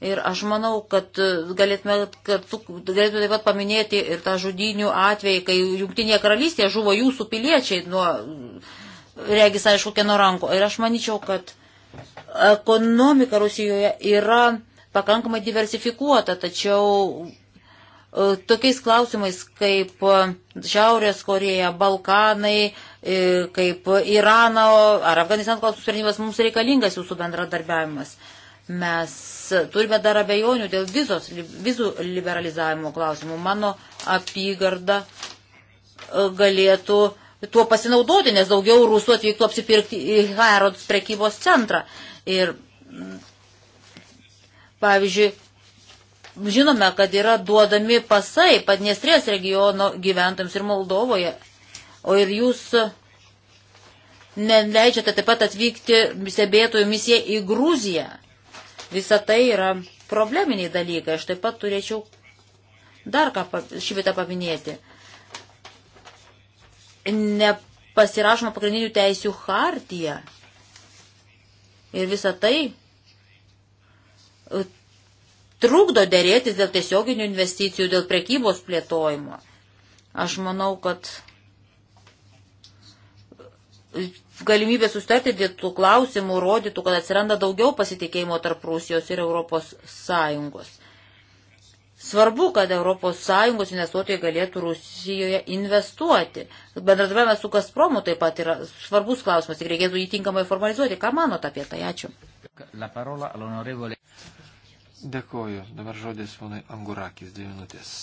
Ir aš manau, kad galėtume, kartu, galėtume taip pat paminėti ir tą žudinių atvejį, kai Junktinėje karalystėje žuvo jūsų piliečiai nuo, regis, aišku, kieno ranko. Ir aš manyčiau, kad ekonomika Rusijoje yra pakankamai diversifikuota, tačiau e, tokiais klausimais kaip Šiaurės Koreja, Balkanai, e, kaip Irano ar Afganistano klausimų sprendimas mums reikalingas jūsų bendradarbiavimas. Mes turime dar abejonių dėl vizos, vizų liberalizavimo klausimų. Mano apygarda e, galėtų tuo pasinaudoti, nes daugiau rusų atvyktų apsipirkti į Herods prekybos centrą. Ir, mm, pavyzdžiui, žinome, kad yra duodami pasai Padniestrės regiono gyventojams ir Moldovoje. O ir jūs e, neleidžiate taip pat atvykti stebėtojų misiją į Gruziją. Visa tai yra probleminiai dalykai. Aš taip pat turėčiau dar ką šitą paminėti. Nepasirašoma pagrindinių teisių hartija. Ir visa tai e, trukdo dėrėtis dėl tiesioginių investicijų, dėl prekybos plėtojimo. Aš manau, kad galimybė sustarti dėl tų klausimų rodytų, kad atsiranda daugiau pasitikėjimo tarp Rusijos ir Europos Sąjungos. Svarbu, kad Europos Sąjungos investuotojai galėtų Rusijoje investuoti. Bendradarbiavimas su Gazpromu taip pat yra svarbus klausimas, tik reikėtų įtinkamai formalizuoti. Ką manot apie tai? Ačiū. Dėkuoju. Dabar žodis ponai Angurakis, dvi minutės.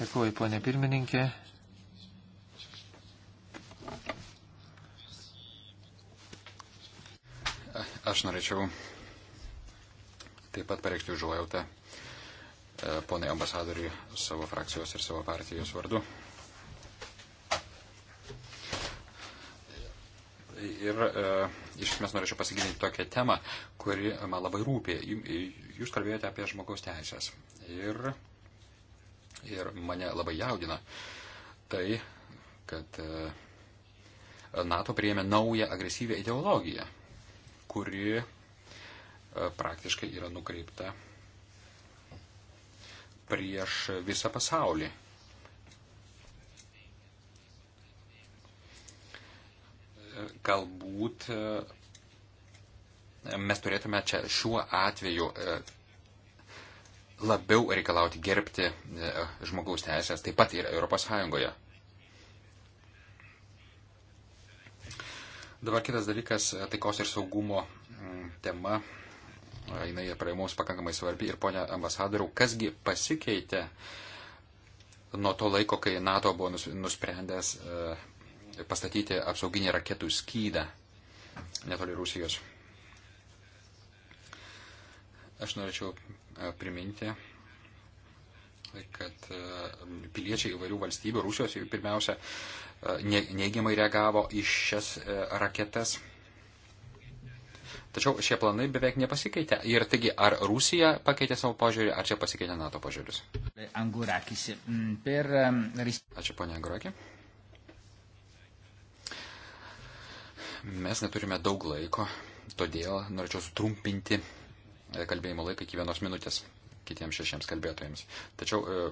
Dėkuoju, ponė pirmininkė. Aš norėčiau taip pat pareikšti užuojautą e, ponai ambasadoriui savo frakcijos ir savo partijos vardu. Ir e, iš esmės norėčiau pasigilinti tokią temą, kuri man labai rūpė. Jūs kalbėjote apie žmogaus teisės. Ir, ir mane labai jaudina tai, kad e, NATO priėmė naują agresyvę ideologiją kuri e, praktiškai yra nukreipta prieš visą pasaulį. Galbūt e, mes turėtume čia šiuo atveju e, labiau reikalauti gerbti žmogaus teisės taip pat ir ES. Dabar kitas dalykas e, - taikos ir saugumo mm, tema. E, jinai prie mums pakankamai svarbi. Ir ponia ambasadoriau, kasgi pasikeitė nuo to laiko, kai NATO buvo nusprendęs e, pastatyti apsauginį raketų skydą netoli Rusijos. Aš norėčiau priminti kad e, piliečiai įvairių valstybių, Rusijos pirmiausia, e, neigiamai reagavo į šias e, raketas. Tačiau šie planai beveik nepasikeitė. Ir taigi, ar Rusija pakeitė savo požiūrį, ar čia pasikeitė NATO požiūris? Angurakis. Mm, per... Mm, Ačiū, ponia Angurakė. Mes neturime daug laiko, todėl norėčiau sutrumpinti kalbėjimo laiką iki vienos minutės kitiems šešiems kalbėtojams. Tačiau, e,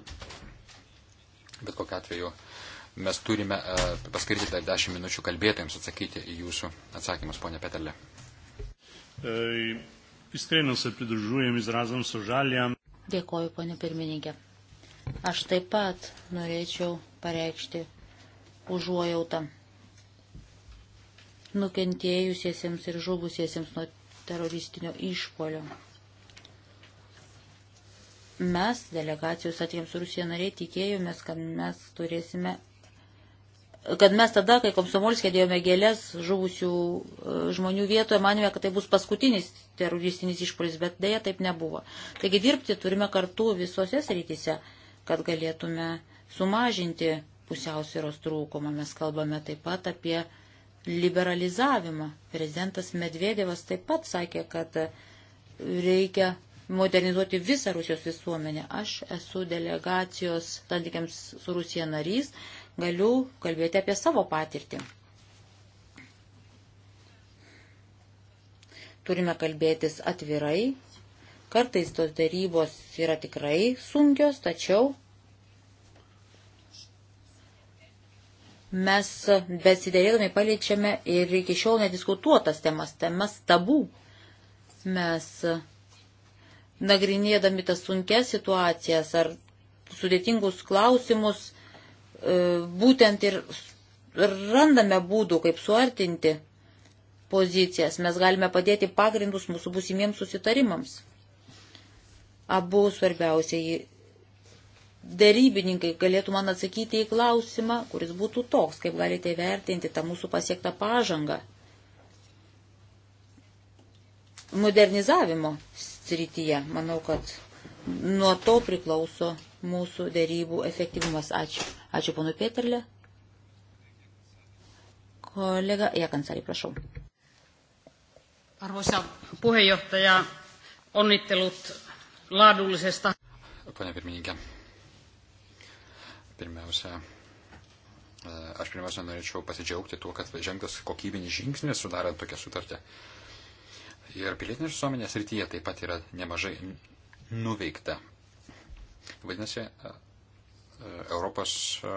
bet kokiu atveju, mes turime e, paskirti dar dešimt minučių kalbėtojams atsakyti į jūsų atsakymus, ponė Petelė. E, Dėkoju, ponė pirmininkė. Aš taip pat norėčiau pareikšti užuojautą nukentėjusiesiems ir žuvusiesiems nuo teroristinio išpolio. Mes, delegacijos santykiams su Rusija nariai, tikėjomės, kad mes turėsime kad mes tada, kai Komsomolskė dėjome gėlės žuvusių e, žmonių vietoje, manėme, kad tai bus paskutinis teroristinis išpolis, bet dėja taip nebuvo. Taigi dirbti turime kartu visose srityse, kad galėtume sumažinti pusiausvėros trūkumą. Mes kalbame taip pat apie liberalizavimą. Prezidentas Medvedevas taip pat sakė, kad reikia modernizuoti visą Rusijos visuomenę. Aš esu delegacijos santykiams su Rusija narys, galiu kalbėti apie savo patirtį. Turime kalbėtis atvirai. Kartais tos darybos yra tikrai sunkios, tačiau mes besidėrėdami paliečiame ir iki šiol nediskutuotas temas, temas tabų. Mes nagrinėdami tas sunkias situacijas ar sudėtingus klausimus, e, būtent ir randame būdų, kaip suartinti pozicijas. Mes galime padėti pagrindus mūsų būsimiems susitarimams. Abu svarbiausiai dėrybininkai galėtų man atsakyti į klausimą, kuris būtų toks, kaip galite vertinti tą mūsų pasiektą pažangą modernizavimo srityje. Manau, kad nuo to priklauso mūsų dėrybų efektyvumas. Ačiū. Ačiū ponu Pieterlė. Kollega Jakansari, prašau. Arvoisa puheenjohtaja, onnittelut laadullisesta. Pane pirmininkė, pirmiausia, e, aš pirmiausia norėčiau pasidžiaugti tuo, kad žengtas kokybinis žingsnis sudarant tokią sutartį ir pilietinės visuomenės rytyje taip pat yra nemažai nuveikta. Vadinasi, e, Europos e,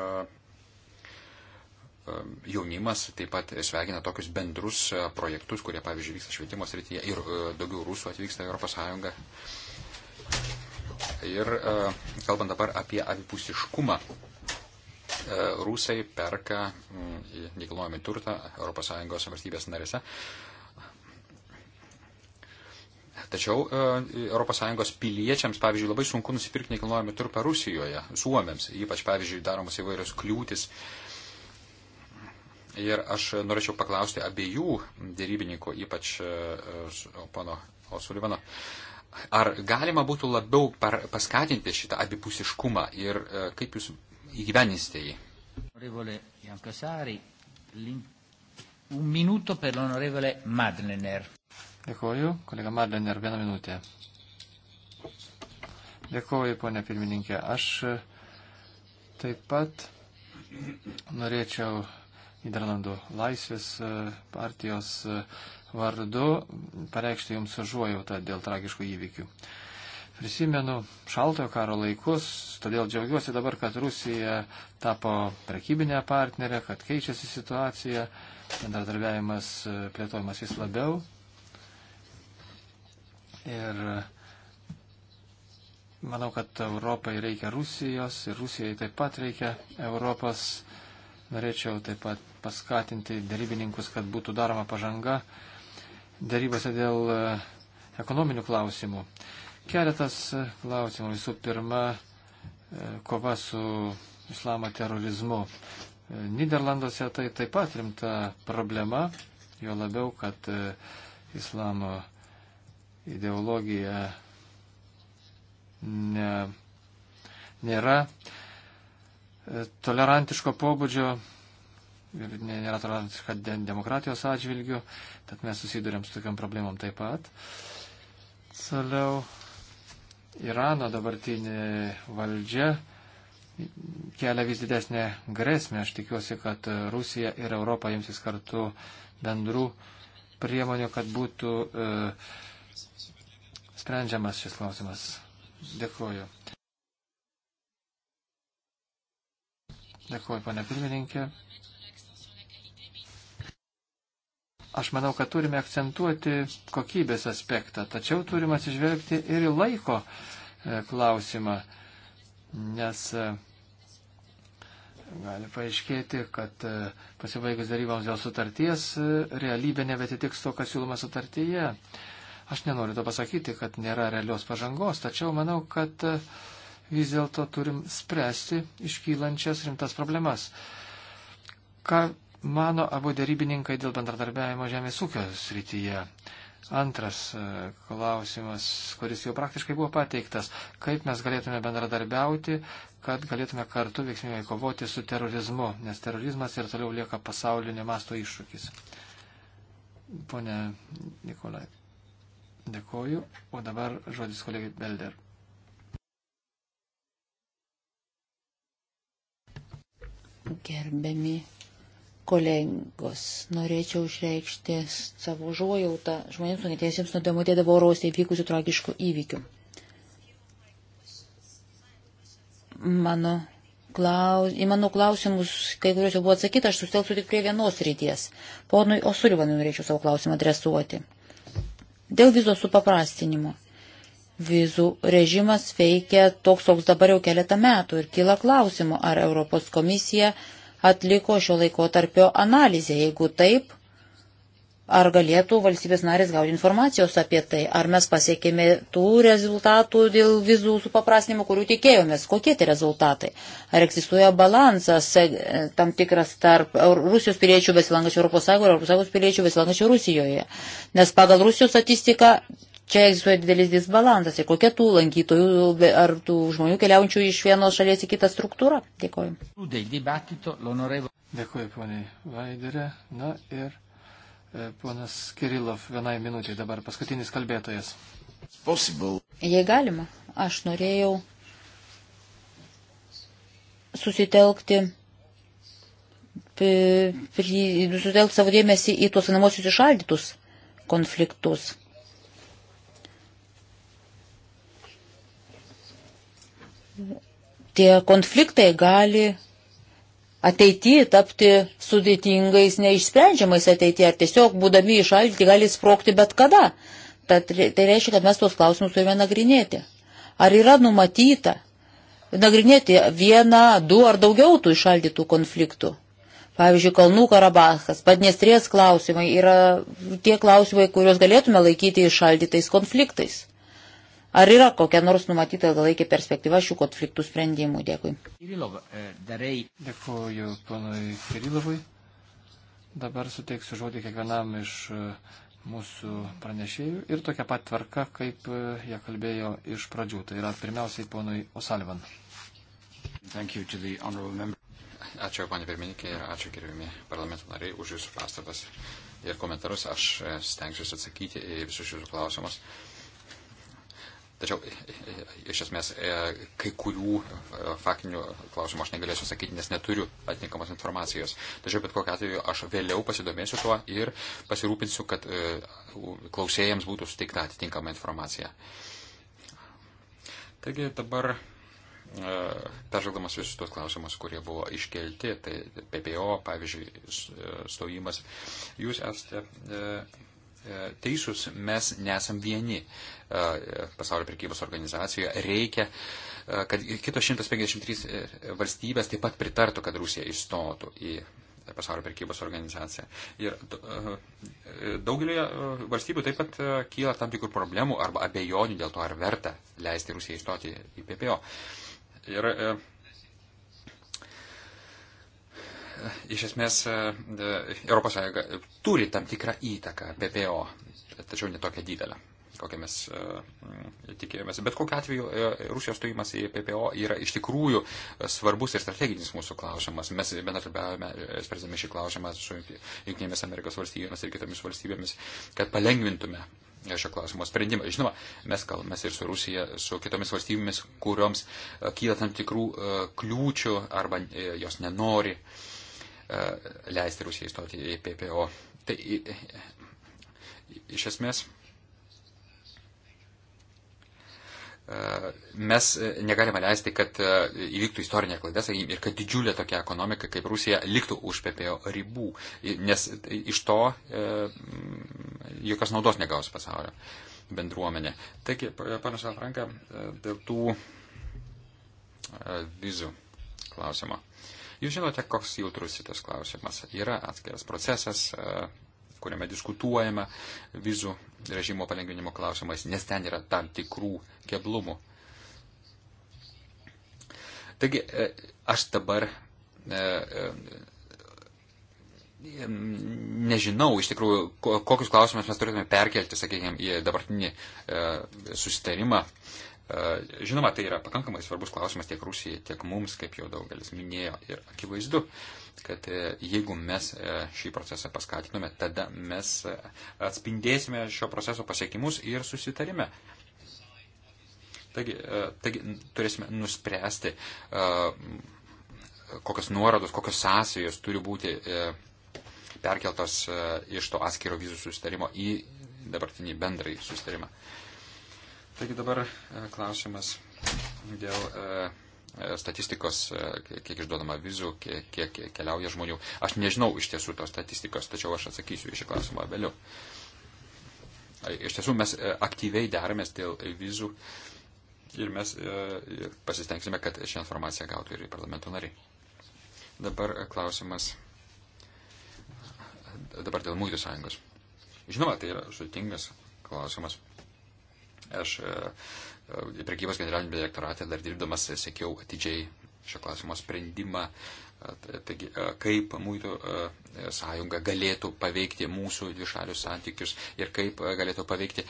e, jaunimas taip pat svegina tokius bendrus projektus, kurie, pavyzdžiui, vyksta švietimo srityje ir daugiau rusų atvyksta į Europos Sąjungą. Ir kalbant dabar apie abipusiškumą, rusai perka nekilnojami turtą ES valstybės narėse Tačiau ES piliečiams, pavyzdžiui, labai sunku nusipirkti nekilnojami turpą Rusijoje, suomiams, ypač, pavyzdžiui, daromos įvairios kliūtis. Ir aš norėčiau paklausti abiejų dėrybininkų, ypač e, pono Osulivano, ar galima būtų labiau par, paskatinti šitą abipusiškumą ir e, kaip jūs įgyveninsite jį? Un minuto per l'onorevole Madlener. Dėkuoju, kolega Marlener, vieną minutę. Dėkuoju, ponė pirmininkė. Aš e, taip pat norėčiau Niderlandų laisvės e, partijos e, vardu pareikšti jums užuojautą dėl tragiškų įvykių. Prisimenu šaltojo karo laikus, todėl džiaugiuosi dabar, kad Rusija tapo prekybinė partnerė, kad keičiasi situacija, bendradarbiavimas plėtojimas vis labiau. Ir e, manau, kad Europai reikia Rusijos ir Rusijai taip pat reikia Europos. Norėčiau taip pat paskatinti darybininkus, kad būtų daroma pažanga darybose dėl e, ekonominių klausimų. Keletas e, klausimų. Visų pirma, kova su islamo terorizmu. Niderlanduose tai taip pat rimta problema, jo labiau, kad islamo ideologija ne, nėra e, tolerantiško pobūdžio ir nėra tolerantiška demokratijos atžvilgių, tad mes susidurėm su tokiam problemam taip pat. Toliau Irano dabartinė valdžia kelia vis didesnė grėsmė. Aš tikiuosi, kad Rusija ir Europa imsis kartu bendrų priemonių, kad būtų uh, e, sprendžiamas šis klausimas. Dėkuoju. Dėkuoju, pane pirmininkė. Aš manau, kad turime akcentuoti kokybės aspektą, tačiau turime atsižvelgti ir į laiko e, klausimą, nes e, gali paaiškėti, kad e, pasibaigus darybams dėl sutarties realybė nebetitiks to, kas siūloma sutartyje. Aš nenoriu to pasakyti, kad nėra realios pažangos, tačiau manau, kad e, vis dėlto turim spręsti iškylančias rimtas problemas. Ką mano abu dėrybininkai dėl bendradarbiavimo žemės ūkio srityje? Antras e, klausimas, kuris jau praktiškai buvo pateiktas, kaip mes galėtume bendradarbiauti, kad galėtume kartu veiksmingai kovoti su terorizmu, nes terorizmas ir toliau lieka pasaulinio masto iššūkis. Pone Nikolai. Dėkoju, o dabar žodis kolegai Belder. Gerbiami kolegos, norėčiau išreikšti savo žuojautą žmonėms nukentėjusiems nuo demotėdavo oros įvykusių tragiškų įvykių. Mano klaus, į mano klausimus, kai kuriuos jau buvo atsakyta, aš susitelksiu tik prie vienos ryties. Ponui Osurivanui norėčiau savo klausimą adresuoti. Dėl vizos supaprastinimo. Vizų režimas veikia toks, koks dabar jau keletą metų ir kyla klausimų, ar Europos komisija atliko šio laiko tarpio analizę. Jeigu taip, Ar galėtų valstybės narės gauti informacijos apie tai? Ar mes pasiekėme tų rezultatų dėl vizų supaprastinimo, kurių tikėjomės? Kokie tie rezultatai? Ar egzistuoja balansas e, tam tikras tarp Rusijos piliečių besilankačių Europos Sąjungoje ir Europos Sąjungos piliečių besilankačių Rusijoje? Nes pagal Rusijos statistiką čia egzistuoja didelis disbalansas. Ir kokia tų lankytojų ar tų žmonių keliaujančių iš vienos šalies į kitą struktūrą? Dėkoju. Dėkoju, poniai Vaiderė. Na ir Ponas Kirilov, vienai minutiai dabar paskutinis kalbėtojas. Possible. Jei galima, aš norėjau susitelkti, susitelkti savo dėmesį į tuos namosius išaldytus konfliktus. Tie konfliktai gali ateityje tapti sudėtingais, neišsprendžiamais ateityje, ar tiesiog būdami išaldyti gali sprokti bet kada. Tad, tai reiškia, kad mes tuos klausimus turime nagrinėti. Ar yra numatyta nagrinėti vieną, du ar daugiau tų išaldytų konfliktų? Pavyzdžiui, Kalnų Karabachas, Padniestrės klausimai yra tie klausimai, kuriuos galėtume laikyti išaldytais konfliktais. Ar yra kokia nors numatyta ilgalaikė perspektyva šių konfliktų sprendimų? Dėkui. E, Dėkuoju panui Kirilovui. Dabar suteiksiu žodį kiekvienam iš e, mūsų pranešėjų ir tokia pat tvarka, kaip e, jie kalbėjo iš pradžių. Tai yra pirmiausiai ponui O'Sullivan. Ačiū, panė pirmininkė, ir ačiū, gerbimi parlamento nariai, už jūsų pastabas ir komentarus. Aš stengsiuosi atsakyti į visus jūsų klausimus. Uh, Tačiau e, e, iš esmės e, kai kurių faktinių klausimų aš negalėsiu sakyti, nes neturiu atinkamos informacijos. Tačiau bet kokiu atveju aš vėliau pasidomėsiu tuo ir pasirūpinsiu, kad klausėjams būtų suteikta atitinkama informacija. Taigi dabar peržvelgdamas visus tuos klausimus, kurie buvo iškelti, tai PPO, pavyzdžiui, stojimas, jūs esate E, teisūs, mes nesam vieni e, pasaulio prekybos organizacijoje. Reikia, e, kad kitos 153 valstybės taip pat pritartų, kad Rusija įstotų į pasaulio prekybos organizaciją. Ir daugelioje valstybių taip pat kyla tam tikrų problemų arba abejonių dėl to, ar verta leisti Rusijai įstoti į PPO. Ir iš esmės ES turi tam tikrą įtaką BPO, tačiau netokią didelę kokią mes e, tikėjomės. Bet kokiu atveju e, Rusijos stojimas į PPO yra iš tikrųjų svarbus ir strateginis mūsų klausimas. Mes bendradarbiavome, e, sprendėme šį klausimą su Junktinėmis Amerikos valstybėmis ir kitomis valstybėmis, kad palengvintume šio klausimo sprendimą. Žinoma, mes kalbame ir su Rusija, su kitomis valstybėmis, kurioms kyla tam tikrų kliūčių arba jos nenori uh, E, leisti Rusijai įstoti į PPO. Tai iš esmės e, mes negalime leisti, kad e, įvyktų istorinė klaida, sakykime, ir kad didžiulė tokia ekonomika kaip Rusija liktų už PPO ribų, nes iš to jokios naudos negaus pasaulio bendruomenė. Taigi, panas Alfranka, dėl tų vizų klausimo. Jūs žinote, koks jautrus šitas klausimas. Yra atskiras procesas, e, kuriame diskutuojama vizų režimo palengvinimo klausimais, nes ten yra tam tikrų keblumų. Taigi, e, aš dabar e, nežinau iš tikrųjų, kokius klausimus mes turėtume perkelti, sakykime, į dabartinį susitarimą E, žinoma, tai yra pakankamai svarbus klausimas tiek Rusijai, tiek mums, kaip jau daugelis minėjo. Ir akivaizdu, kad e, jeigu mes e, šį procesą paskatinome, tada mes atspindėsime šio proceso pasiekimus ir susitarime. Taigi, taigi turėsime nuspręsti, kokios nuorodos, kokios sąsajos turi būti perkeltos iš to atskiro vizų susitarimo į dabartinį bendrąjį susitarimą. Uh, Taigi dabar e, klausimas dėl e, e, statistikos, kiek išduodama vizų, kiek, kiek keliauja žmonių. Aš nežinau iš tiesų tos statistikos, tačiau aš atsakysiu iš klausimą vėliau. Iš tiesų mes aktyviai deramės dėl vizų ir mes pasistengsime, kad šią informaciją gautų ir parlamento nariai. Dabar klausimas dabar dėl mūtų sąjungos. Žinoma, tai yra sutingas klausimas. Aš e, e, prekybos generalinėme direktorate dar dirbdamas sekiau atidžiai šio klausimo sprendimą, e, taigi, kaip mūtų sąjunga galėtų paveikti mūsų dvišalius santykius ir kaip galėtų paveikti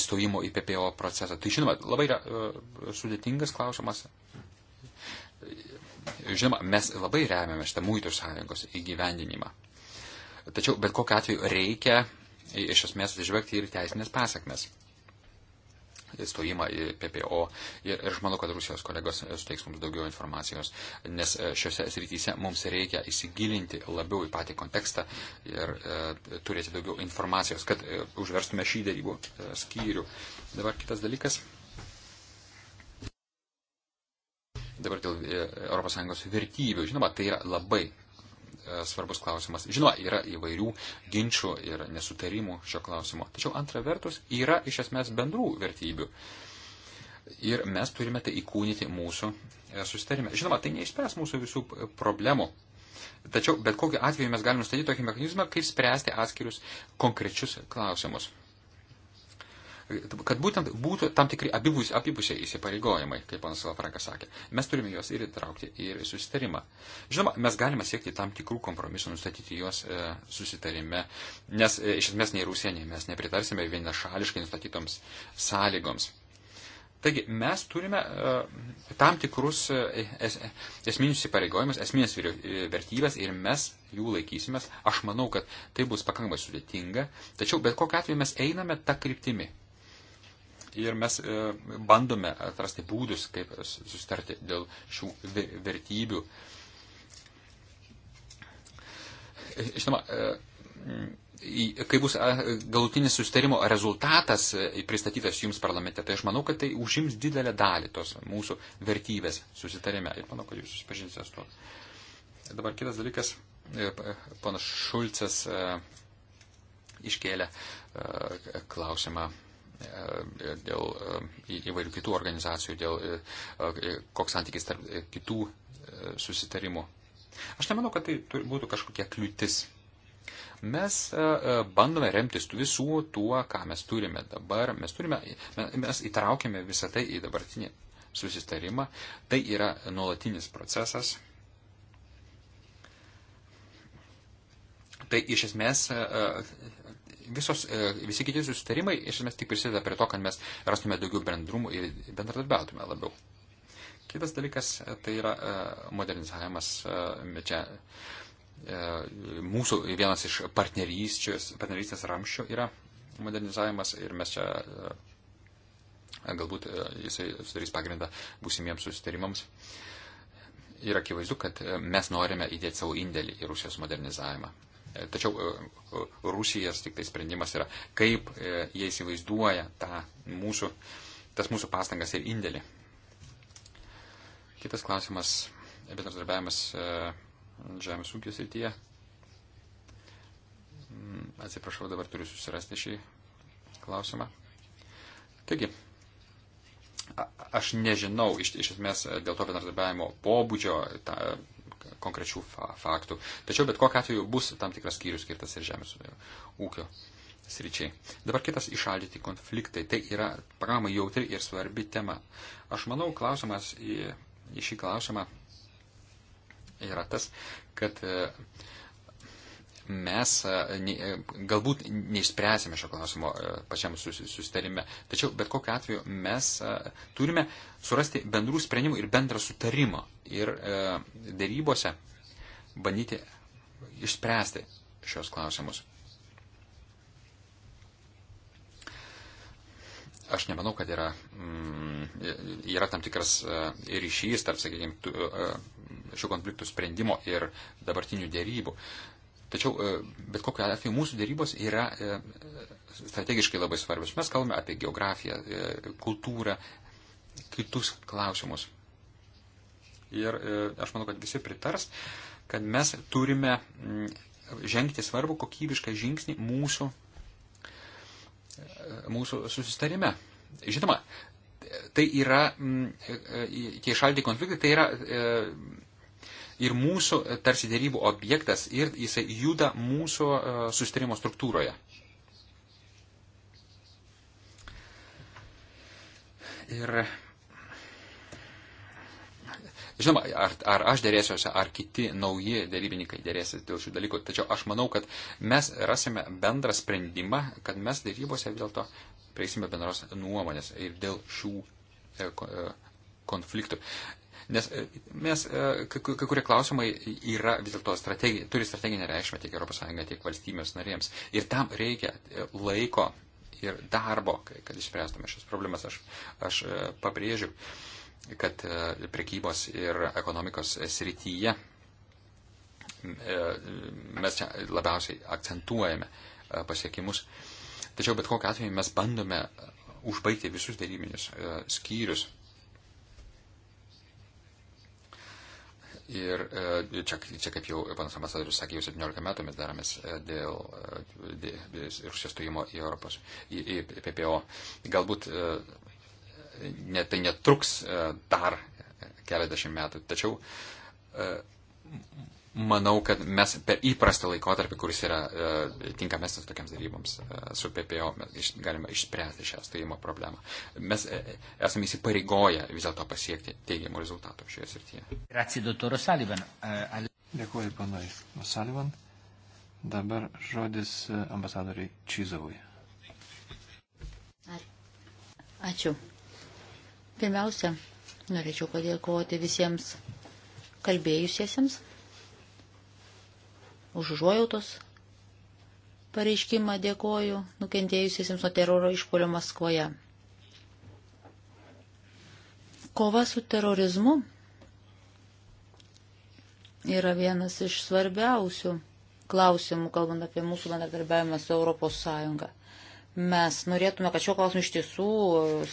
įstojimo į PPO procesą. Tai žinoma, labai yra sudėtingas klausimas. Žinoma, mes labai remiame šitą mūtų sąjungos įgyvendinimą. Tačiau bet kokiu atveju reikia iš esmės atsižvelgti ir teisinės pasakmes įstojimą į PPO. Ir, ir aš manau, kad Rusijos kolegos suteiks mums daugiau informacijos, nes e, šiuose srityse mums reikia įsigilinti labiau į patį kontekstą ir e, turėti daugiau informacijos, kad e, užverstume šį dėrybų e, skyrių. Dabar kitas dalykas. Dabar dėl ES vertybių. Žinoma, tai yra labai E, svarbus klausimas. Žinoma, yra įvairių ginčių ir nesutarimų šio klausimo. Tačiau antra vertus, yra iš esmės bendrų vertybių. Ir mes turime tai įkūnyti mūsų e, susitarime. Žinoma, tai neišspręs mūsų visų problemų. Tačiau bet kokiu atveju mes galime nustatyti tokį mechanizmą, kaip spręsti atskirius konkrečius klausimus kad būtent būtų tam tikri abipus, abipusiai įsipareigojimai, kaip panas Lafrankas sakė. Mes turime juos ir įtraukti ir susitarimą. Žinoma, mes galime siekti tam tikrų kompromisų, nustatyti juos e, susitarime, nes e, iš esmės nei Rusija, nei mes nepritarsime vienašališkai nustatytoms sąlygoms. Taigi mes turime e, tam tikrus e, es, esminius įsipareigojimus, esminės e, vertybės ir mes jų laikysimės. Aš manau, kad tai bus pakankamai sudėtinga, tačiau bet kokiu atveju mes einame tą kryptimį. Ir mes e, bandome atrasti būdus, kaip susitarti dėl šių vertybių. E, žinoma, e, kai bus galutinis susitarimo rezultatas pristatytas jums parlamente, tai aš manau, kad tai užims didelę dalį tos mūsų vertybės susitarime. Ir manau, kad jūs susipažinsite su tuo. Dabar kitas dalykas, panas Šulcas iškėlė klausimą E, dėl e, įvairių kitų organizacijų, dėl e, koks santykis tarp kitų susitarimų. Aš nemanau, kad tai būtų kažkokia kliūtis. Mes bandome remtis visų tuo, ką mes turime dabar. Mes, turime, mes įtraukėme visą tai į dabartinį susitarimą. Tai yra nuolatinis procesas. Tai iš esmės visos, e, visi kiti susitarimai iš esmės tik prisideda prie to, kad mes rastume daugiau bendrumų ir bendradarbiautume labiau. Kitas dalykas e, tai yra e, modernizavimas čia. Mūsų vienas iš partnerystės ramščių yra modernizavimas ir mes čia galbūt jisai sudarys pagrindą būsimiems susitarimams. Ir akivaizdu, kad mes norime įdėti savo indėlį į Rusijos modernizavimą. Tačiau e, e, Rusijos tik tai sprendimas yra, kaip e, jie įsivaizduoja tą mūsų, tas mūsų pastangas ir indėlį. Kitas klausimas - bendradarbiavimas žemės ūkio srityje. Mm, atsiprašau, dabar turiu susirasti šį klausimą. Taigi, a, aš nežinau iš, iš esmės dėl to bendradarbiavimo pobūdžio, ta, konkrečių fa faktų. Tačiau bet kokiu atveju bus tam tikras skyrius skirtas ir žemės e, ūkio sričiai. Dabar kitas išaldyti konfliktai. Tai yra pakankamai jautri ir svarbi tema. Aš manau, klausimas į, į šį klausimą yra tas, kad e, mes galbūt neišspręsime šio klausimo pačiam susitarime, tačiau bet kokiu atveju mes turime surasti bendrų sprendimų ir bendrą sutarimą ir dėrybose bandyti išspręsti šios klausimus. aš nemanau, kad yra, mm, yra tam tikras ryšys tarp, sakykime, šių konfliktų sprendimo ir dabartinių dėrybų. Tačiau e, bet kokiu atveju mūsų dėrybos yra e, strategiškai labai svarbios. Mes kalbame apie geografiją, e, kultūrą, kitus klausimus. Ir aš manau, kad visi pritars, kad mes turime žengti svarbu kokybišką žingsnį mūsų, mūsų susitarime. Žinoma, tai yra, tie šaldi konfliktai, tai yra ir mūsų e, tarsi dėrybų objektas ir jisai juda mūsų e, sustarimo struktūroje. Ir Žinoma, ar, ar aš dėrėsiuosi, ar kiti nauji dėrybininkai dėrėsis dėl šių dalykų, tačiau aš manau, kad mes rasime bendrą sprendimą, kad mes dėrybose vis dėlto prieisime bendros nuomonės ir dėl šių e, konfliktų. Nes e, mes, e, kai, kai kurie klausimai yra vis dėlto strategi, turi strateginę reikšmę tiek ES, tiek valstybės narėms. Ir tam reikia e, laiko ir darbo, kad išspręstume šias problemas. Aš, aš pabrėžiu, kad prekybos ir ekonomikos srityje mes čia labiausiai akcentuojame pasiekimus. Tačiau bet kokiu atveju mes bandome užbaigti visus darybinius skyrius Ir e, čia, čia kaip jau panas ambasadorius sakė, jau 17 metų mes daromės e, dėl, e, dėl Rusijos stojimo į Europos, į, į PPO. Galbūt ne, tai netruks dar keliasdešimt metų, tačiau Manau, kad mes per įprastą laikotarpį, kuris yra e, tinkamesnis tokiams daryboms e, su PPO, mes iš, galime išspręsti šią stojimo problemą. Mes e, e, esame įsipareigoję vis dėlto pasiekti teigiamų rezultatų šioje srityje. Grazie, doktoro Salivan. E, Dėkuoju, panai Salivan. Dabar žodis e, ambasadoriai Čizovui. Ačiū. Pirmiausia, norėčiau padėkoti visiems kalbėjusiesiems už užuojautos pareiškimą dėkoju nukentėjusiesiems nuo teroro išpolio Maskvoje. Kova su terorizmu yra vienas iš svarbiausių klausimų, kalbant apie mūsų bendradarbiavimą su Europos Sąjunga. Mes norėtume, kad šio klausimu iš tiesų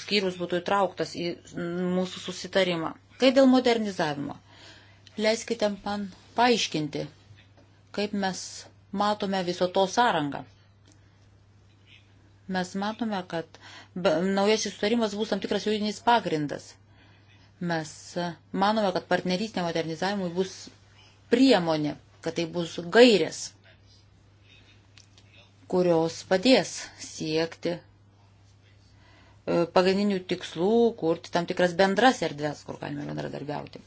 skyrius būtų įtrauktas į mūsų susitarimą. Kai dėl modernizavimo? Leiskite man paaiškinti, kaip mes matome viso to sąrangą. Mes matome, kad naujasis sutarimas bus tam tikras juridinis pagrindas. Mes manome, kad partnerystė modernizavimui bus priemonė, kad tai bus gairės, kurios padės siekti e, pagrindinių tikslų, kurti tam tikras bendras erdves, kur galime bendradarbiauti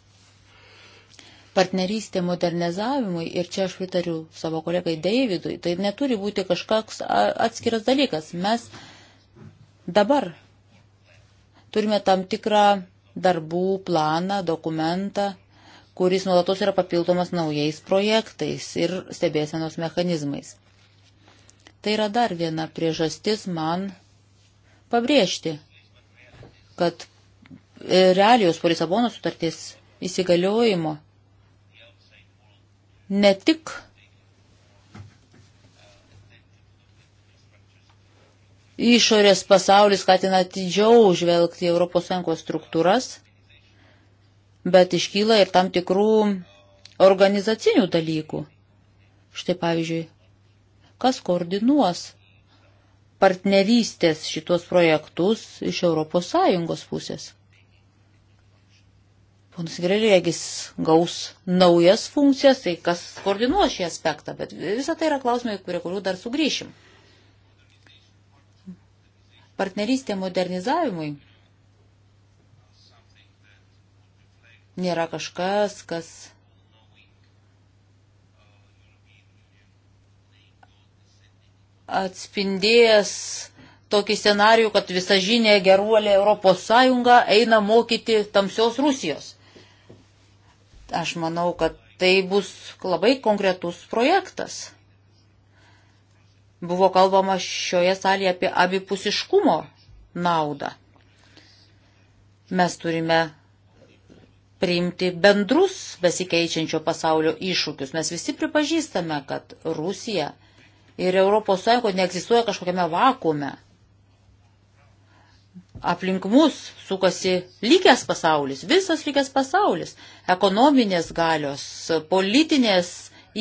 partnerystė modernizavimui, ir čia aš pritariu savo kolegai Davidui, tai neturi būti kažkoks atskiras dalykas. Mes dabar turime tam tikrą darbų planą, dokumentą, kuris nuolatos yra papildomas naujais projektais ir stebėsenos mechanizmais. Tai yra dar viena priežastis man pabrėžti, kad realijos po Lisabono sutarties įsigaliojimo ne tik išorės pasaulis skatina atidžiau žvelgti ES struktūras, bet iškyla ir tam tikrų organizacinių dalykų. Štai pavyzdžiui, kas koordinuos partnerystės šitos projektus iš ES pusės. Ponas Virelė, jeigu jis gaus naujas funkcijas, tai kas koordinuos šį aspektą, bet visą tai yra klausimai, prie kurių dar sugrįšim. Partnerystė modernizavimui nėra kažkas, kas atspindėjęs tokį scenarijų, kad visažinė geruolė Europos Sąjunga eina mokyti tamsios Rusijos. Aš manau, kad tai bus labai konkretus projektas. Buvo kalbama šioje salėje apie abipusiškumo naudą. Mes turime priimti bendrus besikeičiančio pasaulio iššūkius. Mes visi pripažįstame, kad Rusija ir ES neegzistuoja kažkokiame vakume aplink mus sukasi lygės pasaulis, visas lygės pasaulis, ekonominės galios, politinės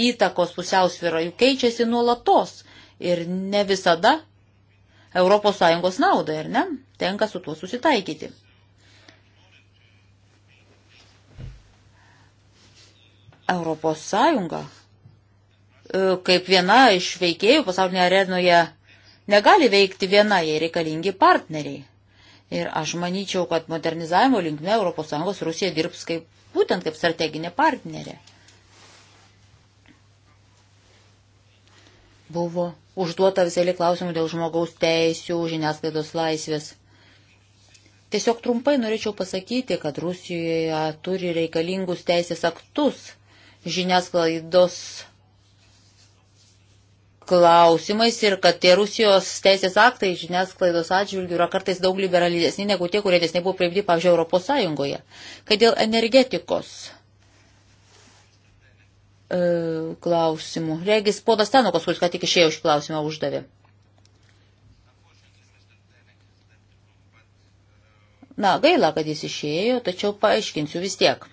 įtakos pusiausvėra juk keičiasi nuolatos ir ne visada ES naudai, ar ne, tenka su tuo susitaikyti. ES e, kaip viena iš veikėjų pasaulinėje arenoje negali veikti viena, jai reikalingi partneriai. Ir aš manyčiau, kad modernizavimo linkme ES Rusija dirbs kaip, būtent kaip strateginė partnerė. Buvo užduota viselį klausimų dėl žmogaus teisių, žiniasklaidos laisvės. Tiesiog trumpai norėčiau pasakyti, kad Rusijoje turi reikalingus teisės aktus žiniasklaidos klausimais ir kad tie Rusijos teisės aktai žiniasklaidos atžvilgių yra kartais daug liberalesni negu tie, kurie nesnei buvo priimti, pavyzdžiui, Europos Sąjungoje. Kad dėl energetikos e, klausimų. Regis ponas Tenukas, kuris ką tik išėjo iš klausimą, uždavė. Na, gaila, kad jis išėjo, tačiau paaiškinsiu vis tiek.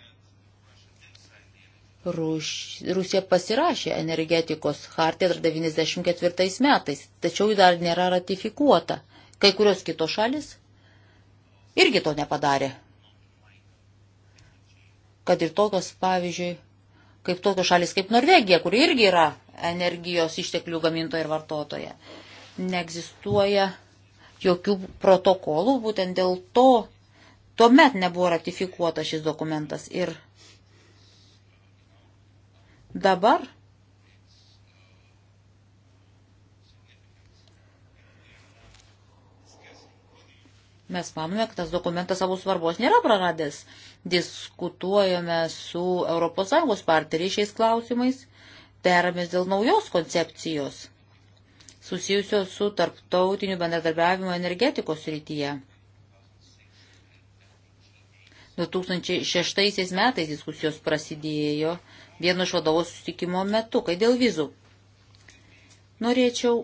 Ruš, Rusija pasirašė energetikos hartiją dar 94 metais, tačiau ji dar nėra ratifikuota. Kai kurios kitos šalis irgi to nepadarė. Kad ir tokios, pavyzdžiui, kaip tokios šalis kaip Norvegija, kuri irgi yra energijos išteklių gamintoja ir vartotoja. Neegzistuoja jokių protokolų, būtent dėl to tuomet nebuvo ratifikuotas šis dokumentas. Ir Dabar mes manome, kad tas dokumentas savo svarbos nėra praradęs. Diskutuojame su ES partneriais šiais klausimais, deramės dėl naujos koncepcijos susijusios su tarptautiniu bendradarbiavimo energetikos rytyje. 2006 metais diskusijos prasidėjo vieno iš vadovo sustikimo metu, kai dėl vizų. Norėčiau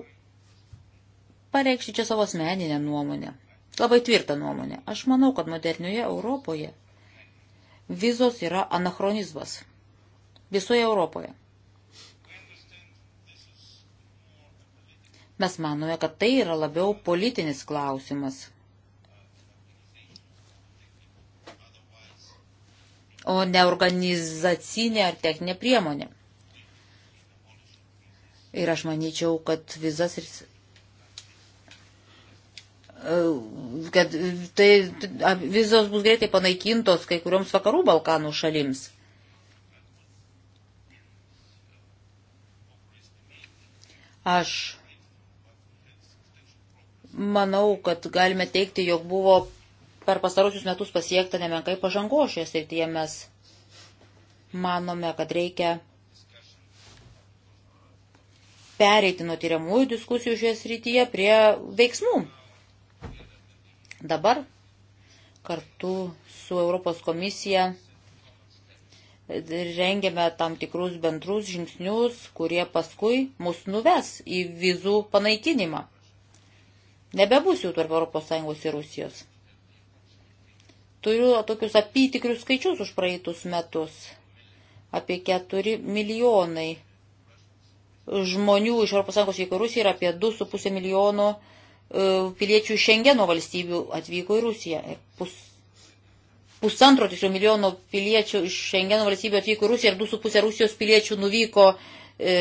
pareikšti čia savo asmeninę nuomonę. Labai tvirtą nuomonę. Aš manau, kad modernioje Europoje vizos yra anachronizmas. Visoje Europoje. Mes manome, kad tai yra labiau politinis klausimas o ne organizacinė ar techninė priemonė. Ir aš manyčiau, kad vizas ir e, kad tai vizos bus greitai panaikintos kai kurioms vakarų Balkanų šalims. Aš manau, kad galime teikti, jog buvo per pastarosius metus pasiekta nemenkai pažango šioje srityje. Mes manome, kad reikia pereiti nuo tyriamųjų diskusijų šioje srityje prie veiksmų. Dabar kartu su Europos komisija rengiame tam tikrus bendrus žingsnius, kurie paskui mus nuves į vizų panaikinimą. Nebebus jau tarp ES ir Rusijos. Turiu tokius apytikrius skaičius už praeitus metus. Apie 4 milijonai žmonių iš ES vyko į Rusiją ir apie 2,5 milijono e, piliečių iš Šengeno valstybių atvyko į Rusiją. Ir pus, pusantro tiksliau milijono piliečių iš Šengeno valstybių atvyko į Rusiją ir 2,5 Rusijos piliečių nuvyko e,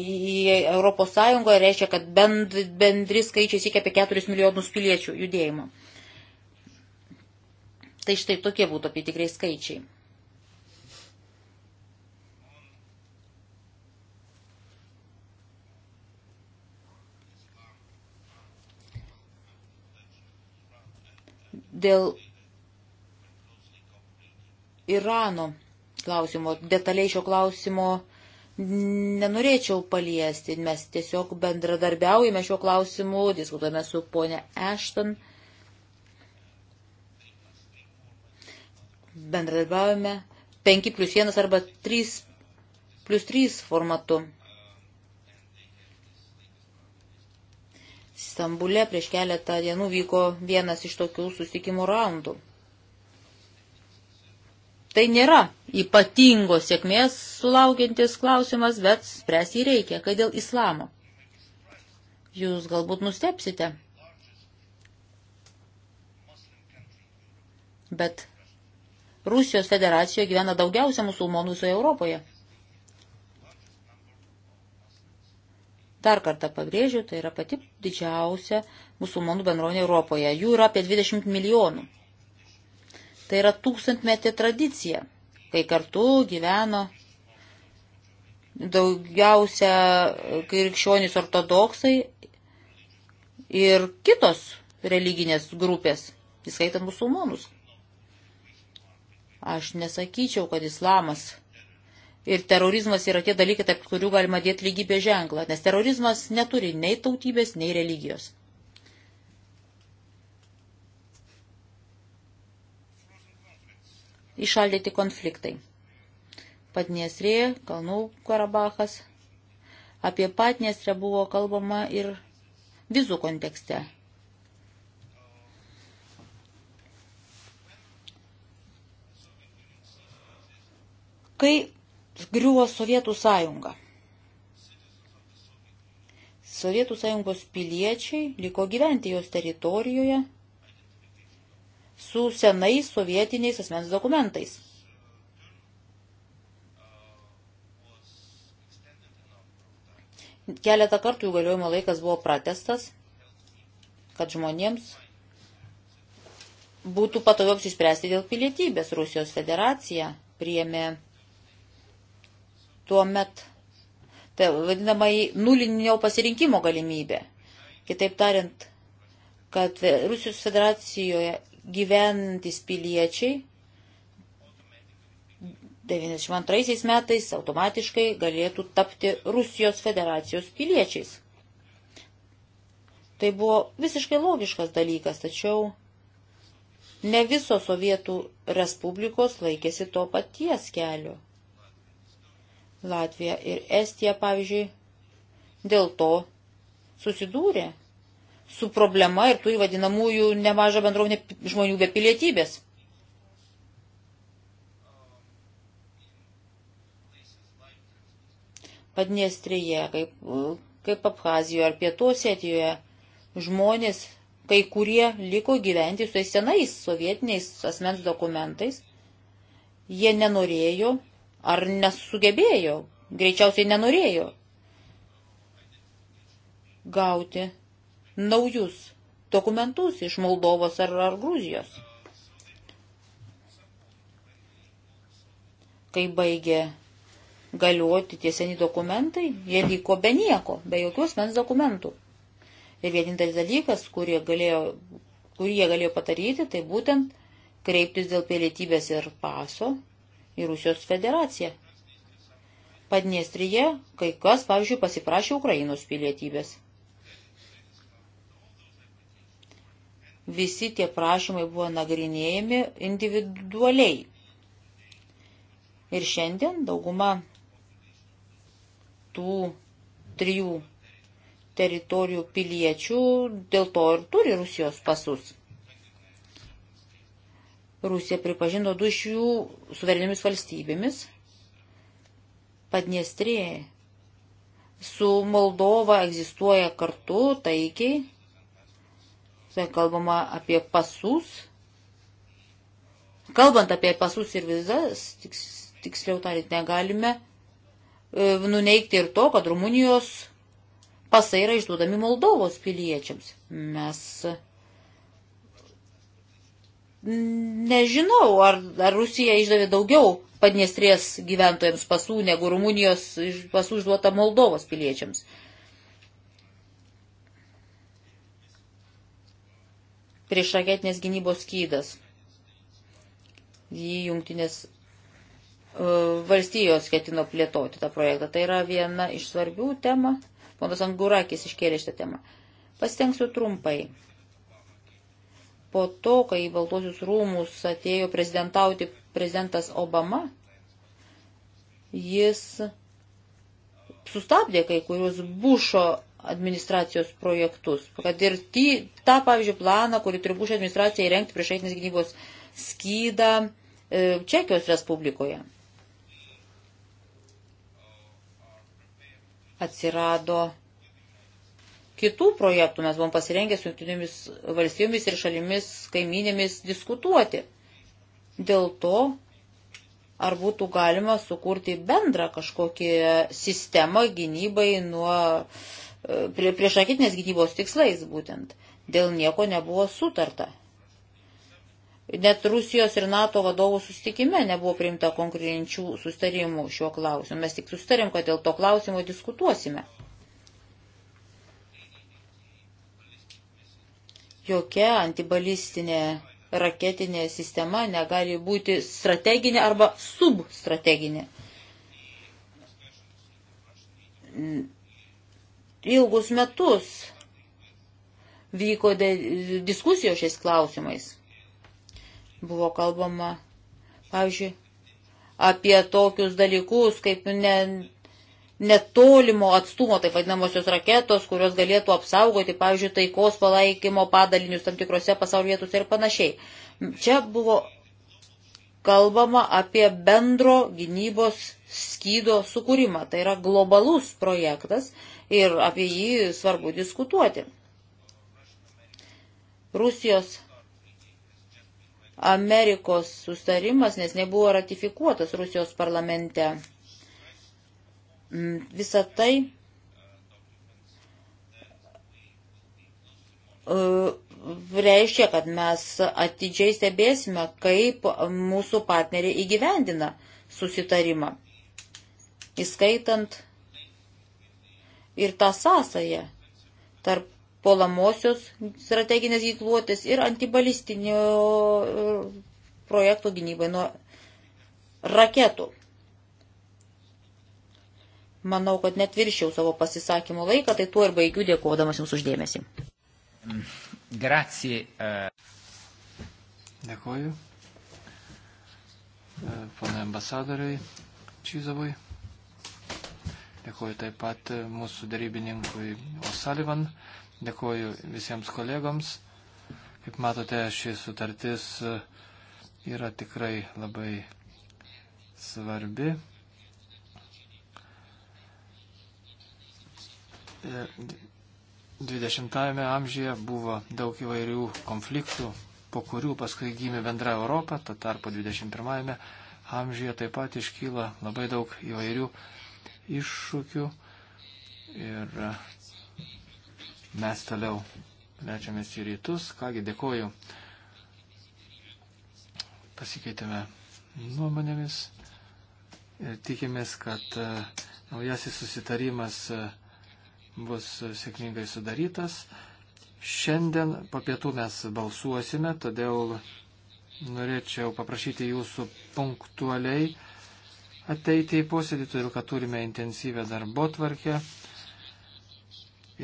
į Europos Sąjungą, reiškia, kad bend, bendri skaičiai siekia apie 4 milijonus piliečių judėjimo. Tai štai tokie būtų apie tikrai skaičiai. Dėl Irano klausimo, detaliai šio klausimo nenorėčiau paliesti, mes tiesiog bendradarbiaujame šio klausimu, diskutuojame su ponė Ashton. E, bendradarbiavome 5 plus 1 arba 3 plus 3 formatu. Stambule prieš keletą dienų vyko vienas iš tokių susitikimų raundų. Tai nėra ypatingos sėkmės sulaukiantis klausimas, bet spręs jį reikia, kai dėl islamo. Jūs galbūt nustepsite. Bet Rusijos federacijoje gyvena daugiausia musulmonų visoje Europoje. Dar kartą pabrėžiu, tai yra pati didžiausia musulmonų bendronė Europoje. Jų yra apie 20 milijonų. Tai yra tūkstantmetė tradicija, kai kartu gyveno daugiausia krikščionys ortodoksai ir kitos religinės grupės, įskaitant musulmonus. Aš nesakyčiau, kad islamas ir terorizmas yra tie dalykai, tarp kurių galima dėti lygybės ženklą, nes terorizmas neturi nei tautybės, nei religijos. Išaldyti konfliktai. Padniestrė, Kalnų Karabachas. Apie Padniestrę buvo kalbama ir vizų kontekste. Kai griuvo Sovietų sąjunga, Sovietų sąjungos piliečiai liko gyventi jos teritorijoje su senais sovietiniais asmens dokumentais. Keletą kartų jų galiojimo laikas buvo pratestas, kad žmonėms būtų patogiau apsispręsti dėl pilietybės. Rusijos federacija priėmė tuomet tai vadinamai nulinio pasirinkimo galimybė. Kitaip tariant, kad Rusijos federacijoje gyventis piliečiai 92 metais automatiškai galėtų tapti Rusijos federacijos piliečiais. Tai buvo visiškai logiškas dalykas, tačiau ne visos sovietų respublikos laikėsi to paties kelio. Latvija ir Estija, pavyzdžiui, dėl to susidūrė su problema ir tų vadinamųjų nemaža bendruomenė žmonių be pilietybės. Padniestrėje, kaip, kaip Abhazijoje ar Pietų Osetijoje, žmonės, kai kurie liko gyventi su tais senais sovietiniais asmens dokumentais, jie nenorėjo Ar nesugebėjo, greičiausiai nenorėjo gauti naujus dokumentus iš Moldovos ar, ar Gruzijos. Kai baigė galioti tie seni dokumentai, jie liko be nieko, be jokios mens dokumentų. Ir vienintelis dalykas, kurį, galėjo, kurį jie galėjo pataryti, tai būtent kreiptis dėl pilietybės ir paso į Rusijos federaciją. Padniestryje kai kas, pavyzdžiui, pasiprašė Ukrainos pilietybės. Visi tie prašymai buvo nagrinėjami individualiai. Ir šiandien dauguma tų trijų teritorijų piliečių dėl to ir turi Rusijos pasus. Rusija pripažino du iš jų suvereniomis valstybėmis. Padniestrėje su Moldova egzistuoja kartu taikiai. Kalbama apie pasus. Kalbant apie pasus ir vizas, tiks, tiksliau tariant, negalime e, nuneikti ir to, kad Rumunijos pasai yra išduodami Moldovos piliečiams. Mes nežinau, ar, ar Rusija išdavė daugiau Padniestrės gyventojams pasų negu Rumunijos pasų išduota Moldovos piliečiams. Prieš raketinės gynybos skydas. Jį jungtinės uh, valstijos ketino plėtoti tą projektą. Tai yra viena iš svarbių tema. Ponas Angurakis iškėlė šitą temą. Pasitengsiu trumpai po to, kai į Baltuosius rūmus atėjo prezidentauti prezidentas Obama, jis sustabdė kai kurios Bušo administracijos projektus, kad ir ty, tą, pavyzdžiui, planą, kurį turi Bušo administracija įrengti prieš eitinės gynybos skydą e, Čekijos Respublikoje. Atsirado kitų projektų. Mes buvom pasirengę su jungtinėmis valstybėmis ir šalimis kaiminėmis diskutuoti. Dėl to, ar būtų galima sukurti bendrą kažkokią sistemą gynybai nuo e, prie, priešakitinės gynybos tikslais būtent. Dėl nieko nebuvo sutarta. Net Rusijos ir NATO vadovų sustikime nebuvo priimta konkrečių sustarimų šiuo klausimu. Mes tik sustarėm, kad dėl to klausimo diskutuosime. jokia antibalistinė raketinė sistema negali būti strateginė arba substrateginė. Ilgus metus vyko diskusijos šiais klausimais. Buvo kalbama, pavyzdžiui, apie tokius dalykus kaip ne, netolimo atstumo, taip vadinamosios raketos, kurios galėtų apsaugoti, pavyzdžiui, taikos palaikymo padalinius tam tikrose pasaulio vietose ir panašiai. Čia buvo kalbama apie bendro gynybos skydo sukūrimą. Tai yra globalus projektas ir apie jį svarbu diskutuoti. Rusijos Amerikos sustarimas, nes nebuvo ratifikuotas Rusijos parlamente Mm, Visą tai e, reiškia, kad mes atidžiai stebėsime, kaip mūsų partneriai įgyvendina susitarimą, įskaitant ir tą sąsąją tarp polamosios strateginės ginkluotės ir antibalistinio e, projekto gynybai nuo raketų. Manau, kad net viršiau savo pasisakymo laiką, tai tuo ir baigiu dėkodamas Jums uždėmesi. Gracija. Eh. Dėkoju. Eh, Pana ambasadoriui Čizovui. Dėkoju taip pat eh, mūsų darybininkui O'Sullivan. Dėkoju visiems kolegoms. Kaip matote, ši sutartis yra tikrai labai svarbi. 20-ame amžiuje buvo daug įvairių konfliktų, po kurių paskui gimė bendra Europa, tad tarpo 21-ame amžiuje taip pat iškyla labai daug įvairių iššūkių ir mes toliau plečiamės į rytus. Kągi dėkoju, pasikeitėme nuomonėmis ir tikimės, kad e, naujasis susitarimas uh, bus sėkmingai sudarytas. Šiandien po pietų mes balsuosime, todėl norėčiau paprašyti jūsų punktualiai ateiti į posėdį, todėl kad turime intensyvę darbo tvarkę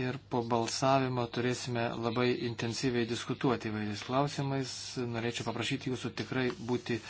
ir po balsavimo turėsime labai intensyviai diskutuoti įvairiais klausimais. Norėčiau paprašyti jūsų tikrai būti